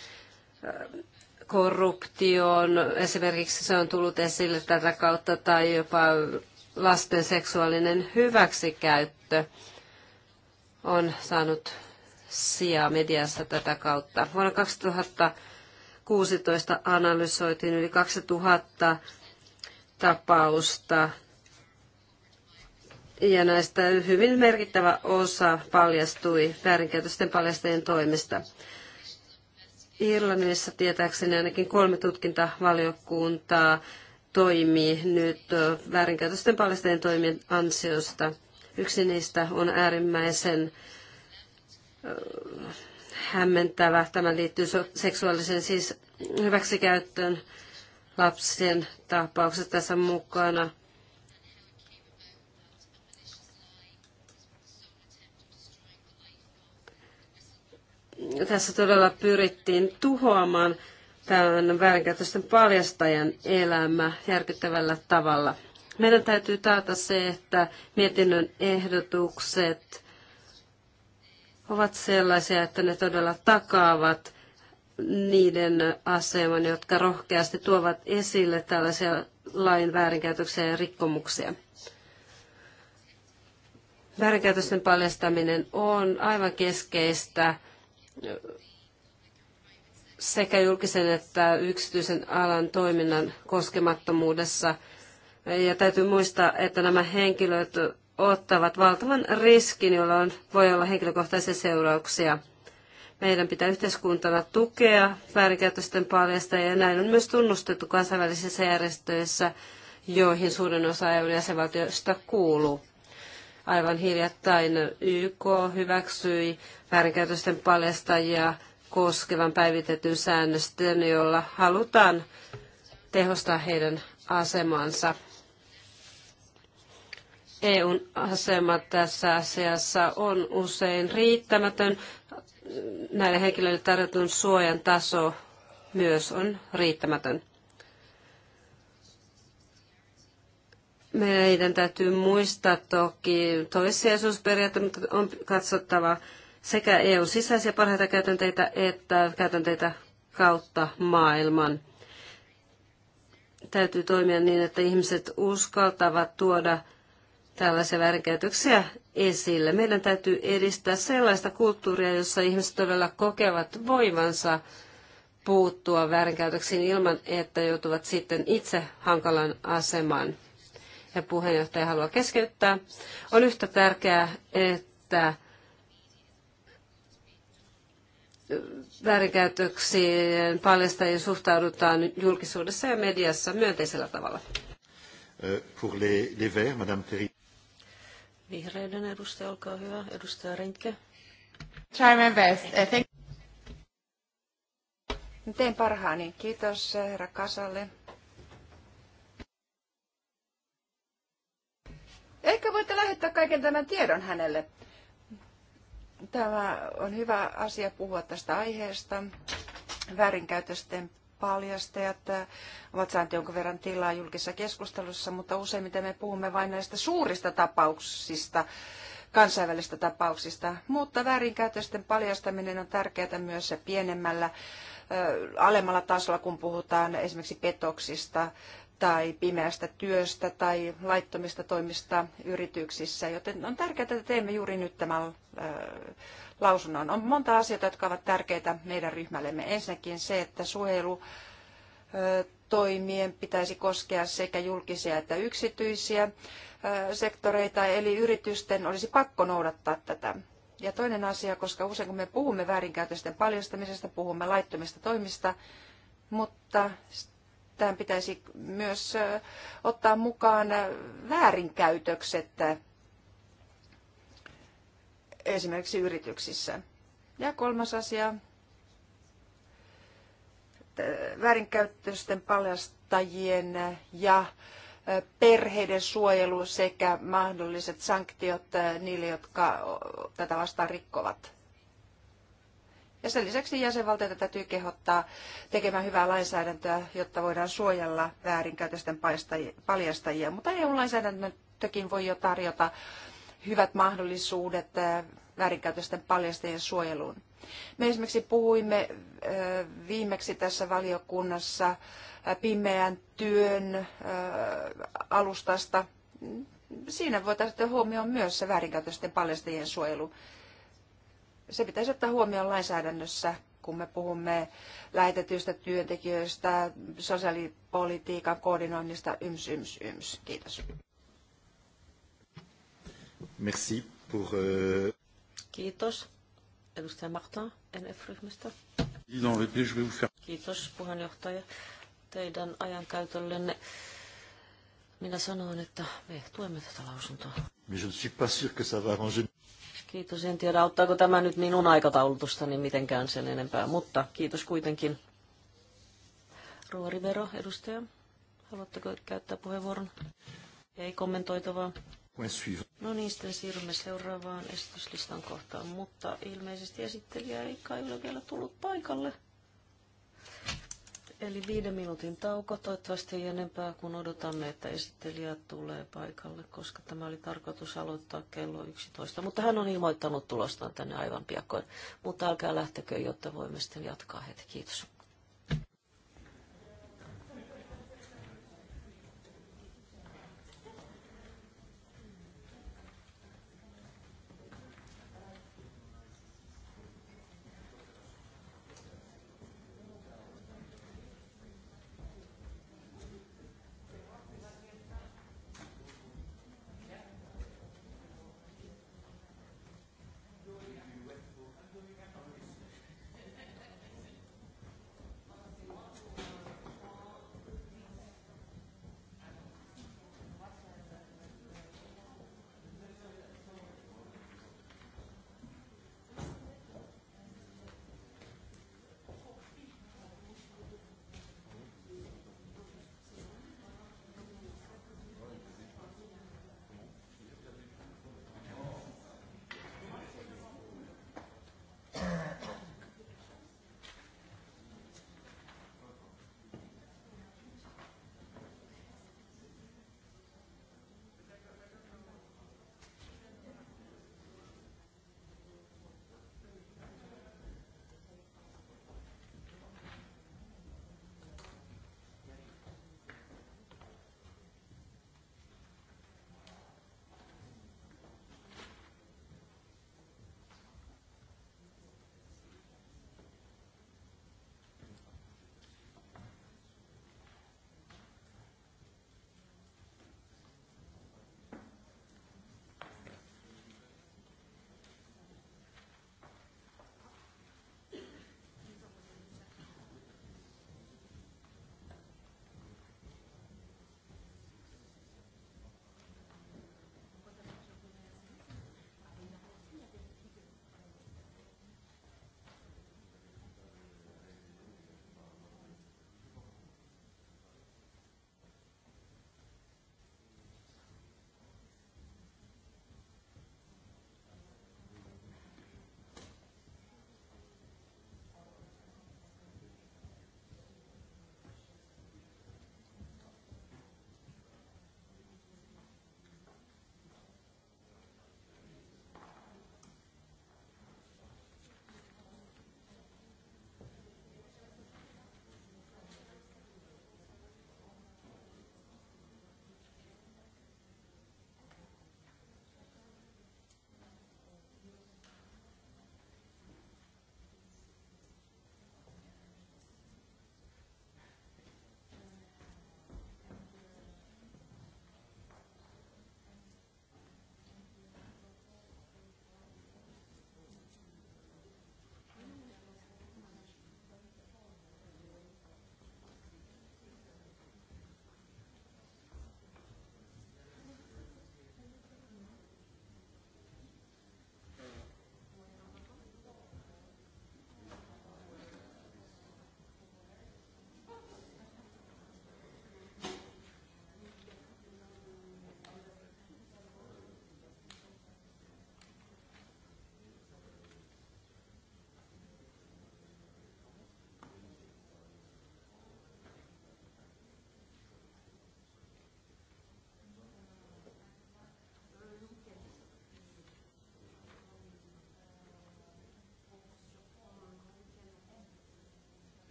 korruptioon. Esimerkiksi se on tullut esille tätä kautta tai jopa lasten seksuaalinen hyväksikäyttö on saanut sijaa mediassa tätä kautta. Vuonna 2016 analysoitiin yli 2000 tapausta ja näistä hyvin merkittävä osa paljastui väärinkäytösten paljastajien toimesta. Irlannissa tietääkseni ainakin kolme tutkintavaliokuntaa toimii nyt väärinkäytösten paljastajien toimien ansiosta. Yksi niistä on äärimmäisen hämmentävä. Tämä liittyy seksuaalisen siis hyväksikäyttöön lapsien tapauksessa tässä mukana. tässä todella pyrittiin tuhoamaan tämän väärinkäytösten paljastajan elämä järkyttävällä tavalla. Meidän täytyy taata se, että mietinnön ehdotukset ovat sellaisia, että ne todella takaavat niiden aseman, jotka rohkeasti tuovat esille tällaisia lain väärinkäytöksiä ja rikkomuksia. Väärinkäytösten paljastaminen on aivan keskeistä sekä julkisen että yksityisen alan toiminnan koskemattomuudessa. Ja täytyy muistaa, että nämä henkilöt ottavat valtavan riskin, jolla on, voi olla henkilökohtaisia seurauksia. Meidän pitää yhteiskuntana tukea väärinkäytösten paljastajia ja näin on myös tunnustettu kansainvälisissä järjestöissä, joihin suurin osa eu jäsenvaltioista kuuluu. Aivan hiljattain YK hyväksyi väärinkäytösten paljastajia koskevan päivitetyn säännöstön, jolla halutaan tehostaa heidän asemansa. EUn asema tässä asiassa on usein riittämätön. Näille henkilöille tarjotun suojan taso myös on riittämätön. Meidän täytyy muistaa toki toissijaisuusperiaate, mutta on katsottava sekä EUn sisäisiä parhaita käytänteitä että käytänteitä kautta maailman. Täytyy toimia niin, että ihmiset uskaltavat tuoda tällaisia väärinkäytöksiä esille. Meidän täytyy edistää sellaista kulttuuria, jossa ihmiset todella kokevat voivansa puuttua väärinkäytöksiin ilman, että joutuvat sitten itse hankalan asemaan ja puheenjohtaja haluaa keskeyttää. On yhtä tärkeää, että väärinkäytöksien paljastajien suhtaudutaan julkisuudessa ja mediassa myönteisellä tavalla. Eh, pour les, les verts, Madame Thierry. Vihreiden edustaja, olkaa hyvä. Edustaja Rinkke. Try my best. Thank Teen parhaani. Kiitos herra Kasalle Ehkä voitte lähettää kaiken tämän tiedon hänelle. Tämä on hyvä asia puhua tästä aiheesta. Väärinkäytösten paljastajat äh, ovat saaneet jonkun verran tilaa julkisessa keskustelussa, mutta useimmiten me puhumme vain näistä suurista tapauksista, kansainvälisistä tapauksista. Mutta väärinkäytösten paljastaminen on tärkeää myös pienemmällä, äh, alemmalla tasolla, kun puhutaan esimerkiksi petoksista tai pimeästä työstä tai laittomista toimista yrityksissä. Joten on tärkeää, että teemme juuri nyt tämän lausunnon. On monta asiaa, jotka ovat tärkeitä meidän ryhmällemme. Ensinnäkin se, että suojelu toimien pitäisi koskea sekä julkisia että yksityisiä sektoreita, eli yritysten olisi pakko noudattaa tätä. Ja toinen asia, koska usein kun me puhumme väärinkäytösten paljastamisesta, puhumme laittomista toimista, mutta tähän pitäisi myös ottaa mukaan väärinkäytökset esimerkiksi yrityksissä. Ja kolmas asia, väärinkäytösten paljastajien ja perheiden suojelu sekä mahdolliset sanktiot niille, jotka tätä vastaan rikkovat. Ja sen lisäksi jäsenvaltioita täytyy kehottaa tekemään hyvää lainsäädäntöä, jotta voidaan suojella väärinkäytösten paljastajia. Mutta EU-lainsäädäntökin voi jo tarjota hyvät mahdollisuudet väärinkäytösten paljastajien suojeluun. Me esimerkiksi puhuimme viimeksi tässä valiokunnassa pimeän työn alustasta. Siinä voitaisiin huomioon myös se väärinkäytösten paljastajien suojelu se pitäisi ottaa huomioon lainsäädännössä, kun me puhumme lähetetyistä työntekijöistä, sosiaalipolitiikan koordinoinnista, yms, yms, yms. Kiitos. Merci pour, euh, Kiitos. Edustaja Martin, NF-ryhmästä. Kiitos puheenjohtaja teidän ajankäytöllenne. Minä sanoin, että me tuemme tätä lausuntoa. Mais je ne suis pas sûr que ça va arranger. Kiitos. En tiedä, auttaako tämä nyt minun aikataulutustani mitenkään sen enempää, mutta kiitos kuitenkin. Ruorivero, edustaja, haluatteko käyttää puheenvuoron? Ei kommentoitavaa. No niin, sitten siirrymme seuraavaan esityslistan kohtaan, mutta ilmeisesti esittelijä ei kai ole vielä tullut paikalle. Eli viiden minuutin tauko, toivottavasti ei enempää, kun odotamme, että esittelijä tulee paikalle, koska tämä oli tarkoitus aloittaa kello 11. Mutta hän on ilmoittanut tulostaan tänne aivan piakkoin. Mutta älkää lähtekö, jotta voimme sitten jatkaa heti. Kiitos.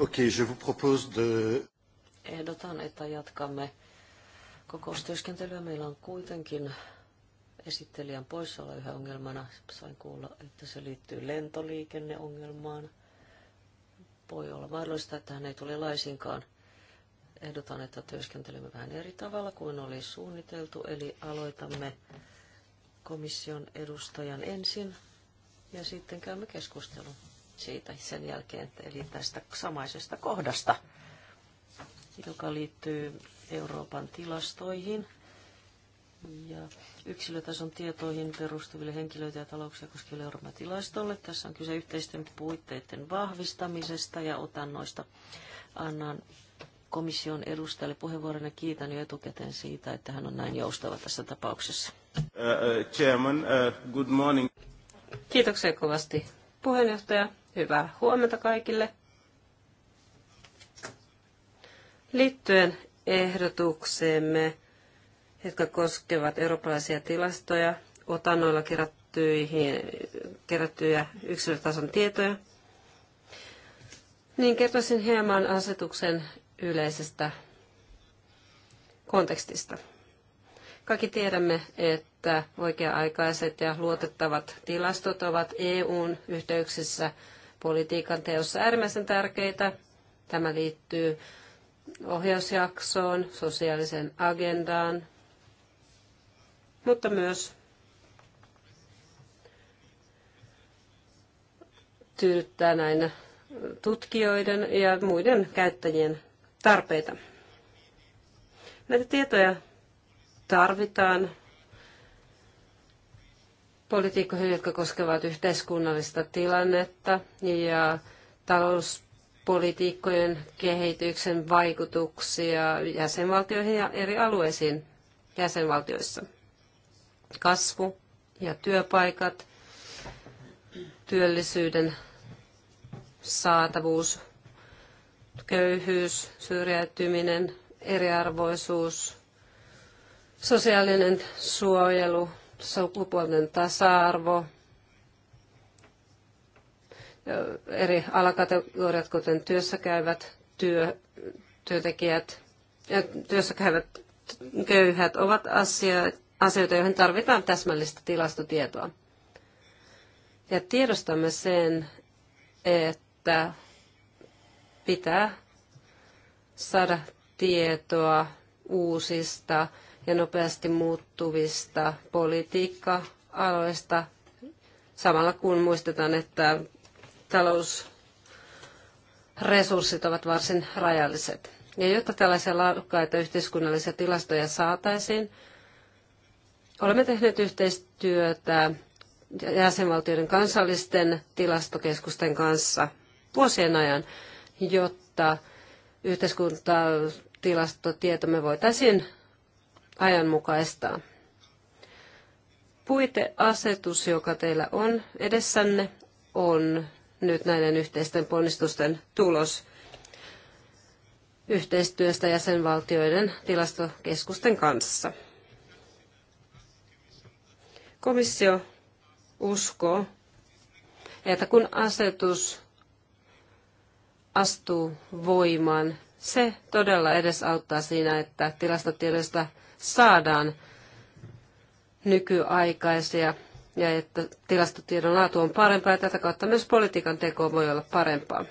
Okay, je vous propose de... Ehdotan, että jatkamme kokoustyöskentelyä. Meillä on kuitenkin esittelijän poissaolo yhä ongelmana. Sain kuulla, että se liittyy lentoliikenneongelmaan. Voi olla mahdollista, että hän ei tule laisinkaan. Ehdotan, että työskentelemme vähän eri tavalla kuin oli suunniteltu, eli aloitamme komission edustajan ensin ja sitten käymme keskustelun siitä sen jälkeen, eli tästä samaisesta kohdasta, joka liittyy Euroopan tilastoihin ja yksilötason tietoihin perustuville henkilöitä ja talouksia koskeville Euroopan tilastolle. Tässä on kyse yhteisten puitteiden vahvistamisesta ja otannoista. Annan komission edustajalle puheenvuoron ja kiitän jo etukäteen siitä, että hän on näin joustava tässä tapauksessa. Uh, uh, chairman, uh, good morning. Kiitoksia kovasti puheenjohtaja. Hyvää huomenta kaikille. Liittyen ehdotukseemme, jotka koskevat eurooppalaisia tilastoja, otanoilla kerättyjä yksilötason tietoja, niin kertoisin hieman asetuksen yleisestä kontekstista. Kaikki tiedämme, että oikea-aikaiset ja luotettavat tilastot ovat EUn yhteyksissä politiikan teossa äärimmäisen tärkeitä. Tämä liittyy ohjausjaksoon, sosiaaliseen agendaan, mutta myös tyydyttää näin tutkijoiden ja muiden käyttäjien tarpeita. Näitä tietoja tarvitaan politiikkoihin, jotka koskevat yhteiskunnallista tilannetta ja talouspolitiikkojen kehityksen vaikutuksia jäsenvaltioihin ja eri alueisiin jäsenvaltioissa. Kasvu ja työpaikat, työllisyyden saatavuus, köyhyys, syrjäytyminen, eriarvoisuus, sosiaalinen suojelu, sukupuolten tasa-arvo, eri alakategoriat, kuten käyvät työ, työntekijät ja käyvät köyhät, ovat asia, asioita, joihin tarvitaan täsmällistä tilastotietoa. Ja tiedostamme sen, että pitää saada tietoa uusista ja nopeasti muuttuvista politiikka-aloista, samalla kun muistetaan, että talousresurssit ovat varsin rajalliset. Ja jotta tällaisia laadukkaita yhteiskunnallisia tilastoja saataisiin, olemme tehneet yhteistyötä jäsenvaltioiden kansallisten tilastokeskusten kanssa vuosien ajan, jotta yhteiskuntatilastotietomme voitaisiin ajanmukaistaa. Puiteasetus, joka teillä on edessänne, on nyt näiden yhteisten ponnistusten tulos yhteistyöstä jäsenvaltioiden tilastokeskusten kanssa. Komissio uskoo, että kun asetus astuu voimaan, se todella edesauttaa siinä, että tilastotiedoista saadaan nykyaikaisia ja että tilastotiedon laatu on parempaa ja tätä kautta myös politiikan teko voi olla parempaa.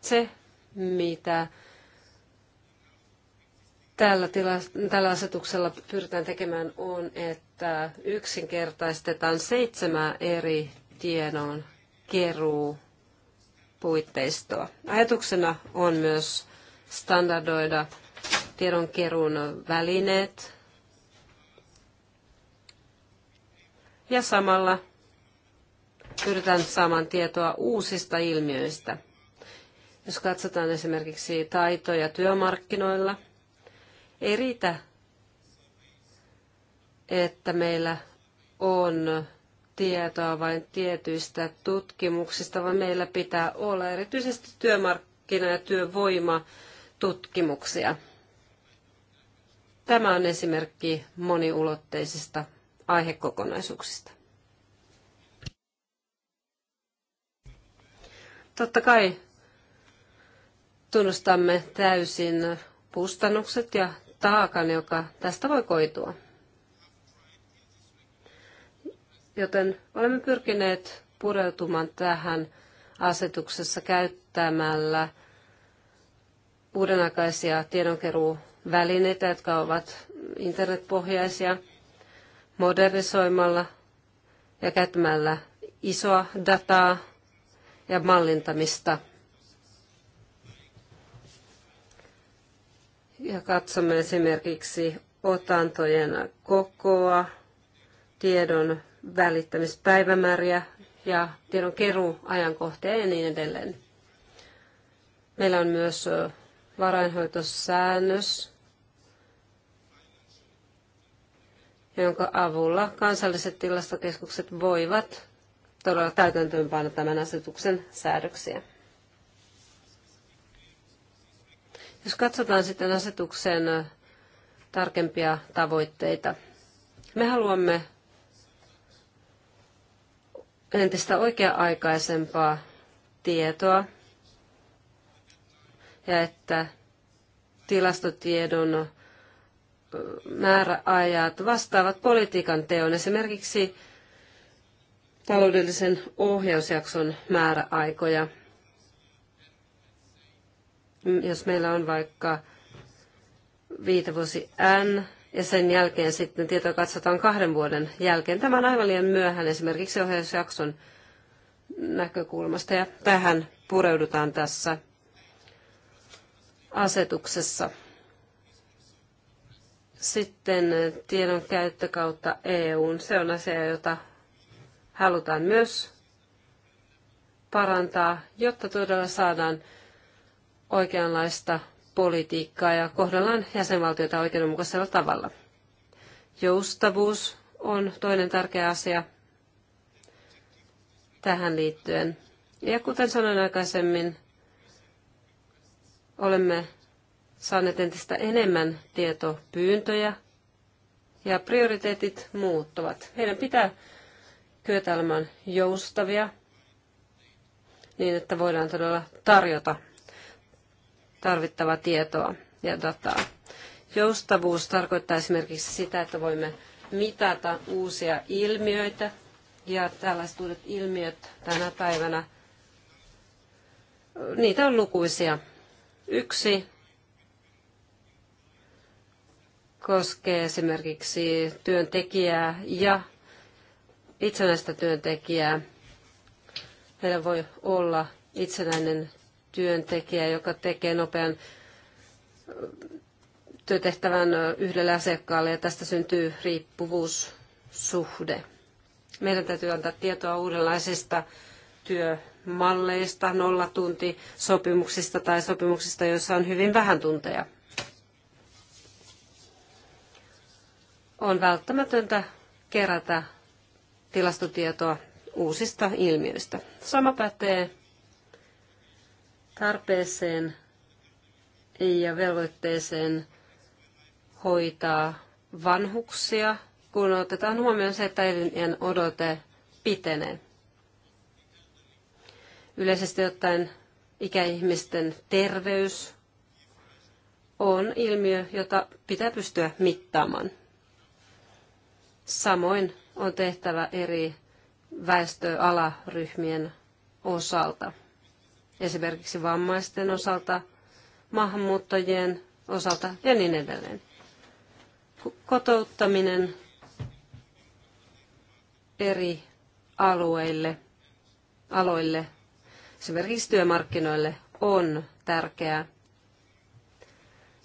Se, mitä tällä, tällä asetuksella pyritään tekemään on, että yksinkertaistetaan seitsemää eri tiedon keruu puitteistoa. Ajatuksena on myös standardoida tiedonkeruun välineet ja samalla pyritään saamaan tietoa uusista ilmiöistä. Jos katsotaan esimerkiksi taitoja työmarkkinoilla, ei riitä, että meillä on tietoa vain tietyistä tutkimuksista, vaan meillä pitää olla erityisesti työmarkkina- ja työvoimatutkimuksia. Tämä on esimerkki moniulotteisista aihekokonaisuuksista. Totta kai tunnustamme täysin kustannukset ja taakan, joka tästä voi koitua. Joten olemme pyrkineet pureutumaan tähän asetuksessa käyttämällä uudenaikaisia tiedonkeruu välineitä, jotka ovat internetpohjaisia, modernisoimalla ja käyttämällä isoa dataa ja mallintamista. Ja katsomme esimerkiksi otantojen kokoa, tiedon välittämispäivämääriä ja tiedon keruajankohtia ja niin edelleen. Meillä on myös varainhoitosäännös, jonka avulla kansalliset tilastokeskukset voivat todella täytäntöönpanna tämän asetuksen säädöksiä. Jos katsotaan sitten asetuksen tarkempia tavoitteita, me haluamme entistä oikea-aikaisempaa tietoa ja että tilastotiedon määräajat vastaavat politiikan teon. Esimerkiksi taloudellisen ohjausjakson määräaikoja. Jos meillä on vaikka viitevuosi N ja sen jälkeen sitten tietoa katsotaan kahden vuoden jälkeen. Tämä on aivan liian myöhään esimerkiksi ohjausjakson näkökulmasta ja tähän pureudutaan tässä asetuksessa. Sitten tiedon käyttö kautta EUn. Se on asia, jota halutaan myös parantaa, jotta todella saadaan oikeanlaista politiikkaa ja kohdellaan jäsenvaltioita oikeudenmukaisella tavalla. Joustavuus on toinen tärkeä asia tähän liittyen. Ja kuten sanoin aikaisemmin, olemme saaneet entistä enemmän tietopyyntöjä ja prioriteetit muuttuvat. Meidän pitää kyetä olemaan joustavia niin, että voidaan todella tarjota tarvittavaa tietoa ja dataa. Joustavuus tarkoittaa esimerkiksi sitä, että voimme mitata uusia ilmiöitä ja tällaiset uudet ilmiöt tänä päivänä, niitä on lukuisia. Yksi koskee esimerkiksi työntekijää ja itsenäistä työntekijää. Meillä voi olla itsenäinen työntekijä, joka tekee nopean työtehtävän yhdelle asiakkaalle ja tästä syntyy riippuvuussuhde. Meidän täytyy antaa tietoa uudenlaisista työmalleista, nollatuntisopimuksista tai sopimuksista, joissa on hyvin vähän tunteja. on välttämätöntä kerätä tilastotietoa uusista ilmiöistä. Sama pätee tarpeeseen ja velvoitteeseen hoitaa vanhuksia, kun otetaan huomioon se, että elinjän odote pitenee. Yleisesti ottaen ikäihmisten terveys on ilmiö, jota pitää pystyä mittaamaan. Samoin on tehtävä eri väestöalaryhmien osalta. Esimerkiksi vammaisten osalta, maahanmuuttajien osalta ja niin edelleen. Kotouttaminen eri alueille, aloille, esimerkiksi työmarkkinoille, on tärkeää.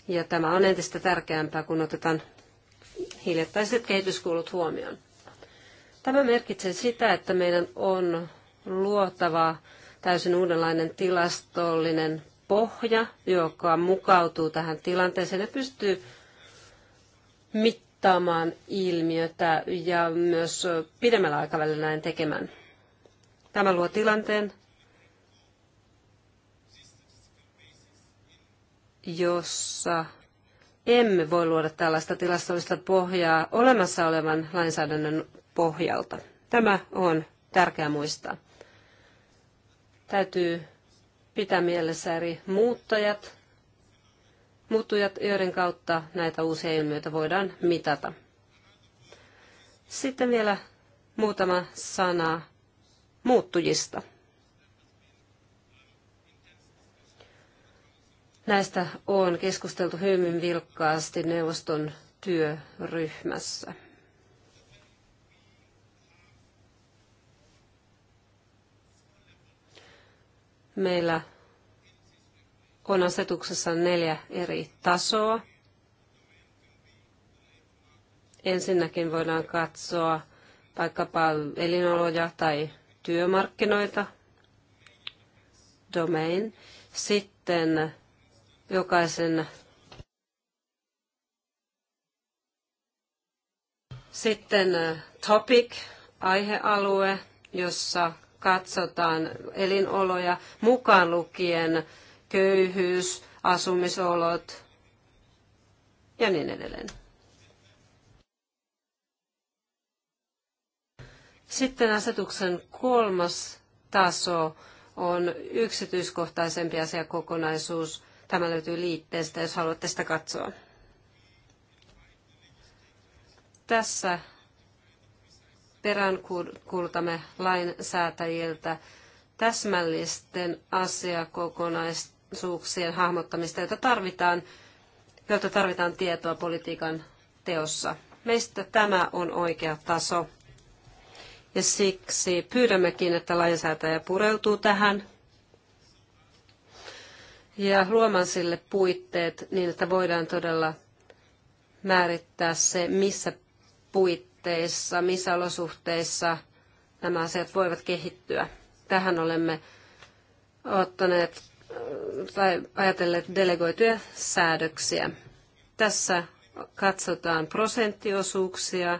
Ja tämä on entistä tärkeämpää, kun otetaan hiljattaiset kehityskulut huomioon. Tämä merkitsee sitä, että meidän on luotava täysin uudenlainen tilastollinen pohja, joka mukautuu tähän tilanteeseen ja pystyy mittaamaan ilmiötä ja myös pidemmällä aikavälillä näin tekemään. Tämä luo tilanteen, jossa emme voi luoda tällaista tilastollista pohjaa olemassa olevan lainsäädännön pohjalta. Tämä on tärkeää muistaa. Täytyy pitää mielessä eri muuttajat, muuttujat, joiden kautta näitä uusia ilmiöitä voidaan mitata. Sitten vielä muutama sana muuttujista. Näistä on keskusteltu hyvin vilkkaasti neuvoston työryhmässä. Meillä on asetuksessa neljä eri tasoa. Ensinnäkin voidaan katsoa vaikkapa elinoloja tai työmarkkinoita, domain. Sitten jokaisen Sitten äh, topic, aihealue, jossa katsotaan elinoloja mukaan lukien köyhyys, asumisolot ja niin edelleen. Sitten asetuksen kolmas taso on yksityiskohtaisempi asiakokonaisuus, Tämä löytyy liitteestä, jos haluatte sitä katsoa. Tässä peräänkuulutamme lainsäätäjiltä täsmällisten asiakokonaisuuksien hahmottamista, jota tarvitaan, jota tarvitaan tietoa politiikan teossa. Meistä tämä on oikea taso. Ja siksi pyydämmekin, että lainsäätäjä pureutuu tähän ja luomaan sille puitteet niin, että voidaan todella määrittää se, missä puitteissa, missä olosuhteissa nämä asiat voivat kehittyä. Tähän olemme ottaneet tai ajatelleet delegoituja säädöksiä. Tässä katsotaan prosenttiosuuksia,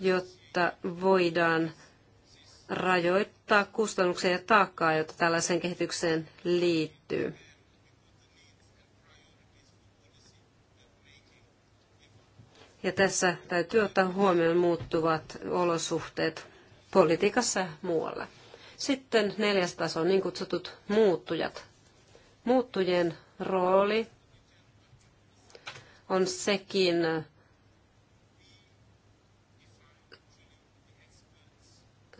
jotta voidaan rajoittaa kustannuksia ja taakkaa, jota tällaiseen kehitykseen liittyy. Ja tässä täytyy ottaa huomioon muuttuvat olosuhteet politiikassa ja muualla. Sitten neljäs taso, niin kutsutut muuttujat. Muuttujien rooli on sekin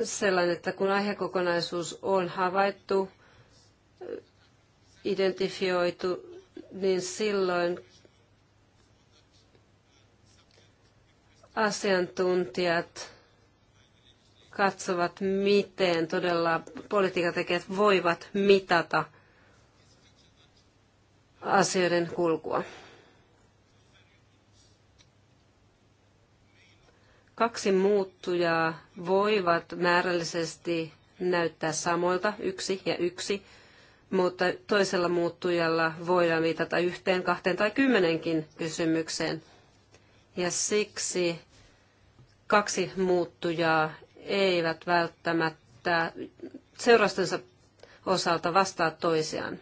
sellainen, että kun aihekokonaisuus on havaittu, identifioitu, niin silloin asiantuntijat katsovat, miten todella politiikatekijät voivat mitata asioiden kulkua. Kaksi muuttujaa voivat määrällisesti näyttää samoilta, yksi ja yksi, mutta toisella muuttujalla voidaan viitata yhteen, kahteen tai kymmenenkin kysymykseen. Ja siksi kaksi muuttujaa eivät välttämättä seurastensa osalta vastaa toisiaan.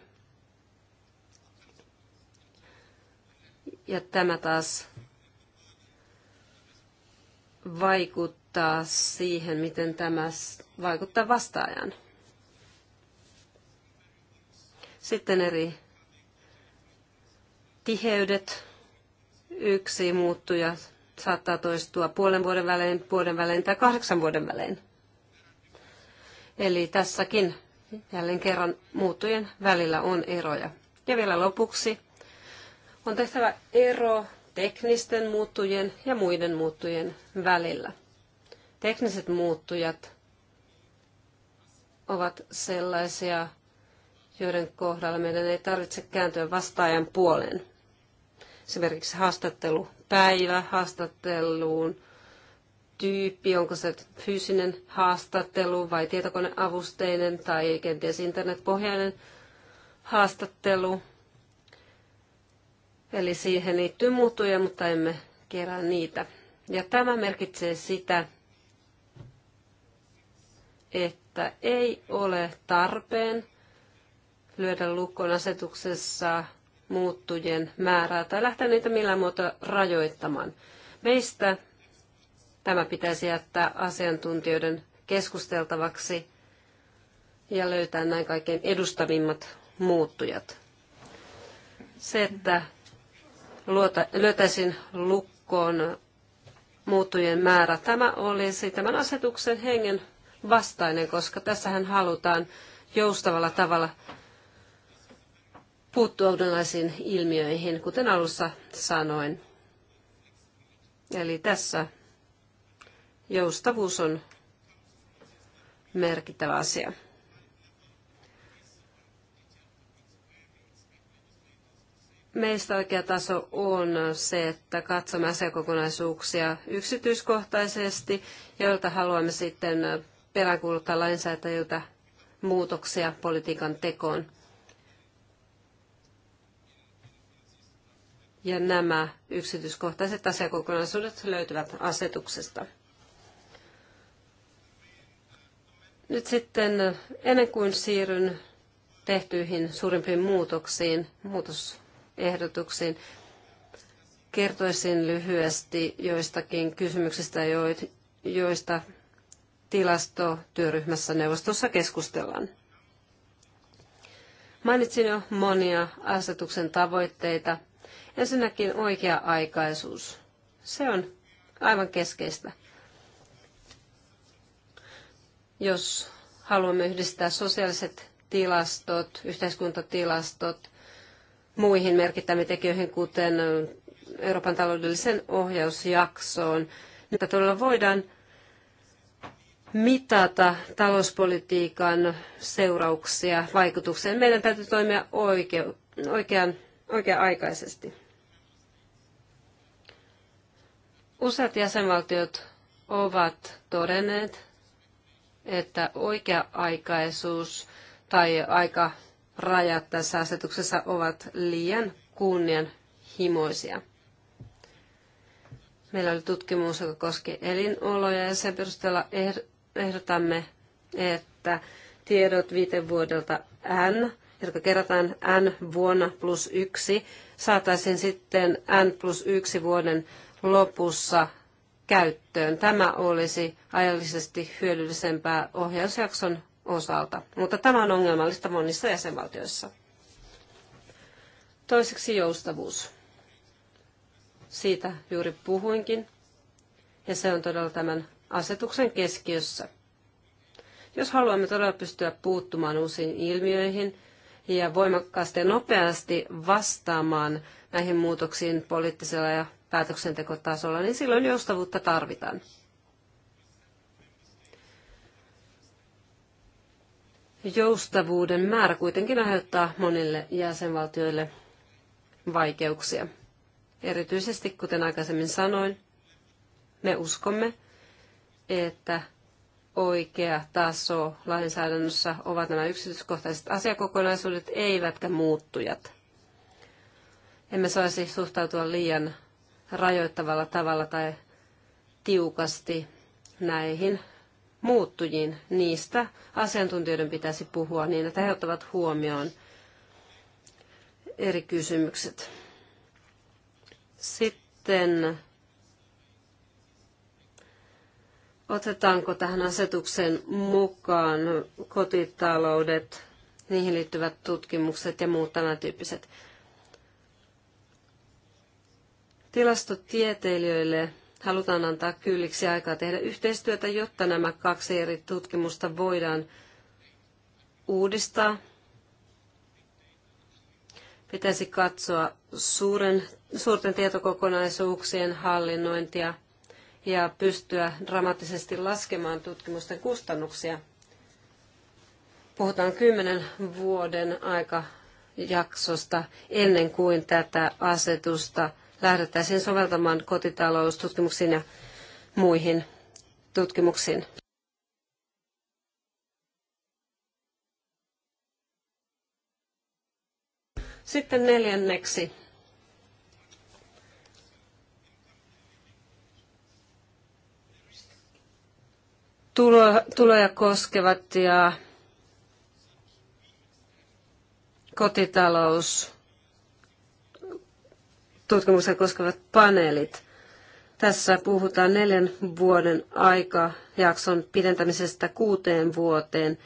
Ja tämä taas vaikuttaa siihen, miten tämä vaikuttaa vastaajan. Sitten eri tiheydet. Yksi muuttuja saattaa toistua puolen vuoden välein, vuoden välein tai kahdeksan vuoden välein. Eli tässäkin jälleen kerran muuttujen välillä on eroja. Ja vielä lopuksi on tehtävä ero teknisten muuttujien ja muiden muuttujien välillä. Tekniset muuttujat ovat sellaisia, joiden kohdalla meidän ei tarvitse kääntyä vastaajan puoleen. Esimerkiksi haastattelupäivä, haastatteluun tyyppi, onko se fyysinen haastattelu vai tietokoneavusteinen tai kenties internetpohjainen haastattelu – Eli siihen liittyy muuttuja, mutta emme kerää niitä. Ja tämä merkitsee sitä, että ei ole tarpeen lyödä lukkoon asetuksessa muuttujien määrää tai lähteä niitä millään muuta rajoittamaan. Meistä tämä pitäisi jättää asiantuntijoiden keskusteltavaksi ja löytää näin kaikkein edustavimmat muuttujat. Se, että luota, lyötäisiin lukkoon muuttujen määrä. Tämä olisi tämän asetuksen hengen vastainen, koska tässähän halutaan joustavalla tavalla puuttua uudenlaisiin ilmiöihin, kuten alussa sanoin. Eli tässä joustavuus on merkittävä asia. Meistä oikea taso on se, että katsomme asiakokonaisuuksia yksityiskohtaisesti, joilta haluamme sitten peräänkuuluttaa lainsäätäjiltä muutoksia politiikan tekoon. Ja nämä yksityiskohtaiset asiakokonaisuudet löytyvät asetuksesta. Nyt sitten ennen kuin siirryn tehtyihin suurimpiin muutoksiin, muutos ehdotuksiin. Kertoisin lyhyesti joistakin kysymyksistä, joista tilastotyöryhmässä neuvostossa keskustellaan. Mainitsin jo monia asetuksen tavoitteita. Ensinnäkin oikea-aikaisuus. Se on aivan keskeistä. Jos haluamme yhdistää sosiaaliset tilastot, yhteiskuntatilastot muihin merkittäviin tekijöihin, kuten Euroopan taloudellisen ohjausjaksoon, nyt todella voidaan mitata talouspolitiikan seurauksia, vaikutuksia. Meidän täytyy toimia oikeu, oikean, oikea-aikaisesti. Useat jäsenvaltiot ovat todenneet, että oikea-aikaisuus tai aika rajat tässä asetuksessa ovat liian kunnianhimoisia. Meillä oli tutkimus, joka koski elinoloja ja sen perusteella eh-, ehdotamme, että tiedot viiden vuodelta N, jotka kerätään N vuonna plus yksi, saataisiin sitten N plus yksi vuoden lopussa käyttöön. Tämä olisi ajallisesti hyödyllisempää ohjausjakson osalta, mutta tämä on ongelmallista monissa jäsenvaltioissa. Toiseksi joustavuus. Siitä juuri puhuinkin, ja se on todella tämän asetuksen keskiössä. Jos haluamme todella pystyä puuttumaan uusiin ilmiöihin ja voimakkaasti ja nopeasti vastaamaan näihin muutoksiin poliittisella ja päätöksentekotasolla, niin silloin joustavuutta tarvitaan. joustavuuden määrä kuitenkin aiheuttaa monille jäsenvaltioille vaikeuksia. Erityisesti, kuten aikaisemmin sanoin, me uskomme, että oikea taso lainsäädännössä ovat nämä yksityiskohtaiset asiakokonaisuudet, eivätkä muuttujat. Emme saisi suhtautua liian rajoittavalla tavalla tai tiukasti näihin muuttujiin. Niistä asiantuntijoiden pitäisi puhua niin, että he ottavat huomioon eri kysymykset. Sitten otetaanko tähän asetuksen mukaan kotitaloudet, niihin liittyvät tutkimukset ja muut tämän tyyppiset. Tilastotieteilijöille halutaan antaa kylliksi aikaa tehdä yhteistyötä, jotta nämä kaksi eri tutkimusta voidaan uudistaa. Pitäisi katsoa suuren, suurten tietokokonaisuuksien hallinnointia ja pystyä dramaattisesti laskemaan tutkimusten kustannuksia. Puhutaan kymmenen vuoden aikajaksosta ennen kuin tätä asetusta – lähdettäisiin soveltamaan kotitaloustutkimuksiin ja muihin tutkimuksiin. Sitten neljänneksi. Tulo, tuloja koskevat ja kotitalous tutkimuksia koskevat paneelit. Tässä puhutaan neljän vuoden aikajakson pidentämisestä kuuteen vuoteen.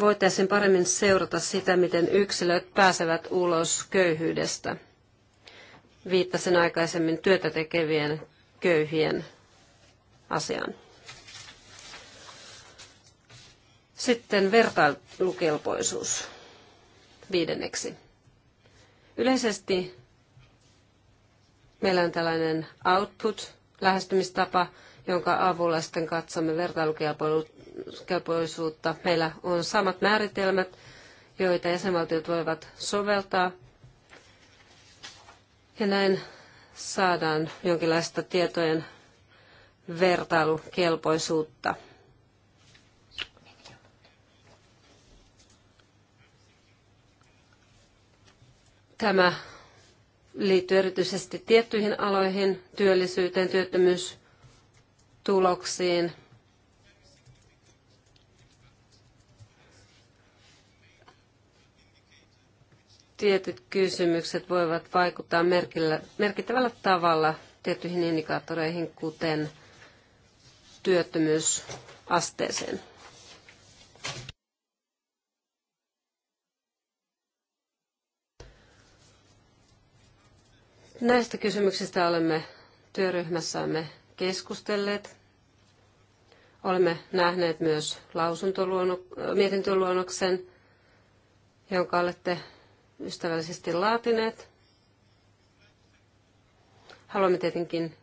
Voitaisiin paremmin seurata sitä, miten yksilöt pääsevät ulos köyhyydestä. Viittasin aikaisemmin työtä tekevien köyhien asiaan. Sitten vertailukelpoisuus viidenneksi. Yleisesti Meillä on tällainen output-lähestymistapa, jonka avulla sitten katsomme vertailukelpoisuutta. Meillä on samat määritelmät, joita jäsenvaltiot voivat soveltaa. Ja näin saadaan jonkinlaista tietojen vertailukelpoisuutta. Tämä liittyy erityisesti tiettyihin aloihin, työllisyyteen, työttömyystuloksiin. Tietyt kysymykset voivat vaikuttaa merkittävällä tavalla tiettyihin indikaattoreihin, kuten työttömyysasteeseen. Näistä kysymyksistä olemme työryhmässämme keskustelleet. Olemme nähneet myös mietintöluonnoksen, jonka olette ystävällisesti laatineet. Haluamme tietenkin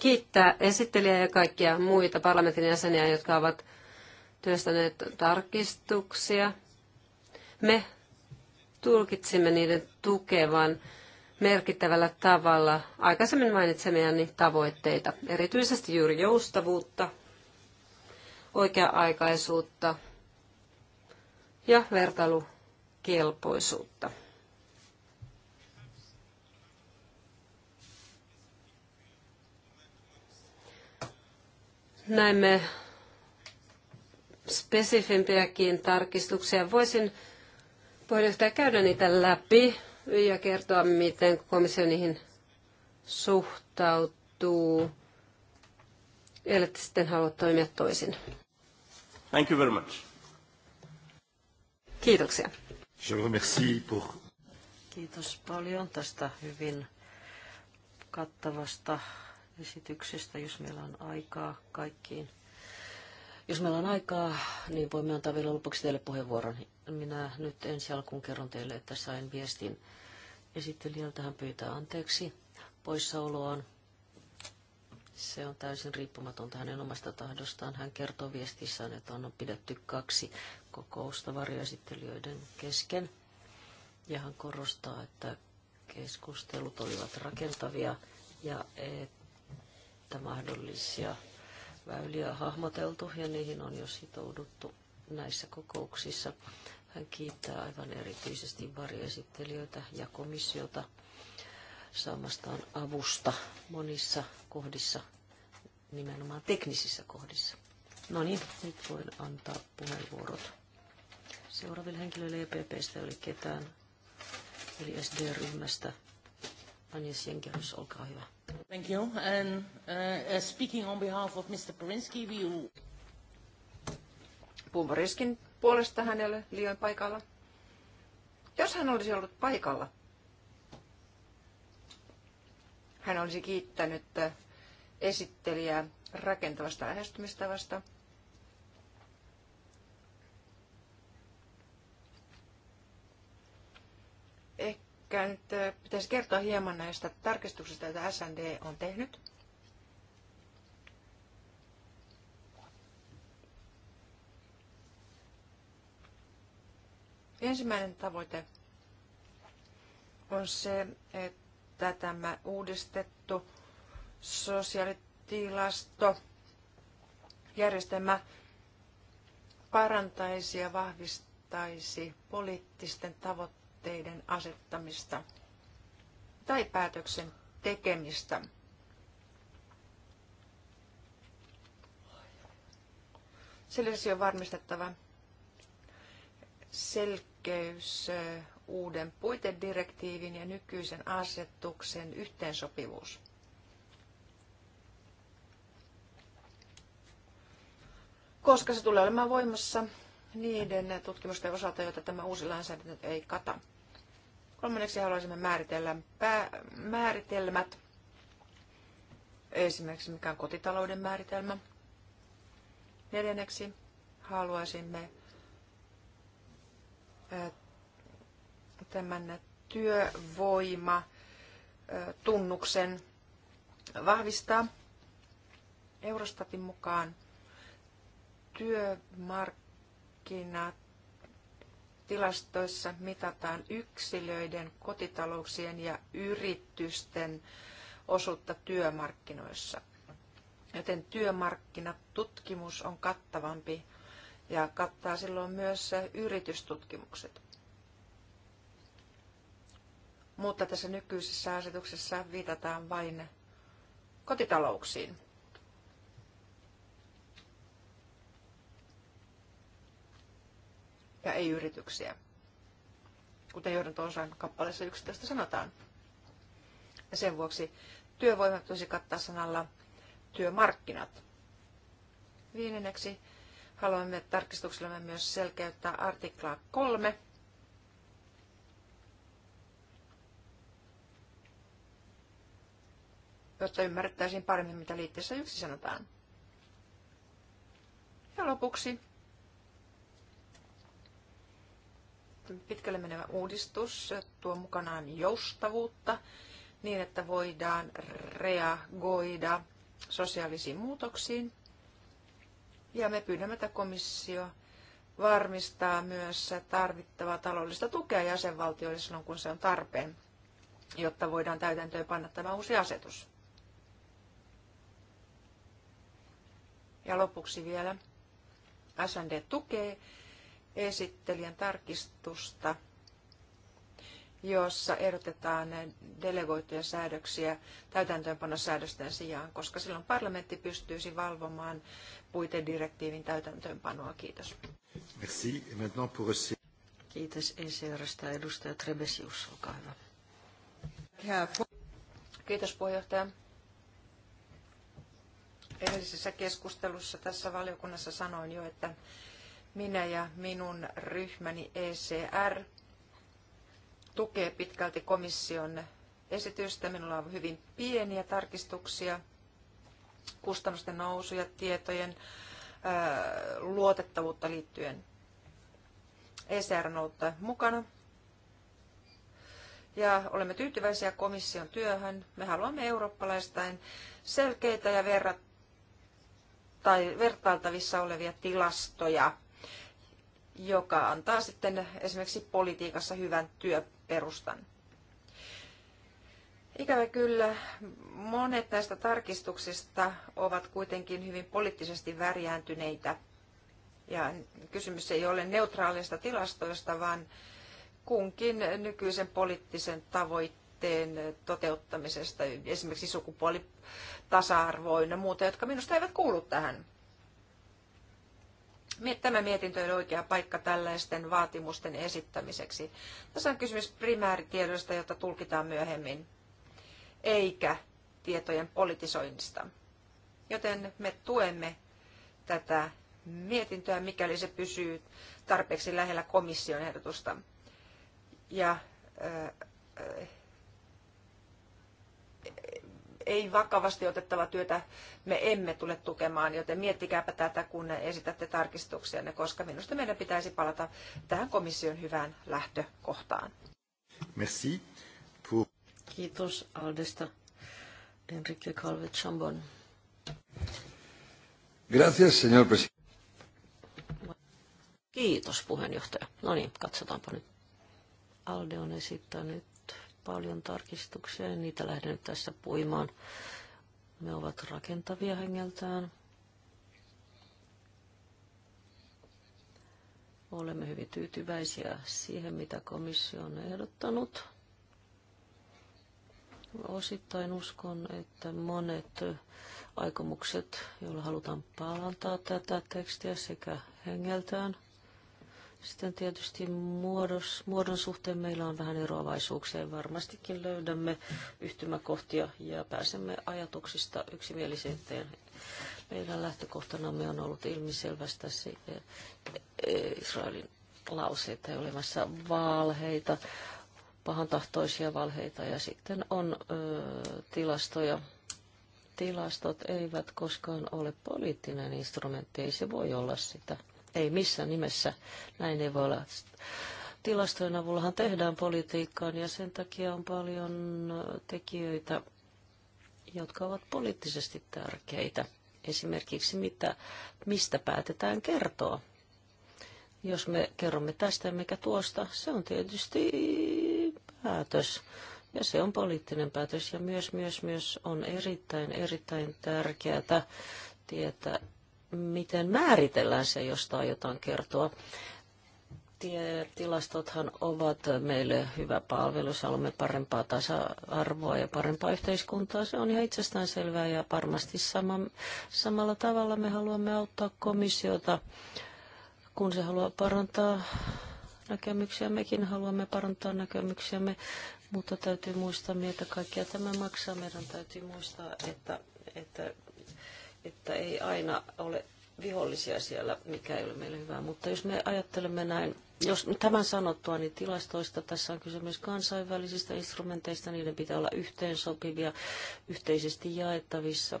kiittää esittelijää ja kaikkia muita parlamentin jäseniä, jotka ovat työstäneet tarkistuksia. Me tulkitsimme niiden tukevan merkittävällä tavalla aikaisemmin mainitsemiani tavoitteita, erityisesti juuri joustavuutta, oikea-aikaisuutta ja vertailukelpoisuutta. Näemme spesifimpiäkin tarkistuksia. Voisin puheenjohtaja käydä niitä läpi ja kertoa, miten komissio niihin suhtautuu, ellette sitten halua toimia toisin. Thank you very much. Kiitoksia. Je vous remercie pour... Kiitos paljon tästä hyvin kattavasta esityksestä, jos meillä on aikaa kaikkiin. Jos meillä on aikaa, niin voimme antaa vielä lopuksi teille puheenvuoron minä nyt ensi alkuun kerron teille, että sain viestin esittelijältä. Hän pyytää anteeksi poissaoloaan. Se on täysin riippumatonta hänen omasta tahdostaan. Hän kertoo viestissään, että on pidetty kaksi kokousta varjoesittelijöiden kesken. Ja hän korostaa, että keskustelut olivat rakentavia ja että mahdollisia väyliä hahmoteltu ja niihin on jo sitouduttu näissä kokouksissa. Hän kiittää aivan erityisesti varjoesittelijöitä ja komissiota saamastaan avusta monissa kohdissa, nimenomaan teknisissä kohdissa. No niin, nyt voin antaa puheenvuorot. Seuraaville henkilöille EPPstä oli ketään, eli SD-ryhmästä. Agnes Jenkerys, olkaa hyvä. Thank you. And uh, uh speaking on behalf of Mr. Perinsky, we will... Puun puolesta hänelle liioin paikalla. Jos hän olisi ollut paikalla, hän olisi kiittänyt äh, esittelijää rakentavasta lähestymistavasta. Ehkä nyt äh, pitäisi kertoa hieman näistä tarkistuksista, joita SND on tehnyt. Ensimmäinen tavoite on se, että tämä uudistettu sosiaalitilastojärjestelmä parantaisi ja vahvistaisi poliittisten tavoitteiden asettamista tai päätöksen tekemistä. Sillä on varmistettava, selkeys, uuden puitedirektiivin ja nykyisen asetuksen yhteensopivuus. Koska se tulee olemaan voimassa niiden tutkimusten osalta, joita tämä uusi lainsäädäntö ei kata. Kolmanneksi haluaisimme määritellä pää, määritelmät, esimerkiksi mikä on kotitalouden määritelmä. Neljänneksi haluaisimme tämän työvoima tunnuksen vahvistaa. Eurostatin mukaan työmarkkinat tilastoissa mitataan yksilöiden, kotitalouksien ja yritysten osuutta työmarkkinoissa. Joten työmarkkinatutkimus on kattavampi ja kattaa silloin myös yritystutkimukset. Mutta tässä nykyisessä asetuksessa viitataan vain kotitalouksiin. Ja ei yrityksiä, kuten joiden osan kappaleessa 11 sanotaan. Ja sen vuoksi työvoimat tulisi kattaa sanalla työmarkkinat. Viidenneksi Haluamme tarkistuksellamme myös selkeyttää artiklaa 3. jotta ymmärrettäisiin paremmin, mitä liitteessä yksi sanotaan. Ja lopuksi pitkälle menevä uudistus tuo mukanaan joustavuutta niin, että voidaan reagoida sosiaalisiin muutoksiin ja me pyydämme, että komissio varmistaa myös tarvittavaa taloudellista tukea jäsenvaltioille silloin, kun se on tarpeen, jotta voidaan täytäntöön panna tämä uusi asetus. Ja lopuksi vielä SND tukee esittelijän tarkistusta jossa ehdotetaan delegoituja säädöksiä täytäntöönpanosäädösten sijaan, koska silloin parlamentti pystyisi valvomaan puitedirektiivin täytäntöönpanoa. Kiitos. Merci. maintenant pour... Kiitos ECRstä. Edustaja Trebesius, olkaa hyvä. Kiitos puheenjohtaja. Edellisessä keskustelussa tässä valiokunnassa sanoin jo, että minä ja minun ryhmäni ECR – tukee pitkälti komission esitystä. Minulla on hyvin pieniä tarkistuksia, kustannusten nousuja, tietojen luotettavuutta liittyen. ECR on ollut mukana. Ja olemme tyytyväisiä komission työhön. Me haluamme eurooppalaistain selkeitä ja verrat, tai vertailtavissa olevia tilastoja joka antaa sitten esimerkiksi politiikassa hyvän työperustan. Ikävä kyllä, monet näistä tarkistuksista ovat kuitenkin hyvin poliittisesti värjääntyneitä. Ja kysymys ei ole neutraalista tilastoista, vaan kunkin nykyisen poliittisen tavoitteen toteuttamisesta, esimerkiksi sukupuolitasa-arvoina ja muuta, jotka minusta eivät kuulu tähän Tämä mietintö on oikea paikka tällaisten vaatimusten esittämiseksi. Tässä on kysymys primääritiedoista, jota tulkitaan myöhemmin, eikä tietojen politisoinnista. Joten me tuemme tätä mietintöä, mikäli se pysyy tarpeeksi lähellä komission ehdotusta. Ja ei vakavasti otettava työtä me emme tule tukemaan, joten miettikääpä tätä, kun esitätte tarkistuksianne, koska minusta meidän pitäisi palata tähän komission hyvään lähtökohtaan. Merci. Pour... Kiitos Aldesta. Enrique Calvet Chambon. Gracias, señor presidente. Kiitos puheenjohtaja. No niin, katsotaanpa nyt. Alde on esittänyt paljon tarkistuksia, niin niitä lähden nyt tässä puimaan. Ne ovat rakentavia hengeltään. Olemme hyvin tyytyväisiä siihen, mitä komissio on ehdottanut. Osittain uskon, että monet aikomukset, joilla halutaan palantaa tätä tekstiä sekä hengeltään – sitten tietysti muodos, muodon suhteen meillä on vähän eroavaisuuksia. Varmastikin löydämme yhtymäkohtia ja pääsemme ajatuksista yksimielisyyteen. Meidän lähtökohtanamme on ollut ilmiselvästä se, Israelin lauseita ja olemassa valheita, pahantahtoisia valheita ja sitten on ö, tilastoja. Tilastot eivät koskaan ole poliittinen instrumentti, ei se voi olla sitä ei missään nimessä. Näin ei voi olla. Tilastojen avullahan tehdään politiikkaan ja sen takia on paljon tekijöitä, jotka ovat poliittisesti tärkeitä. Esimerkiksi mitä, mistä päätetään kertoa. Jos me kerromme tästä mikä tuosta, se on tietysti päätös. Ja se on poliittinen päätös ja myös, myös, myös on erittäin, erittäin tärkeää tietää, miten määritellään se, josta aiotaan kertoa. Tilastothan ovat meille hyvä palvelu, jos haluamme parempaa tasa-arvoa ja parempaa yhteiskuntaa. Se on ihan itsestään selvää ja varmasti sama, samalla tavalla me haluamme auttaa komissiota, kun se haluaa parantaa näkemyksiä. Mekin haluamme parantaa näkemyksiämme, mutta täytyy muistaa, että kaikkia tämä maksaa. Meidän täytyy muistaa, että, että että ei aina ole vihollisia siellä, mikä ei ole meille hyvää. Mutta jos me ajattelemme näin, jos tämän sanottua, niin tilastoista tässä on kyse myös kansainvälisistä instrumenteista. Niiden pitää olla yhteensopivia, yhteisesti jaettavissa.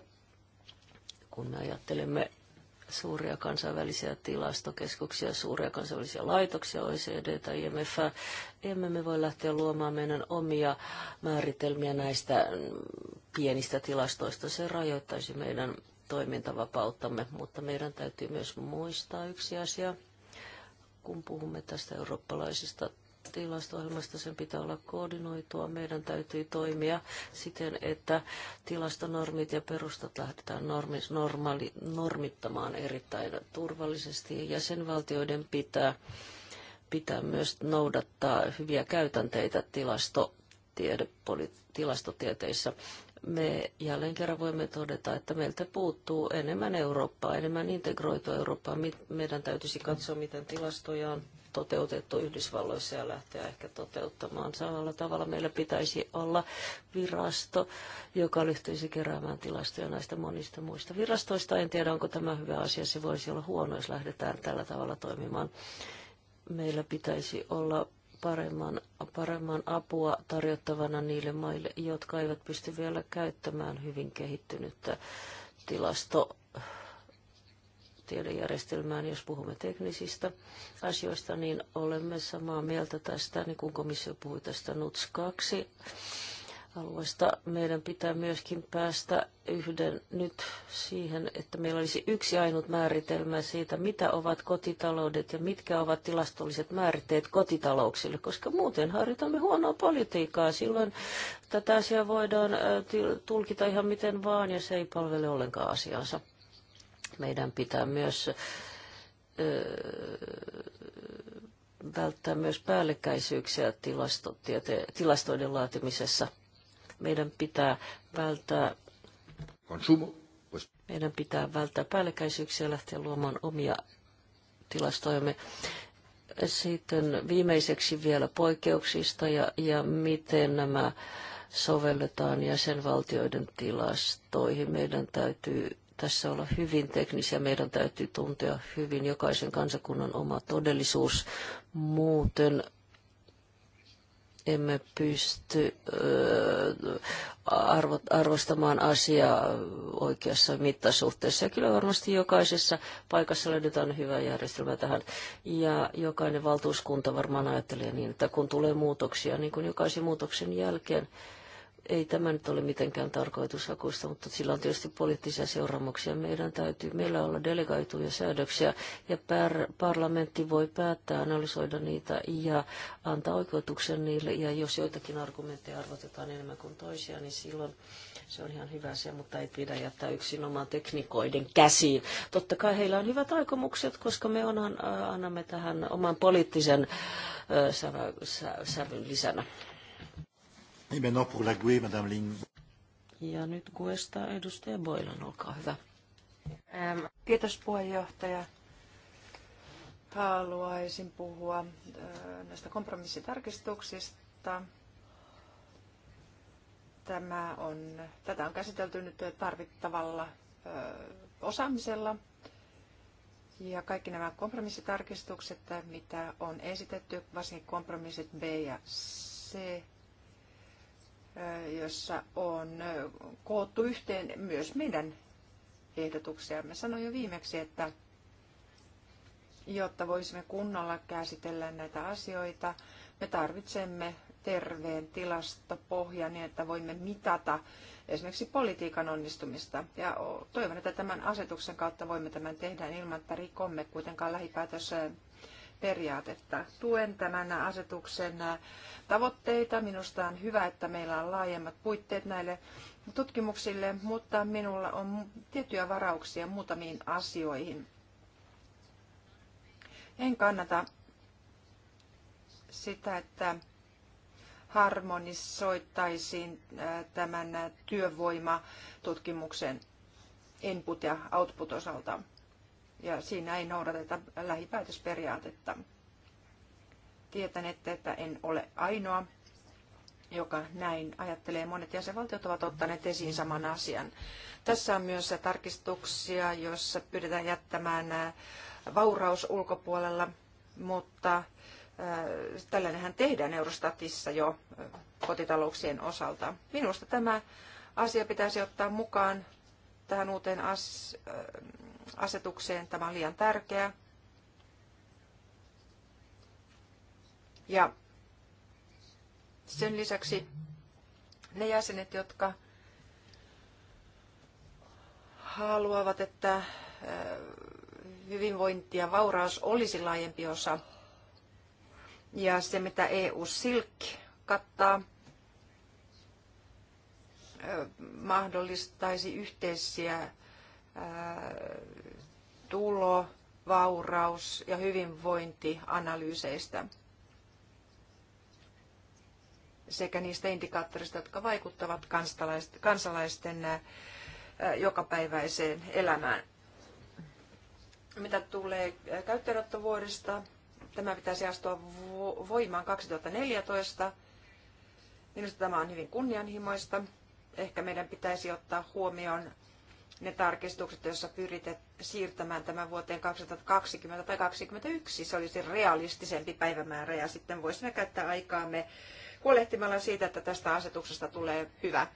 Kun me ajattelemme suuria kansainvälisiä tilastokeskuksia, suuria kansainvälisiä laitoksia, OECD tai IMF, emme me voi lähteä luomaan meidän omia määritelmiä näistä pienistä tilastoista. Se rajoittaisi meidän toimintavapauttamme, mutta meidän täytyy myös muistaa yksi asia, kun puhumme tästä eurooppalaisesta tilasto-ohjelmasta sen pitää olla koordinoitua. Meidän täytyy toimia siten, että tilastonormit ja perustat lähdetään normi, normaali, normittamaan erittäin turvallisesti. ja Jäsenvaltioiden pitää, pitää myös noudattaa hyviä käytänteitä tilasto, tiedepolitiikkaa tilastotieteissä me jälleen kerran voimme todeta, että meiltä puuttuu enemmän Eurooppaa, enemmän integroitua Eurooppaa. Meidän täytyisi katsoa, miten tilastoja on toteutettu Yhdysvalloissa ja lähteä ehkä toteuttamaan samalla tavalla. Meillä pitäisi olla virasto, joka lyhtyisi keräämään tilastoja näistä monista muista virastoista. En tiedä, onko tämä hyvä asia. Se voisi olla huono, jos lähdetään tällä tavalla toimimaan. Meillä pitäisi olla paremman, paremman apua tarjottavana niille maille, jotka eivät pysty vielä käyttämään hyvin kehittynyttä tilasto tiedejärjestelmään, jos puhumme teknisistä asioista, niin olemme samaa mieltä tästä, niin kuin komissio puhui tästä NUTS 2 alueesta. Meidän pitää myöskin päästä yhden nyt siihen, että meillä olisi yksi ainut määritelmä siitä, mitä ovat kotitaloudet ja mitkä ovat tilastolliset määritteet kotitalouksille, koska muuten harjoitamme huonoa politiikkaa. Silloin tätä asiaa voidaan tulkita ihan miten vaan ja se ei palvele ollenkaan asiansa. Meidän pitää myös välttää myös päällekkäisyyksiä tilastoiden laatimisessa. Meidän pitää välttää Consumo. Meidän pitää välttää päällekkäisyyksiä ja lähteä luomaan omia tilastojamme. Sitten viimeiseksi vielä poikkeuksista ja, ja miten nämä sovelletaan jäsenvaltioiden tilastoihin. Meidän täytyy tässä olla hyvin teknisiä. Meidän täytyy tuntea hyvin jokaisen kansakunnan oma todellisuus. Muuten emme pysty arvostamaan asiaa oikeassa mittasuhteessa. Ja kyllä varmasti jokaisessa paikassa löydetään hyvä järjestelmä tähän. Ja jokainen valtuuskunta varmaan ajattelee niin, että kun tulee muutoksia, niin kuin jokaisen muutoksen jälkeen, ei tämä nyt ole mitenkään tarkoitushakuista, mutta sillä on tietysti poliittisia seuraamuksia. Meidän täytyy, meillä olla delegaituja säädöksiä ja par- parlamentti voi päättää analysoida niitä ja antaa oikeutuksen niille. Ja jos joitakin argumentteja arvotetaan enemmän kuin toisia, niin silloin se on ihan hyvä se, mutta ei pidä jättää yksin omaan teknikoiden käsiin. Totta kai heillä on hyvät aikomukset, koska me onhan äh, annamme tähän oman poliittisen äh, sävyn lisänä. Eh e, ja nyt Guesta edustaja Boilan, olkaa hyvä. Ähm, kiitos puheenjohtaja. Haluaisin puhua äh, näistä kompromissitarkistuksista. Tämä on, tätä on käsitelty nyt tarvittavalla äh, osaamisella. Ja kaikki nämä kompromissitarkistukset, mitä on esitetty, varsinkin kompromissit B ja C, jossa on koottu yhteen myös meidän ehdotuksiamme. Sanoin jo viimeksi, että jotta voisimme kunnolla käsitellä näitä asioita, me tarvitsemme terveen tilastopohjan niin, että voimme mitata esimerkiksi politiikan onnistumista. Ja toivon, että tämän asetuksen kautta voimme tämän tehdä niin ilman, että rikomme kuitenkaan lähipäätössä periaatetta. Tuen tämän asetuksen tavoitteita. Minusta on hyvä, että meillä on laajemmat puitteet näille tutkimuksille, mutta minulla on tiettyjä varauksia muutamiin asioihin. En kannata sitä, että harmonisoittaisiin äh, tämän työvoimatutkimuksen input- ja output-osalta ja siinä ei noudateta lähipäätösperiaatetta. Tietän, että en ole ainoa, joka näin ajattelee. Monet jäsenvaltiot ovat ottaneet esiin saman asian. Tässä on myös tarkistuksia, joissa pyydetään jättämään äh, vauraus ulkopuolella, mutta äh, tällainenhän tehdään Eurostatissa jo äh, kotitalouksien osalta. Minusta tämä asia pitäisi ottaa mukaan tähän uuteen as- asetukseen. Tämä on liian tärkeä. Ja sen lisäksi ne jäsenet, jotka haluavat, että hyvinvointi ja vauraus olisi laajempi osa. Ja se, mitä EU-SILK kattaa, mahdollistaisi yhteisiä tulo, vauraus ja hyvinvointianalyyseistä sekä niistä indikaattoreista, jotka vaikuttavat kansalaisten jokapäiväiseen elämään. Mitä tulee käyttöönottovuodesta, tämä pitäisi astua voimaan 2014. Minusta tämä on hyvin kunnianhimoista. Ehkä meidän pitäisi ottaa huomioon ne tarkistukset, joissa pyritet siirtämään tämän vuoteen 2020 tai 2021. Se olisi realistisempi päivämäärä ja sitten voisimme käyttää aikaamme huolehtimalla siitä, että tästä asetuksesta tulee hyvä.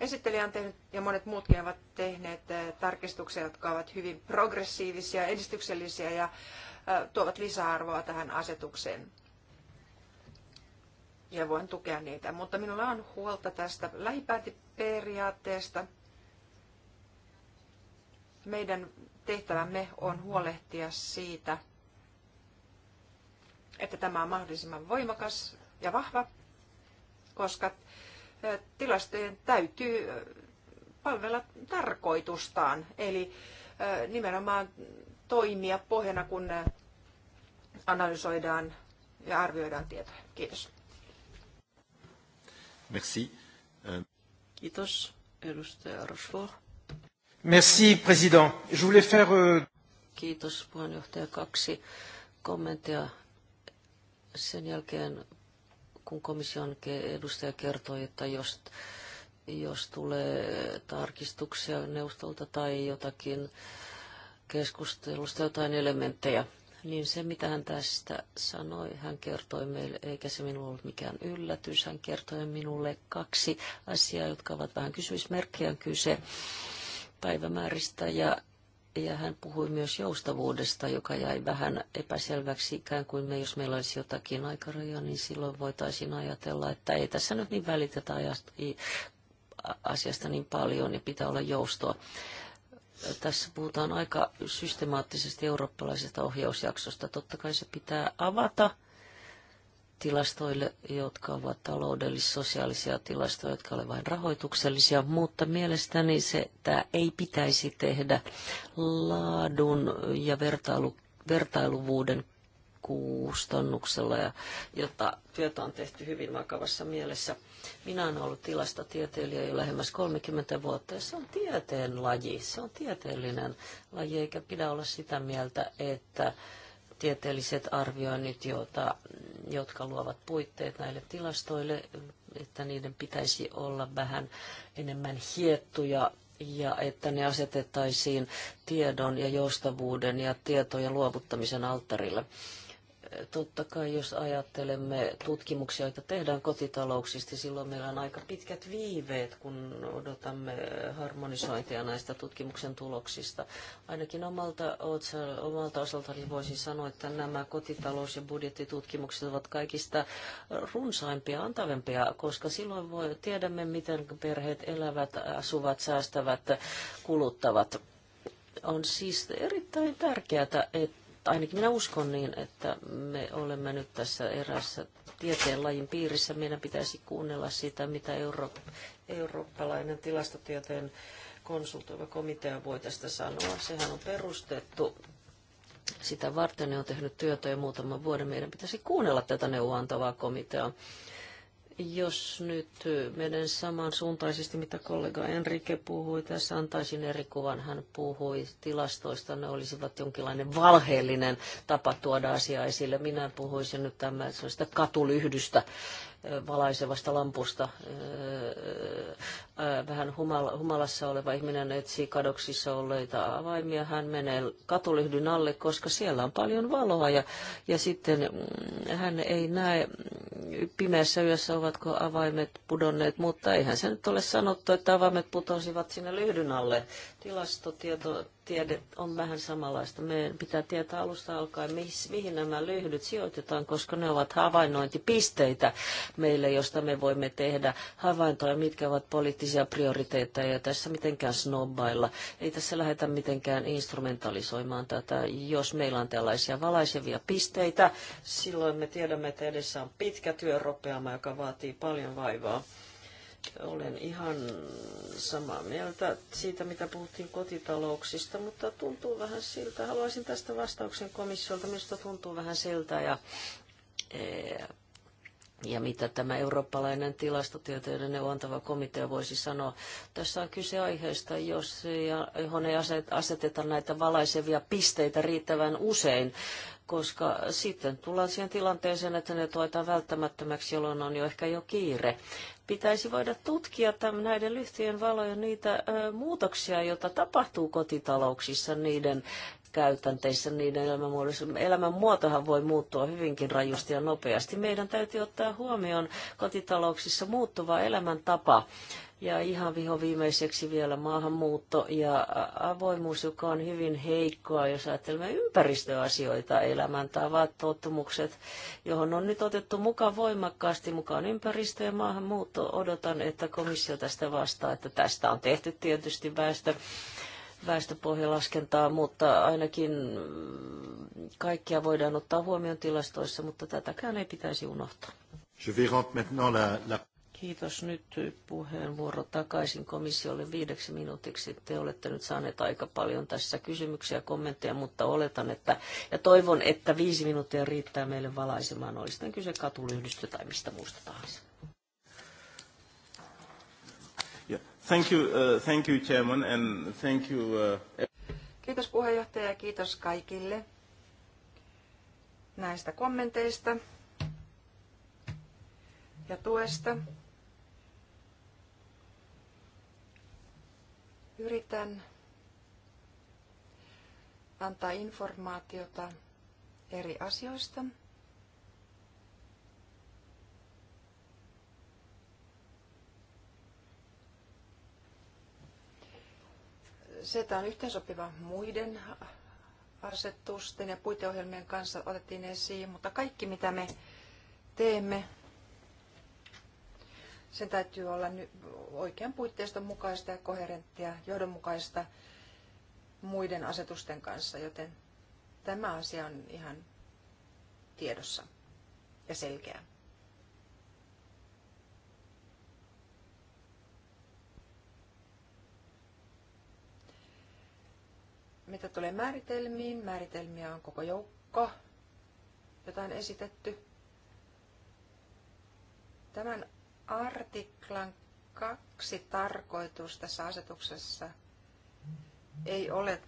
Esittelijä on tehnyt ja monet muutkin ovat tehneet eh, tarkistuksia, jotka ovat hyvin progressiivisia, edistyksellisiä ja eh, tuovat lisäarvoa tähän asetukseen. Ja voin tukea niitä, mutta minulla on huolta tästä lähipäätiperiaatteesta – meidän tehtävämme on huolehtia siitä, että tämä on mahdollisimman voimakas ja vahva, koska tilastojen täytyy palvella tarkoitustaan, eli nimenomaan toimia pohjana, kun analysoidaan ja arvioidaan tietoja. Kiitos. Merci. Kiitos, edustaja Rochefort. Merci, president. Je voulais faire... Euh, Kiitos puheenjohtaja. Kaksi kommenttia sen jälkeen, kun komission edustaja kertoi, että jos, jos tulee tarkistuksia neuvostolta tai jotakin keskustelusta, jotain elementtejä, niin se, mitä hän tästä sanoi, hän kertoi meille, eikä se minulle ollut mikään yllätys, hän kertoi minulle kaksi asiaa, jotka ovat vähän kysymysmerkkejä kyse päivämääristä ja, ja hän puhui myös joustavuudesta, joka jäi vähän epäselväksi ikään kuin me, jos meillä olisi jotakin aikarajaa, niin silloin voitaisiin ajatella, että ei tässä nyt niin välitetä ajasta, asiasta niin paljon ja pitää olla joustoa. Tässä puhutaan aika systemaattisesti eurooppalaisesta ohjausjaksosta. Totta kai se pitää avata – tilastoille, jotka ovat taloudellis-sosiaalisia tilastoja, jotka ovat vain rahoituksellisia, mutta mielestäni se tämä ei pitäisi tehdä laadun ja vertailu, vertailuvuuden kustannuksella, ja, jotta työtä on tehty hyvin vakavassa mielessä. Minä olen ollut tilastotieteilijä jo lähemmäs 30 vuotta, ja se on tieteen laji, se on tieteellinen laji, eikä pidä olla sitä mieltä, että tieteelliset arvioinnit, joita, jotka luovat puitteet näille tilastoille, että niiden pitäisi olla vähän enemmän hiettuja ja että ne asetettaisiin tiedon ja joustavuuden ja tietojen luovuttamisen alttarille. Totta kai, jos ajattelemme tutkimuksia, joita tehdään kotitalouksista, silloin meillä on aika pitkät viiveet, kun odotamme harmonisointia näistä tutkimuksen tuloksista. Ainakin omalta, omalta osaltani voisin sanoa, että nämä kotitalous- ja budjettitutkimukset ovat kaikista runsaimpia, antavempia, koska silloin voi, tiedämme, miten perheet elävät, asuvat, säästävät, kuluttavat. On siis erittäin tärkeää, että mutta ainakin minä uskon niin, että me olemme nyt tässä erässä tieteenlajin piirissä. Meidän pitäisi kuunnella sitä, mitä euro, eurooppalainen tilastotieteen konsultoiva komitea voi tästä sanoa. Sehän on perustettu sitä varten, ne on tehnyt työtä jo muutaman vuoden. Meidän pitäisi kuunnella tätä neuvoantavaa komiteaa. Jos nyt menen samansuuntaisesti, mitä kollega Enrique puhui, tässä antaisin eri kuvan. Hän puhui tilastoista, ne olisivat jonkinlainen valheellinen tapa tuoda asia esille. Minä puhuisin nyt tämmöisestä katulyhdystä, valaisevasta lampusta. Vähän humalassa oleva ihminen etsii kadoksissa olleita avaimia. Hän menee katulyhdyn alle, koska siellä on paljon valoa ja, ja sitten mm, hän ei näe mm, pimeässä yössä, ovatko avaimet pudonneet, mutta eihän se nyt ole sanottu, että avaimet putosivat sinne lyhdyn alle. Tilastotieto tiede on vähän samanlaista. Meidän pitää tietää alusta alkaen, mihin nämä lyhdyt sijoitetaan, koska ne ovat havainnointipisteitä meille, josta me voimme tehdä havaintoja, mitkä ovat poliittisia prioriteetteja ja tässä mitenkään snobbailla. Ei tässä lähdetä mitenkään instrumentalisoimaan tätä. Jos meillä on tällaisia valaisevia pisteitä, silloin me tiedämme, että edessä on pitkä ropeama, joka vaatii paljon vaivaa. Olen ihan samaa mieltä siitä, mitä puhuttiin kotitalouksista, mutta tuntuu vähän siltä, haluaisin tästä vastauksen komissiolta, minusta tuntuu vähän siltä ja, e, ja mitä tämä eurooppalainen tilastotieteiden neuvontava komitea voisi sanoa. Tässä on kyse aiheesta, jos, johon ei aseteta näitä valaisevia pisteitä riittävän usein, koska sitten tullaan siihen tilanteeseen, että ne tuetaan välttämättömäksi, jolloin on jo ehkä jo kiire pitäisi voida tutkia tämän, näiden lyhtien valoja niitä ö, muutoksia, joita tapahtuu kotitalouksissa niiden käytänteissä, niiden elämänmuodossa. Elämänmuotohan voi muuttua hyvinkin rajusti ja nopeasti. Meidän täytyy ottaa huomioon kotitalouksissa muuttuva elämäntapa ja ihan viho viimeiseksi vielä maahanmuutto ja avoimuus, joka on hyvin heikkoa, jos ajattelemme ympäristöasioita, elämäntavat, tottumukset, johon on nyt otettu mukaan voimakkaasti mukaan ympäristö ja maahanmuutto. Odotan, että komissio tästä vastaa, että tästä on tehty tietysti väestö väestöpohjalaskentaa, mutta ainakin kaikkia voidaan ottaa huomioon tilastoissa, mutta tätäkään ei pitäisi unohtaa. Kiitos. Nyt puheenvuoro takaisin komissiolle viideksi minuutiksi. Te olette nyt saaneet aika paljon tässä kysymyksiä ja kommentteja, mutta oletan, että ja toivon, että viisi minuuttia riittää meille valaisemaan. Oli sitten kyse katulyhdystä tai mistä muusta tahansa. Thank you, uh, thank you Chairman, and thank you, uh... Kiitos puheenjohtaja ja kiitos kaikille näistä kommenteista ja tuesta. Yritän antaa informaatiota eri asioista. että on yhteensopiva muiden asetusten ja puiteohjelmien kanssa otettiin esiin, mutta kaikki mitä me teemme sen täytyy olla oikean puitteiston mukaista ja koherenttia, johdonmukaista muiden asetusten kanssa, joten tämä asia on ihan tiedossa ja selkeä. Mitä tulee määritelmiin, määritelmiä on koko joukko, jota on esitetty. Tämän artiklan kaksi tarkoitus tässä asetuksessa ei ole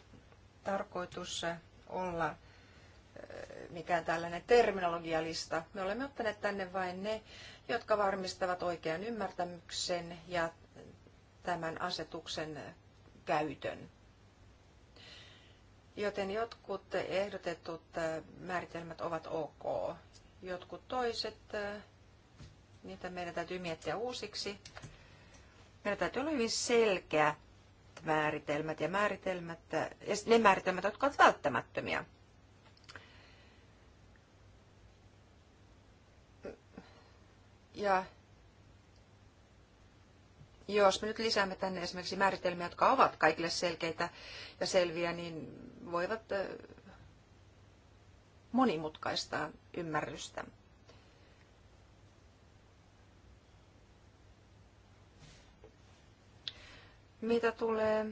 tarkoitus olla eh, mikään tällainen terminologialista. Me olemme ottaneet tänne vain ne, jotka varmistavat oikean ymmärtämyksen ja tämän asetuksen käytön. Joten jotkut ehdotetut eh, määritelmät ovat ok, jotkut toiset eh, niitä meidän täytyy miettiä uusiksi. Meidän täytyy olla hyvin selkeä määritelmät ja määritelmät, ne määritelmät, jotka ovat välttämättömiä. Ja jos me nyt lisäämme tänne esimerkiksi määritelmiä, jotka ovat kaikille selkeitä ja selviä, niin voivat monimutkaistaa ymmärrystä. Mitä tulee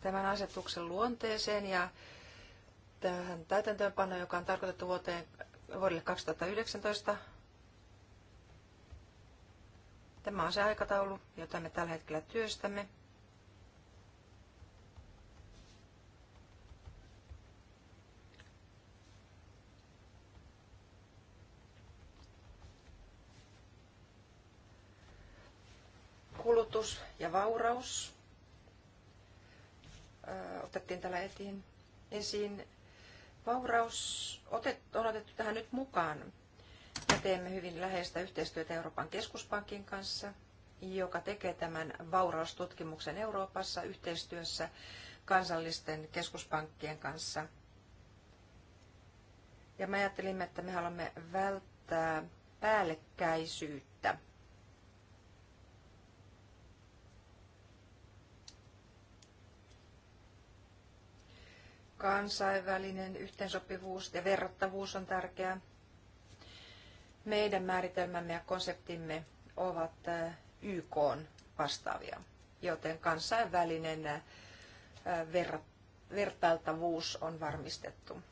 tämän asetuksen luonteeseen ja tähän täytäntöönpanoon, joka on tarkoitettu vuoteen, vuodelle 2019. Tämä on se aikataulu, jota me tällä hetkellä työstämme. kulutus ja vauraus otettiin täällä etiin, esiin. Vauraus otet, on otettu tähän nyt mukaan. Me teemme hyvin läheistä yhteistyötä Euroopan keskuspankin kanssa, joka tekee tämän vauraustutkimuksen Euroopassa yhteistyössä kansallisten keskuspankkien kanssa. Ja me ajattelimme, että me haluamme välttää päällekkäisyyttä Kansainvälinen yhteensopivuus ja verrattavuus on tärkeää. Meidän määritelmämme ja konseptimme ovat YK vastaavia, joten kansainvälinen vertailtavuus on varmistettu.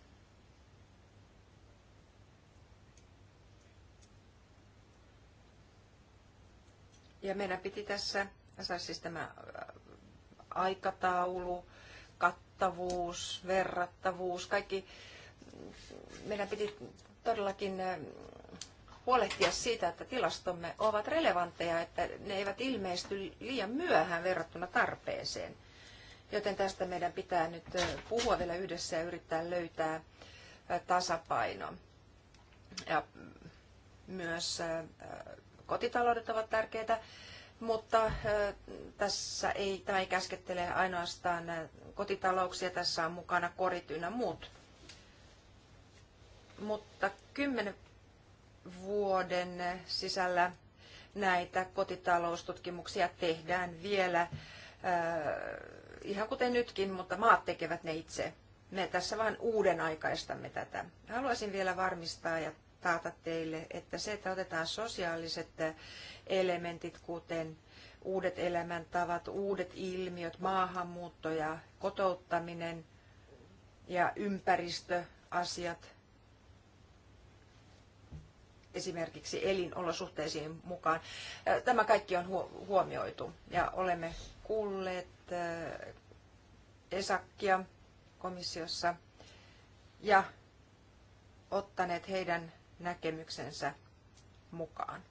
Ja meidän piti tässä tässä siis tämä aikataulu, uskottavuus, verrattavuus, kaikki meidän piti todellakin eh, huolehtia siitä, että tilastomme ovat relevantteja, että ne eivät ilmeisty liian myöhään verrattuna tarpeeseen. Joten tästä meidän pitää nyt eh, puhua vielä yhdessä ja yrittää löytää eh, tasapaino. Ja myös kotitaloudet ovat tärkeitä mutta tässä ei, tämä ei käskettele ainoastaan kotitalouksia, tässä on mukana korit ynnä muut. Mutta kymmenen vuoden sisällä näitä kotitaloustutkimuksia tehdään vielä ihan kuten nytkin, mutta maat tekevät ne itse. Me tässä vain uuden aikaistamme tätä. Haluaisin vielä varmistaa ja taata teille, että se, että otetaan sosiaaliset elementit, kuten uudet elämäntavat, uudet ilmiöt, maahanmuutto ja kotouttaminen ja ympäristöasiat esimerkiksi elinolosuhteisiin mukaan. Tämä kaikki on huomioitu ja olemme kuulleet Esakkia komissiossa ja ottaneet heidän näkemyksensä mukaan.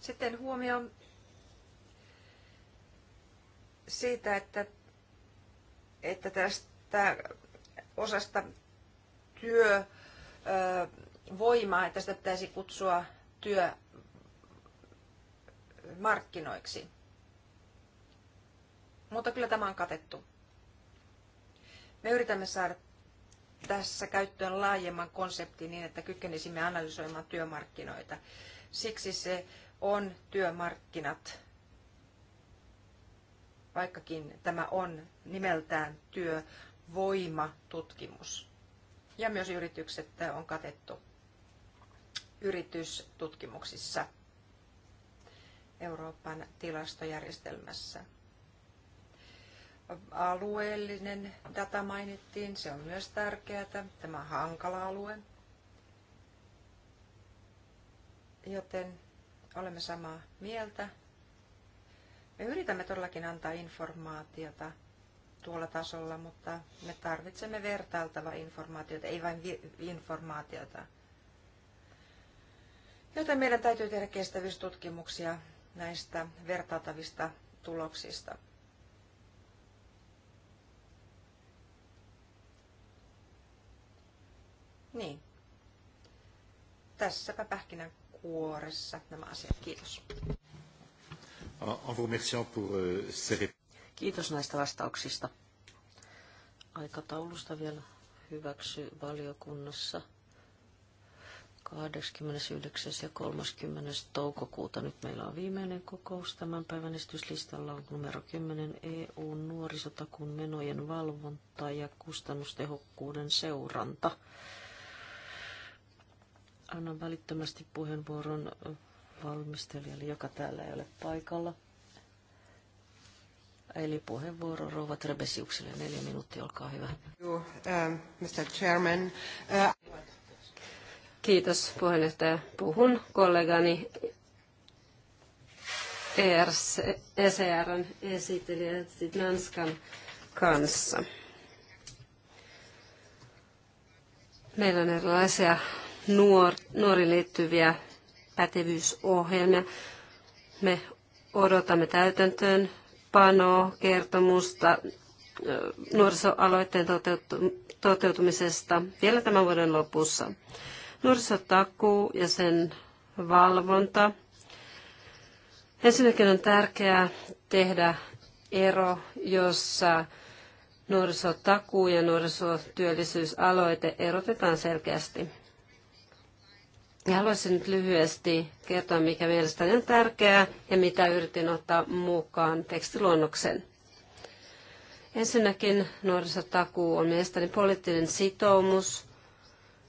Sitten huomio siitä, että, että tästä osasta työvoimaa, että sitä pitäisi kutsua työmarkkinoiksi. Mutta kyllä tämä on katettu. Me yritämme saada tässä käyttöön laajemman konseptin niin, että kykenisimme analysoimaan työmarkkinoita. Siksi se on työmarkkinat, vaikkakin tämä on nimeltään työvoimatutkimus. Ja myös yritykset on katettu yritystutkimuksissa Euroopan tilastojärjestelmässä alueellinen data mainittiin, se on myös tärkeää, tämä hankala alue. Joten olemme samaa mieltä. Me yritämme todellakin antaa informaatiota tuolla tasolla, mutta me tarvitsemme vertailtavaa informaatiota, ei vain informaatiota. Joten meidän täytyy tehdä kestävyystutkimuksia näistä vertailtavista tuloksista. Niin. Tässäpä pähkinän kuoressa nämä asiat. Kiitos. Euh, Kiitos näistä vastauksista. Aikataulusta vielä hyväksy valiokunnassa 29. ja 30. toukokuuta. Nyt meillä on viimeinen kokous. Tämän päivän esityslistalla on numero 10 EU nuorisotakun menojen valvonta ja kustannustehokkuuden seuranta. Annan välittömästi puheenvuoron valmistelijalle, joka täällä ei ole paikalla. Eli puheenvuoro Rova Trebesiukselle. Neljä minuuttia, olkaa hyvä. Mr. Ähm, Chairman. Äh, Kiitos puheenjohtaja. Puhun kollegani ECRn e esittelijä Nanskan kanssa. Meillä on erilaisia nuor, nuoriin liittyviä pätevyysohjelmia. Me odotamme täytäntöön panoa, kertomusta nuorisoaloitteen toteutumisesta vielä tämän vuoden lopussa. Nuorisotakuu ja sen valvonta. Ensinnäkin on tärkeää tehdä ero, jossa nuorisotakuu ja nuorisotyöllisyysaloite erotetaan selkeästi. Ja haluaisin nyt lyhyesti kertoa, mikä mielestäni on tärkeää ja mitä yritin ottaa mukaan tekstiluonnoksen. Ensinnäkin nuorisotakuu on mielestäni poliittinen sitoumus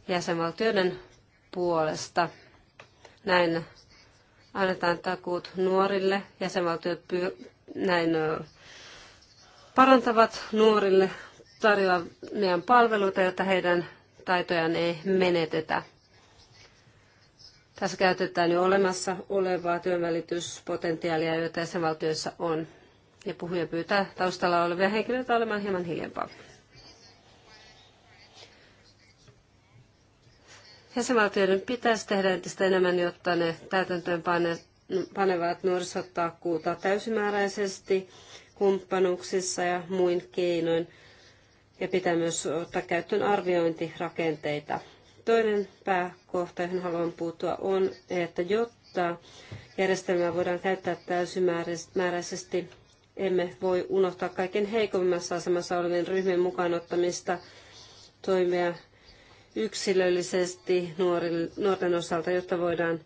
jäsenvaltioiden puolesta. Näin annetaan takuut nuorille. Jäsenvaltiot näin parantavat nuorille tarjoamia palveluita, jotta heidän taitojaan ei menetetä. Tässä käytetään jo olemassa olevaa työnvälityspotentiaalia, jota jäsenvaltioissa on. Ja puhuja pyytää taustalla olevia henkilöitä olemaan hieman hiljempaa. Jäsenvaltioiden pitäisi tehdä entistä enemmän, jotta ne täytäntöön panevat nuorisotakuuta täysimääräisesti kumppanuksissa ja muin keinoin ja pitää myös ottaa käyttöön arviointirakenteita. Toinen pääkohta, johon haluan puuttua, on, että jotta järjestelmää voidaan käyttää täysimääräisesti, emme voi unohtaa kaiken heikommassa asemassa olevien ryhmien mukaan ottamista toimia yksilöllisesti nuorten osalta, jotta voidaan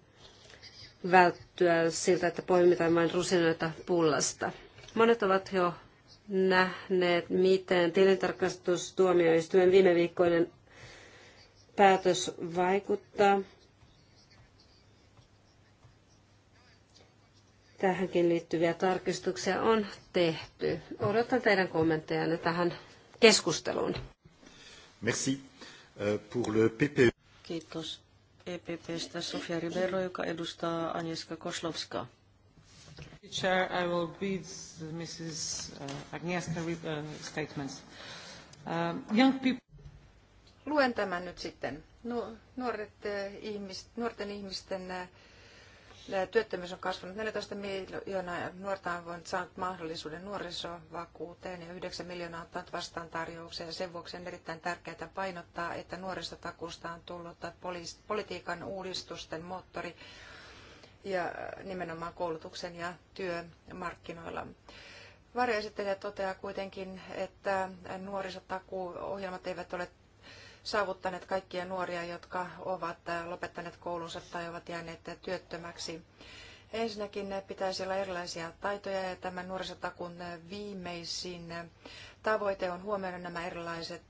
välttyä siltä, että poimitaan vain rusinoita pullasta. Monet ovat jo nähneet, miten tilintarkastustuomioistuimen viime viikkoinen päätös vaikuttaa. Tähänkin liittyviä tarkistuksia on tehty. Odotan teidän kommenttejanne tähän keskusteluun. Merci. Euh, pour le PP. E. Kiitos. EPPstä Sofia Ribeiro, joka edustaa Agnieszka Koslovskaa. Chair, I will read Mrs. Uh, Agnieszka uh, statements. Uh, young people... Luen tämän nyt sitten. Nuoret eh, ihmiset, nuorten ihmisten eh, työttömyys on kasvanut 14 miljoonaa nuorta on voinut saanut mahdollisuuden nuorisovakuuteen ja 9 miljoonaa ottanut vastaan tarjouksia. Sen vuoksi on erittäin tärkeää painottaa, että nuorisotakuusta on tullut politiikan uudistusten moottori ja eh, nimenomaan koulutuksen ja työmarkkinoilla. Varjoesittelijä toteaa kuitenkin, että nuorisotakuohjelmat eivät ole saavuttaneet kaikkia nuoria, jotka ovat äh, lopettaneet koulunsa tai ovat jääneet työttömäksi. Ensinnäkin äh, pitäisi olla erilaisia taitoja ja tämän nuorisotakun äh, viimeisin tavoite on huomioida nämä erilaiset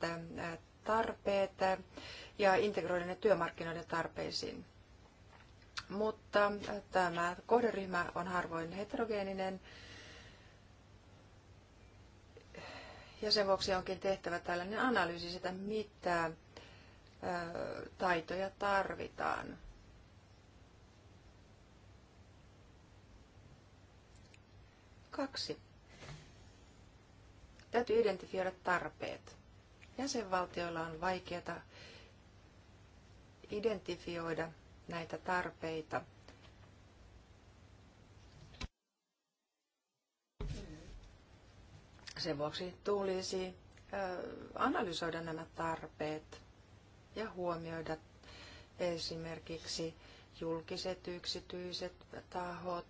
tarpeet ja integroida ne työmarkkinoiden tarpeisiin. Mutta tämä kohderyhmä on harvoin heterogeeninen ja sen vuoksi onkin tehtävä tällainen analyysi sitä, mitä taitoja tarvitaan. Kaksi. Täytyy identifioida tarpeet. Jäsenvaltioilla on vaikeata identifioida näitä tarpeita. Sen vuoksi tulisi analysoida nämä tarpeet ja huomioida esimerkiksi julkiset, yksityiset tahot,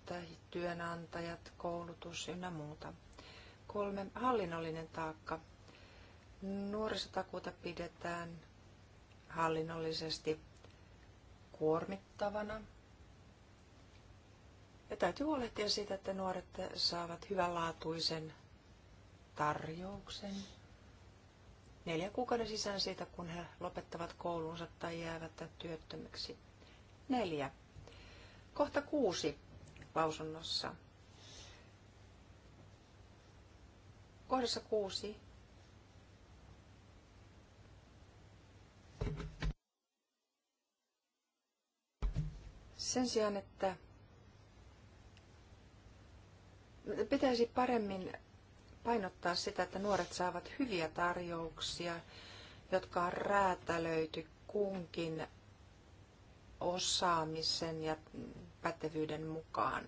työnantajat, koulutus ynnä muuta. Kolme, hallinnollinen taakka. Nuorisotakuuta pidetään hallinnollisesti kuormittavana. Ja täytyy huolehtia siitä, että nuoret saavat hyvänlaatuisen tarjouksen neljän kuukauden sisään siitä, kun he lopettavat koulunsa tai jäävät työttömäksi. Neljä. Kohta kuusi lausunnossa. Kohdassa kuusi. Sen sijaan, että pitäisi paremmin painottaa sitä, että nuoret saavat hyviä tarjouksia, jotka on räätälöity kunkin osaamisen ja pätevyyden mukaan.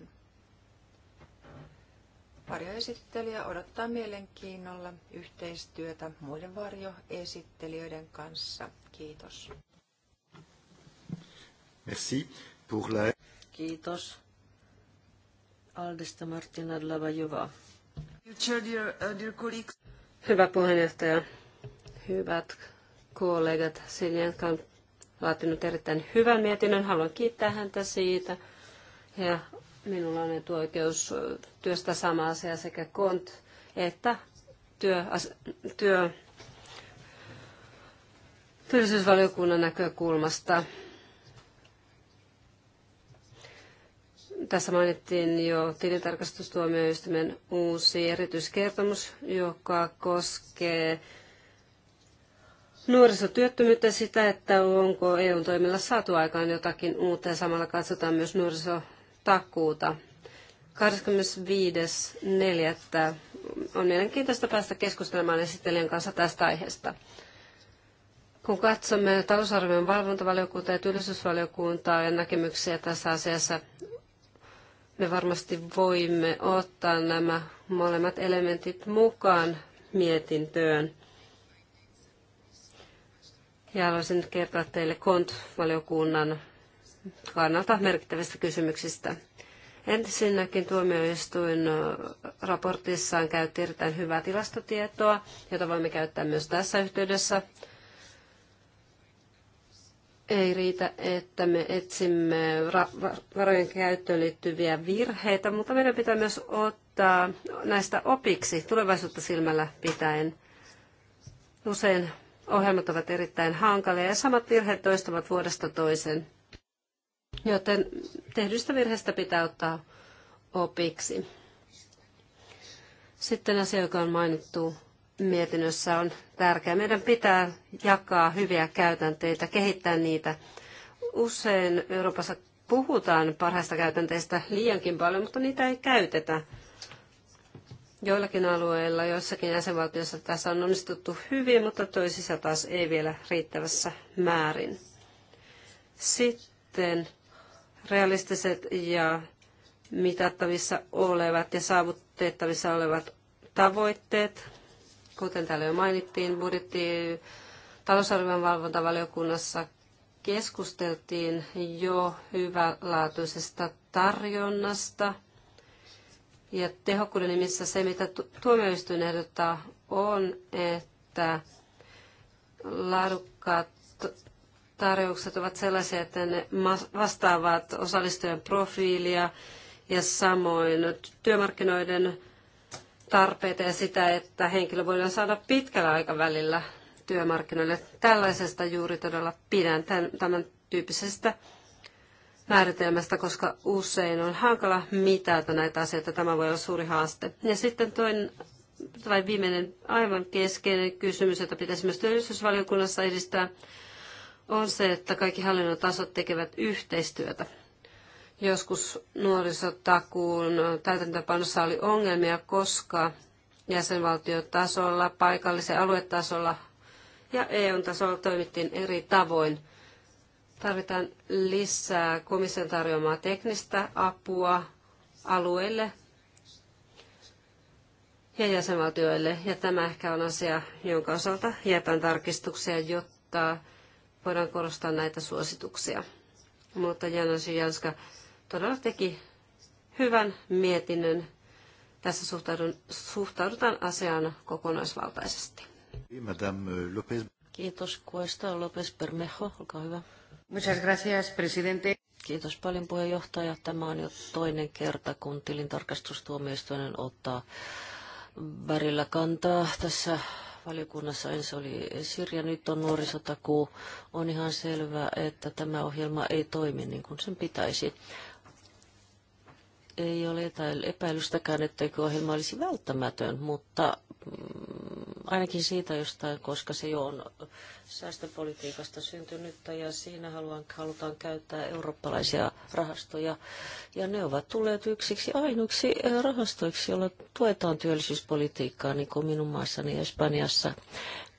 Varjoesittelijä odottaa mielenkiinnolla yhteistyötä muiden varjoesittelijöiden kanssa. Kiitos. Merci pour la... Kiitos. Aldesta Martina Lavajova. Hyvä puheenjohtaja, hyvät kollegat. Siljenka on laatinut erittäin hyvän mietinnön. Haluan kiittää häntä siitä. Ja minulla on oikeus työstä sama asia sekä kont että työ, työ työllisyysvaliokunnan näkökulmasta. Tässä mainittiin jo tilintarkastustuomioistuimen uusi erityiskertomus, joka koskee nuorisotyöttömyyttä sitä, että onko EUn toimilla saatu aikaan jotakin uutta ja samalla katsotaan myös nuorisotakuuta. 25.4. on mielenkiintoista päästä keskustelemaan esittelijän kanssa tästä aiheesta. Kun katsomme talousarvion valvontavaliokuntaa ja työllisyysvaliokuntaa ja näkemyksiä tässä asiassa, me varmasti voimme ottaa nämä molemmat elementit mukaan mietintöön. Ja haluaisin kertoa teille KONT-valiokunnan kannalta merkittävistä kysymyksistä. Ensinnäkin tuomioistuin raportissaan käytti erittäin hyvää tilastotietoa, jota voimme käyttää myös tässä yhteydessä ei riitä, että me etsimme varojen käyttöön liittyviä virheitä, mutta meidän pitää myös ottaa näistä opiksi tulevaisuutta silmällä pitäen. Usein ohjelmat ovat erittäin hankalia ja samat virheet toistuvat vuodesta toiseen. Joten tehdystä virheestä pitää ottaa opiksi. Sitten asia, joka on mainittu mietinnössä on tärkeää. Meidän pitää jakaa hyviä käytänteitä, kehittää niitä. Usein Euroopassa puhutaan parhaista käytänteistä liiankin paljon, mutta niitä ei käytetä. Joillakin alueilla, joissakin jäsenvaltioissa tässä on onnistuttu hyvin, mutta toisissa taas ei vielä riittävässä määrin. Sitten realistiset ja mitattavissa olevat ja saavutettavissa olevat tavoitteet Kuten täällä jo mainittiin, budjetti talousarvion valvontavaliokunnassa keskusteltiin jo hyvälaatuisesta tarjonnasta. Ja tehokkuuden nimissä se, mitä tuomioistuin ehdottaa, on, että laadukkaat tarjoukset ovat sellaisia, että ne vastaavat osallistujan profiilia ja samoin työmarkkinoiden tarpeita ja sitä, että henkilö voidaan saada pitkällä aikavälillä työmarkkinoille. Tällaisesta juuri todella pidän tämän tyyppisestä määritelmästä, koska usein on hankala mitata näitä asioita. Tämä voi olla suuri haaste. Ja sitten toinen tai viimeinen aivan keskeinen kysymys, jota pitäisi myös työllisyysvaliokunnassa edistää, on se, että kaikki hallinnon tasot tekevät yhteistyötä. Joskus nuorisotakuun täytäntöpanossa oli ongelmia, koska jäsenvaltiotasolla, paikallisen aluetasolla ja EU-tasolla toimittiin eri tavoin. Tarvitaan lisää komission tarjoamaa teknistä apua alueille ja jäsenvaltioille. Ja tämä ehkä on asia, jonka osalta jätän tarkistuksia, jotta voidaan korostaa näitä suosituksia. Mutta Janos Janska todella teki hyvän mietinnön. Tässä suhtaudun, suhtaudutaan asiaan kokonaisvaltaisesti. Kiitos Kuesta. López Bermejo, olkaa hyvä. Muchas gracias, presidente. Kiitos paljon puheenjohtaja. Tämä on jo toinen kerta, kun tilintarkastustuomioistuinen ottaa värillä kantaa tässä valiokunnassa. Ensin oli Sirja, nyt on nuorisotakuu. On ihan selvää, että tämä ohjelma ei toimi niin kuin sen pitäisi ei ole epäilystäkään, että ohjelma olisi välttämätön, mutta mm, ainakin siitä jostain, koska se jo on säästöpolitiikasta syntynyttä ja siinä haluan, halutaan käyttää eurooppalaisia rahastoja. Ja ne ovat tulleet yksiksi ainoiksi eh, rahastoiksi, joilla tuetaan työllisyyspolitiikkaa, niin kuin minun maassani Espanjassa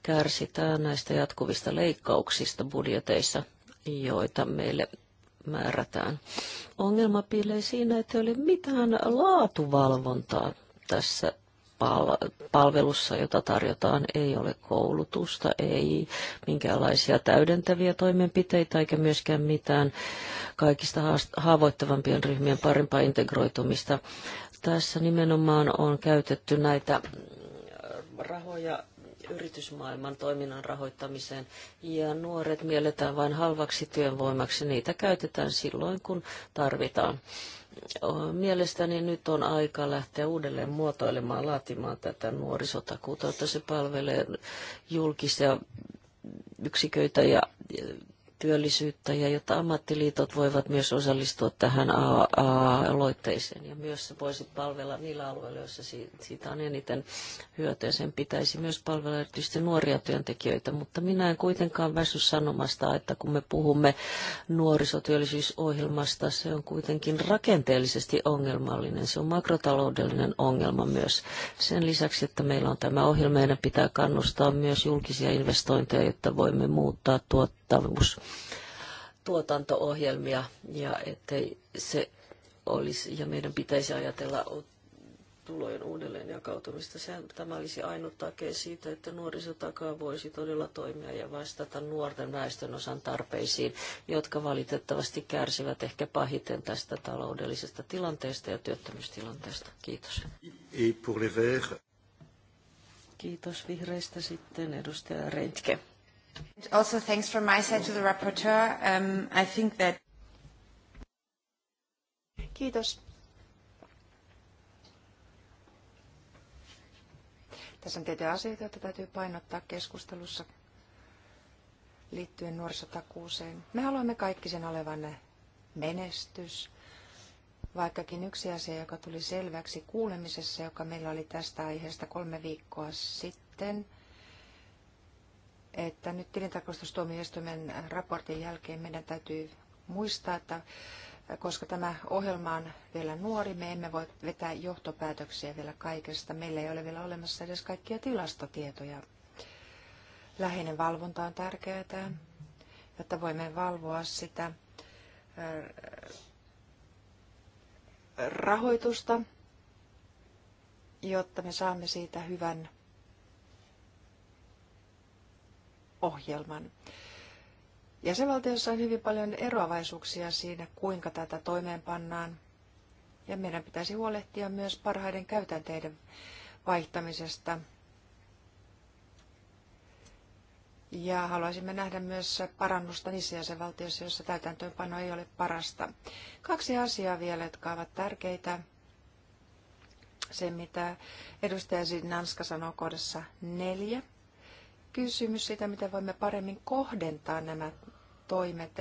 kärsitään näistä jatkuvista leikkauksista budjeteissa joita meille määrätään. Ongelma piilee siinä, että ei ole mitään laatuvalvontaa tässä palvelussa, jota tarjotaan, ei ole koulutusta, ei minkäänlaisia täydentäviä toimenpiteitä eikä myöskään mitään kaikista haavoittavampien ryhmien parempaa integroitumista. Tässä nimenomaan on käytetty näitä rahoja yritysmaailman toiminnan rahoittamiseen. Ja nuoret mielletään vain halvaksi työvoimaksi. Niitä käytetään silloin, kun tarvitaan. Mielestäni nyt on aika lähteä uudelleen muotoilemaan, laatimaan tätä nuorisotakuuta, että se palvelee julkisia yksiköitä ja työllisyyttä ja jotta ammattiliitot voivat myös osallistua tähän aloitteeseen ja myös se voisi palvella niillä alueilla, joissa siitä on eniten hyötyä. Sen pitäisi myös palvella erityisesti nuoria työntekijöitä, mutta minä en kuitenkaan väsy sanomasta, että kun me puhumme nuorisotyöllisyysohjelmasta, se on kuitenkin rakenteellisesti ongelmallinen. Se on makrotaloudellinen ongelma myös. Sen lisäksi, että meillä on tämä ohjelma, meidän pitää kannustaa myös julkisia investointeja, jotta voimme muuttaa tuotteita kannattavuus tuotantoohjelmia ja ettei se olisi, ja meidän pitäisi ajatella tulojen uudelleen jakautumista. Sehän, tämä olisi ainut takia siitä, että nuorisotakaa voisi todella toimia ja vastata nuorten väestönosan tarpeisiin, jotka valitettavasti kärsivät ehkä pahiten tästä taloudellisesta tilanteesta ja työttömyystilanteesta. Kiitos. Kiitos vihreistä sitten edustaja Rentke. Also thanks from my side to the rapporteur. Um, I think that... Kiitos. Tässä on tiettyjä asioita, joita täytyy painottaa keskustelussa liittyen nuorisotakuuseen. Me haluamme kaikki sen olevan menestys, vaikkakin yksi asia, joka tuli selväksi kuulemisessa, joka meillä oli tästä aiheesta kolme viikkoa sitten – että nyt tilintarkastustuomioistuimen raportin jälkeen meidän täytyy muistaa, että koska tämä ohjelma on vielä nuori, me emme voi vetää johtopäätöksiä vielä kaikesta. Meillä ei ole vielä olemassa edes kaikkia tilastotietoja. Läheinen valvonta on tärkeää, jotta voimme valvoa sitä äh, rahoitusta, jotta me saamme siitä hyvän ohjelman. Jäsenvaltiossa on hyvin paljon eroavaisuuksia siinä, kuinka tätä toimeenpannaan, ja meidän pitäisi huolehtia myös parhaiden käytänteiden vaihtamisesta. Ja haluaisimme nähdä myös parannusta niissä jäsenvaltioissa, joissa täytäntöönpano ei ole parasta. Kaksi asiaa vielä, jotka ovat tärkeitä. Se, mitä edustaja Zinanska sanoo kohdassa neljä – kysymys siitä, miten voimme paremmin kohdentaa nämä toimet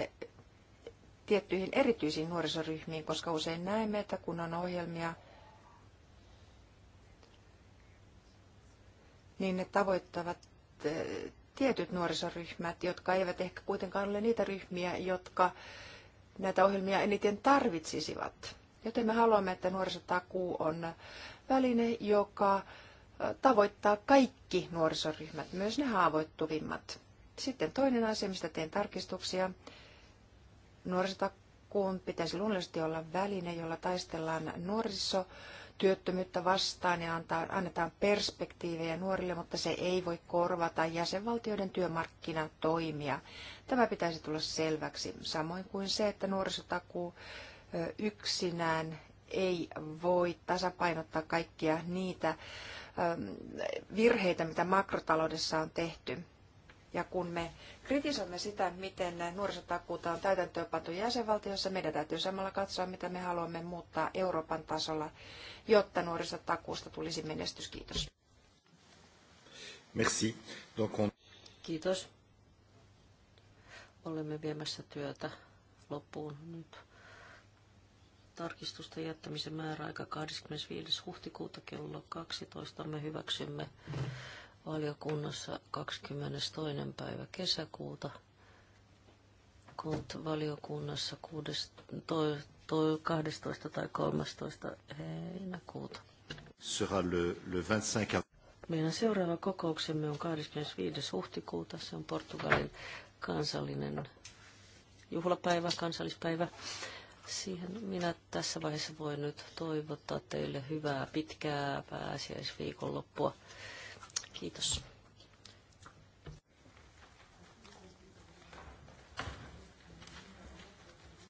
tiettyihin erityisiin nuorisoryhmiin, koska usein näemme, että kun on ohjelmia, niin ne tavoittavat eh, tietyt nuorisoryhmät, jotka eivät ehkä kuitenkaan ole niitä ryhmiä, jotka näitä ohjelmia eniten tarvitsisivat. Joten me haluamme, että nuorisotakuu on väline, joka tavoittaa kaikki nuorisoryhmät, myös ne haavoittuvimmat. Sitten toinen asia, mistä teen tarkistuksia. Nuorisotakuun pitäisi luonnollisesti olla väline, jolla taistellaan nuorisotyöttömyyttä vastaan ja antaa, annetaan perspektiivejä nuorille, mutta se ei voi korvata jäsenvaltioiden työmarkkinatoimia. Tämä pitäisi tulla selväksi, samoin kuin se, että nuorisotakuu yksinään ei voi tasapainottaa kaikkia niitä Ähm, virheitä, mitä makrotaloudessa on tehty. Ja kun me kritisoimme sitä, miten nuorisotakuuta on täytäntöönpantu jäsenvaltioissa, meidän täytyy samalla katsoa, mitä me haluamme muuttaa Euroopan tasolla, jotta nuorisotakuusta tulisi menestys. Kiitos. Merci. Donc on... Kiitos. Olemme viemässä työtä loppuun nyt. Tarkistusten jättämisen määräaika 25. huhtikuuta kello 12. Me hyväksymme valiokunnassa 22. päivä kesäkuuta. Kult valiokunnassa 12. tai 13. heinäkuuta. Sera le, le 25. Meidän seuraava kokouksemme on 25. huhtikuuta. Se on Portugalin kansallinen juhlapäivä, kansallispäivä. Siihen minä tässä vaiheessa voin nyt toivottaa teille hyvää pitkää pääsiäisviikonloppua. Kiitos.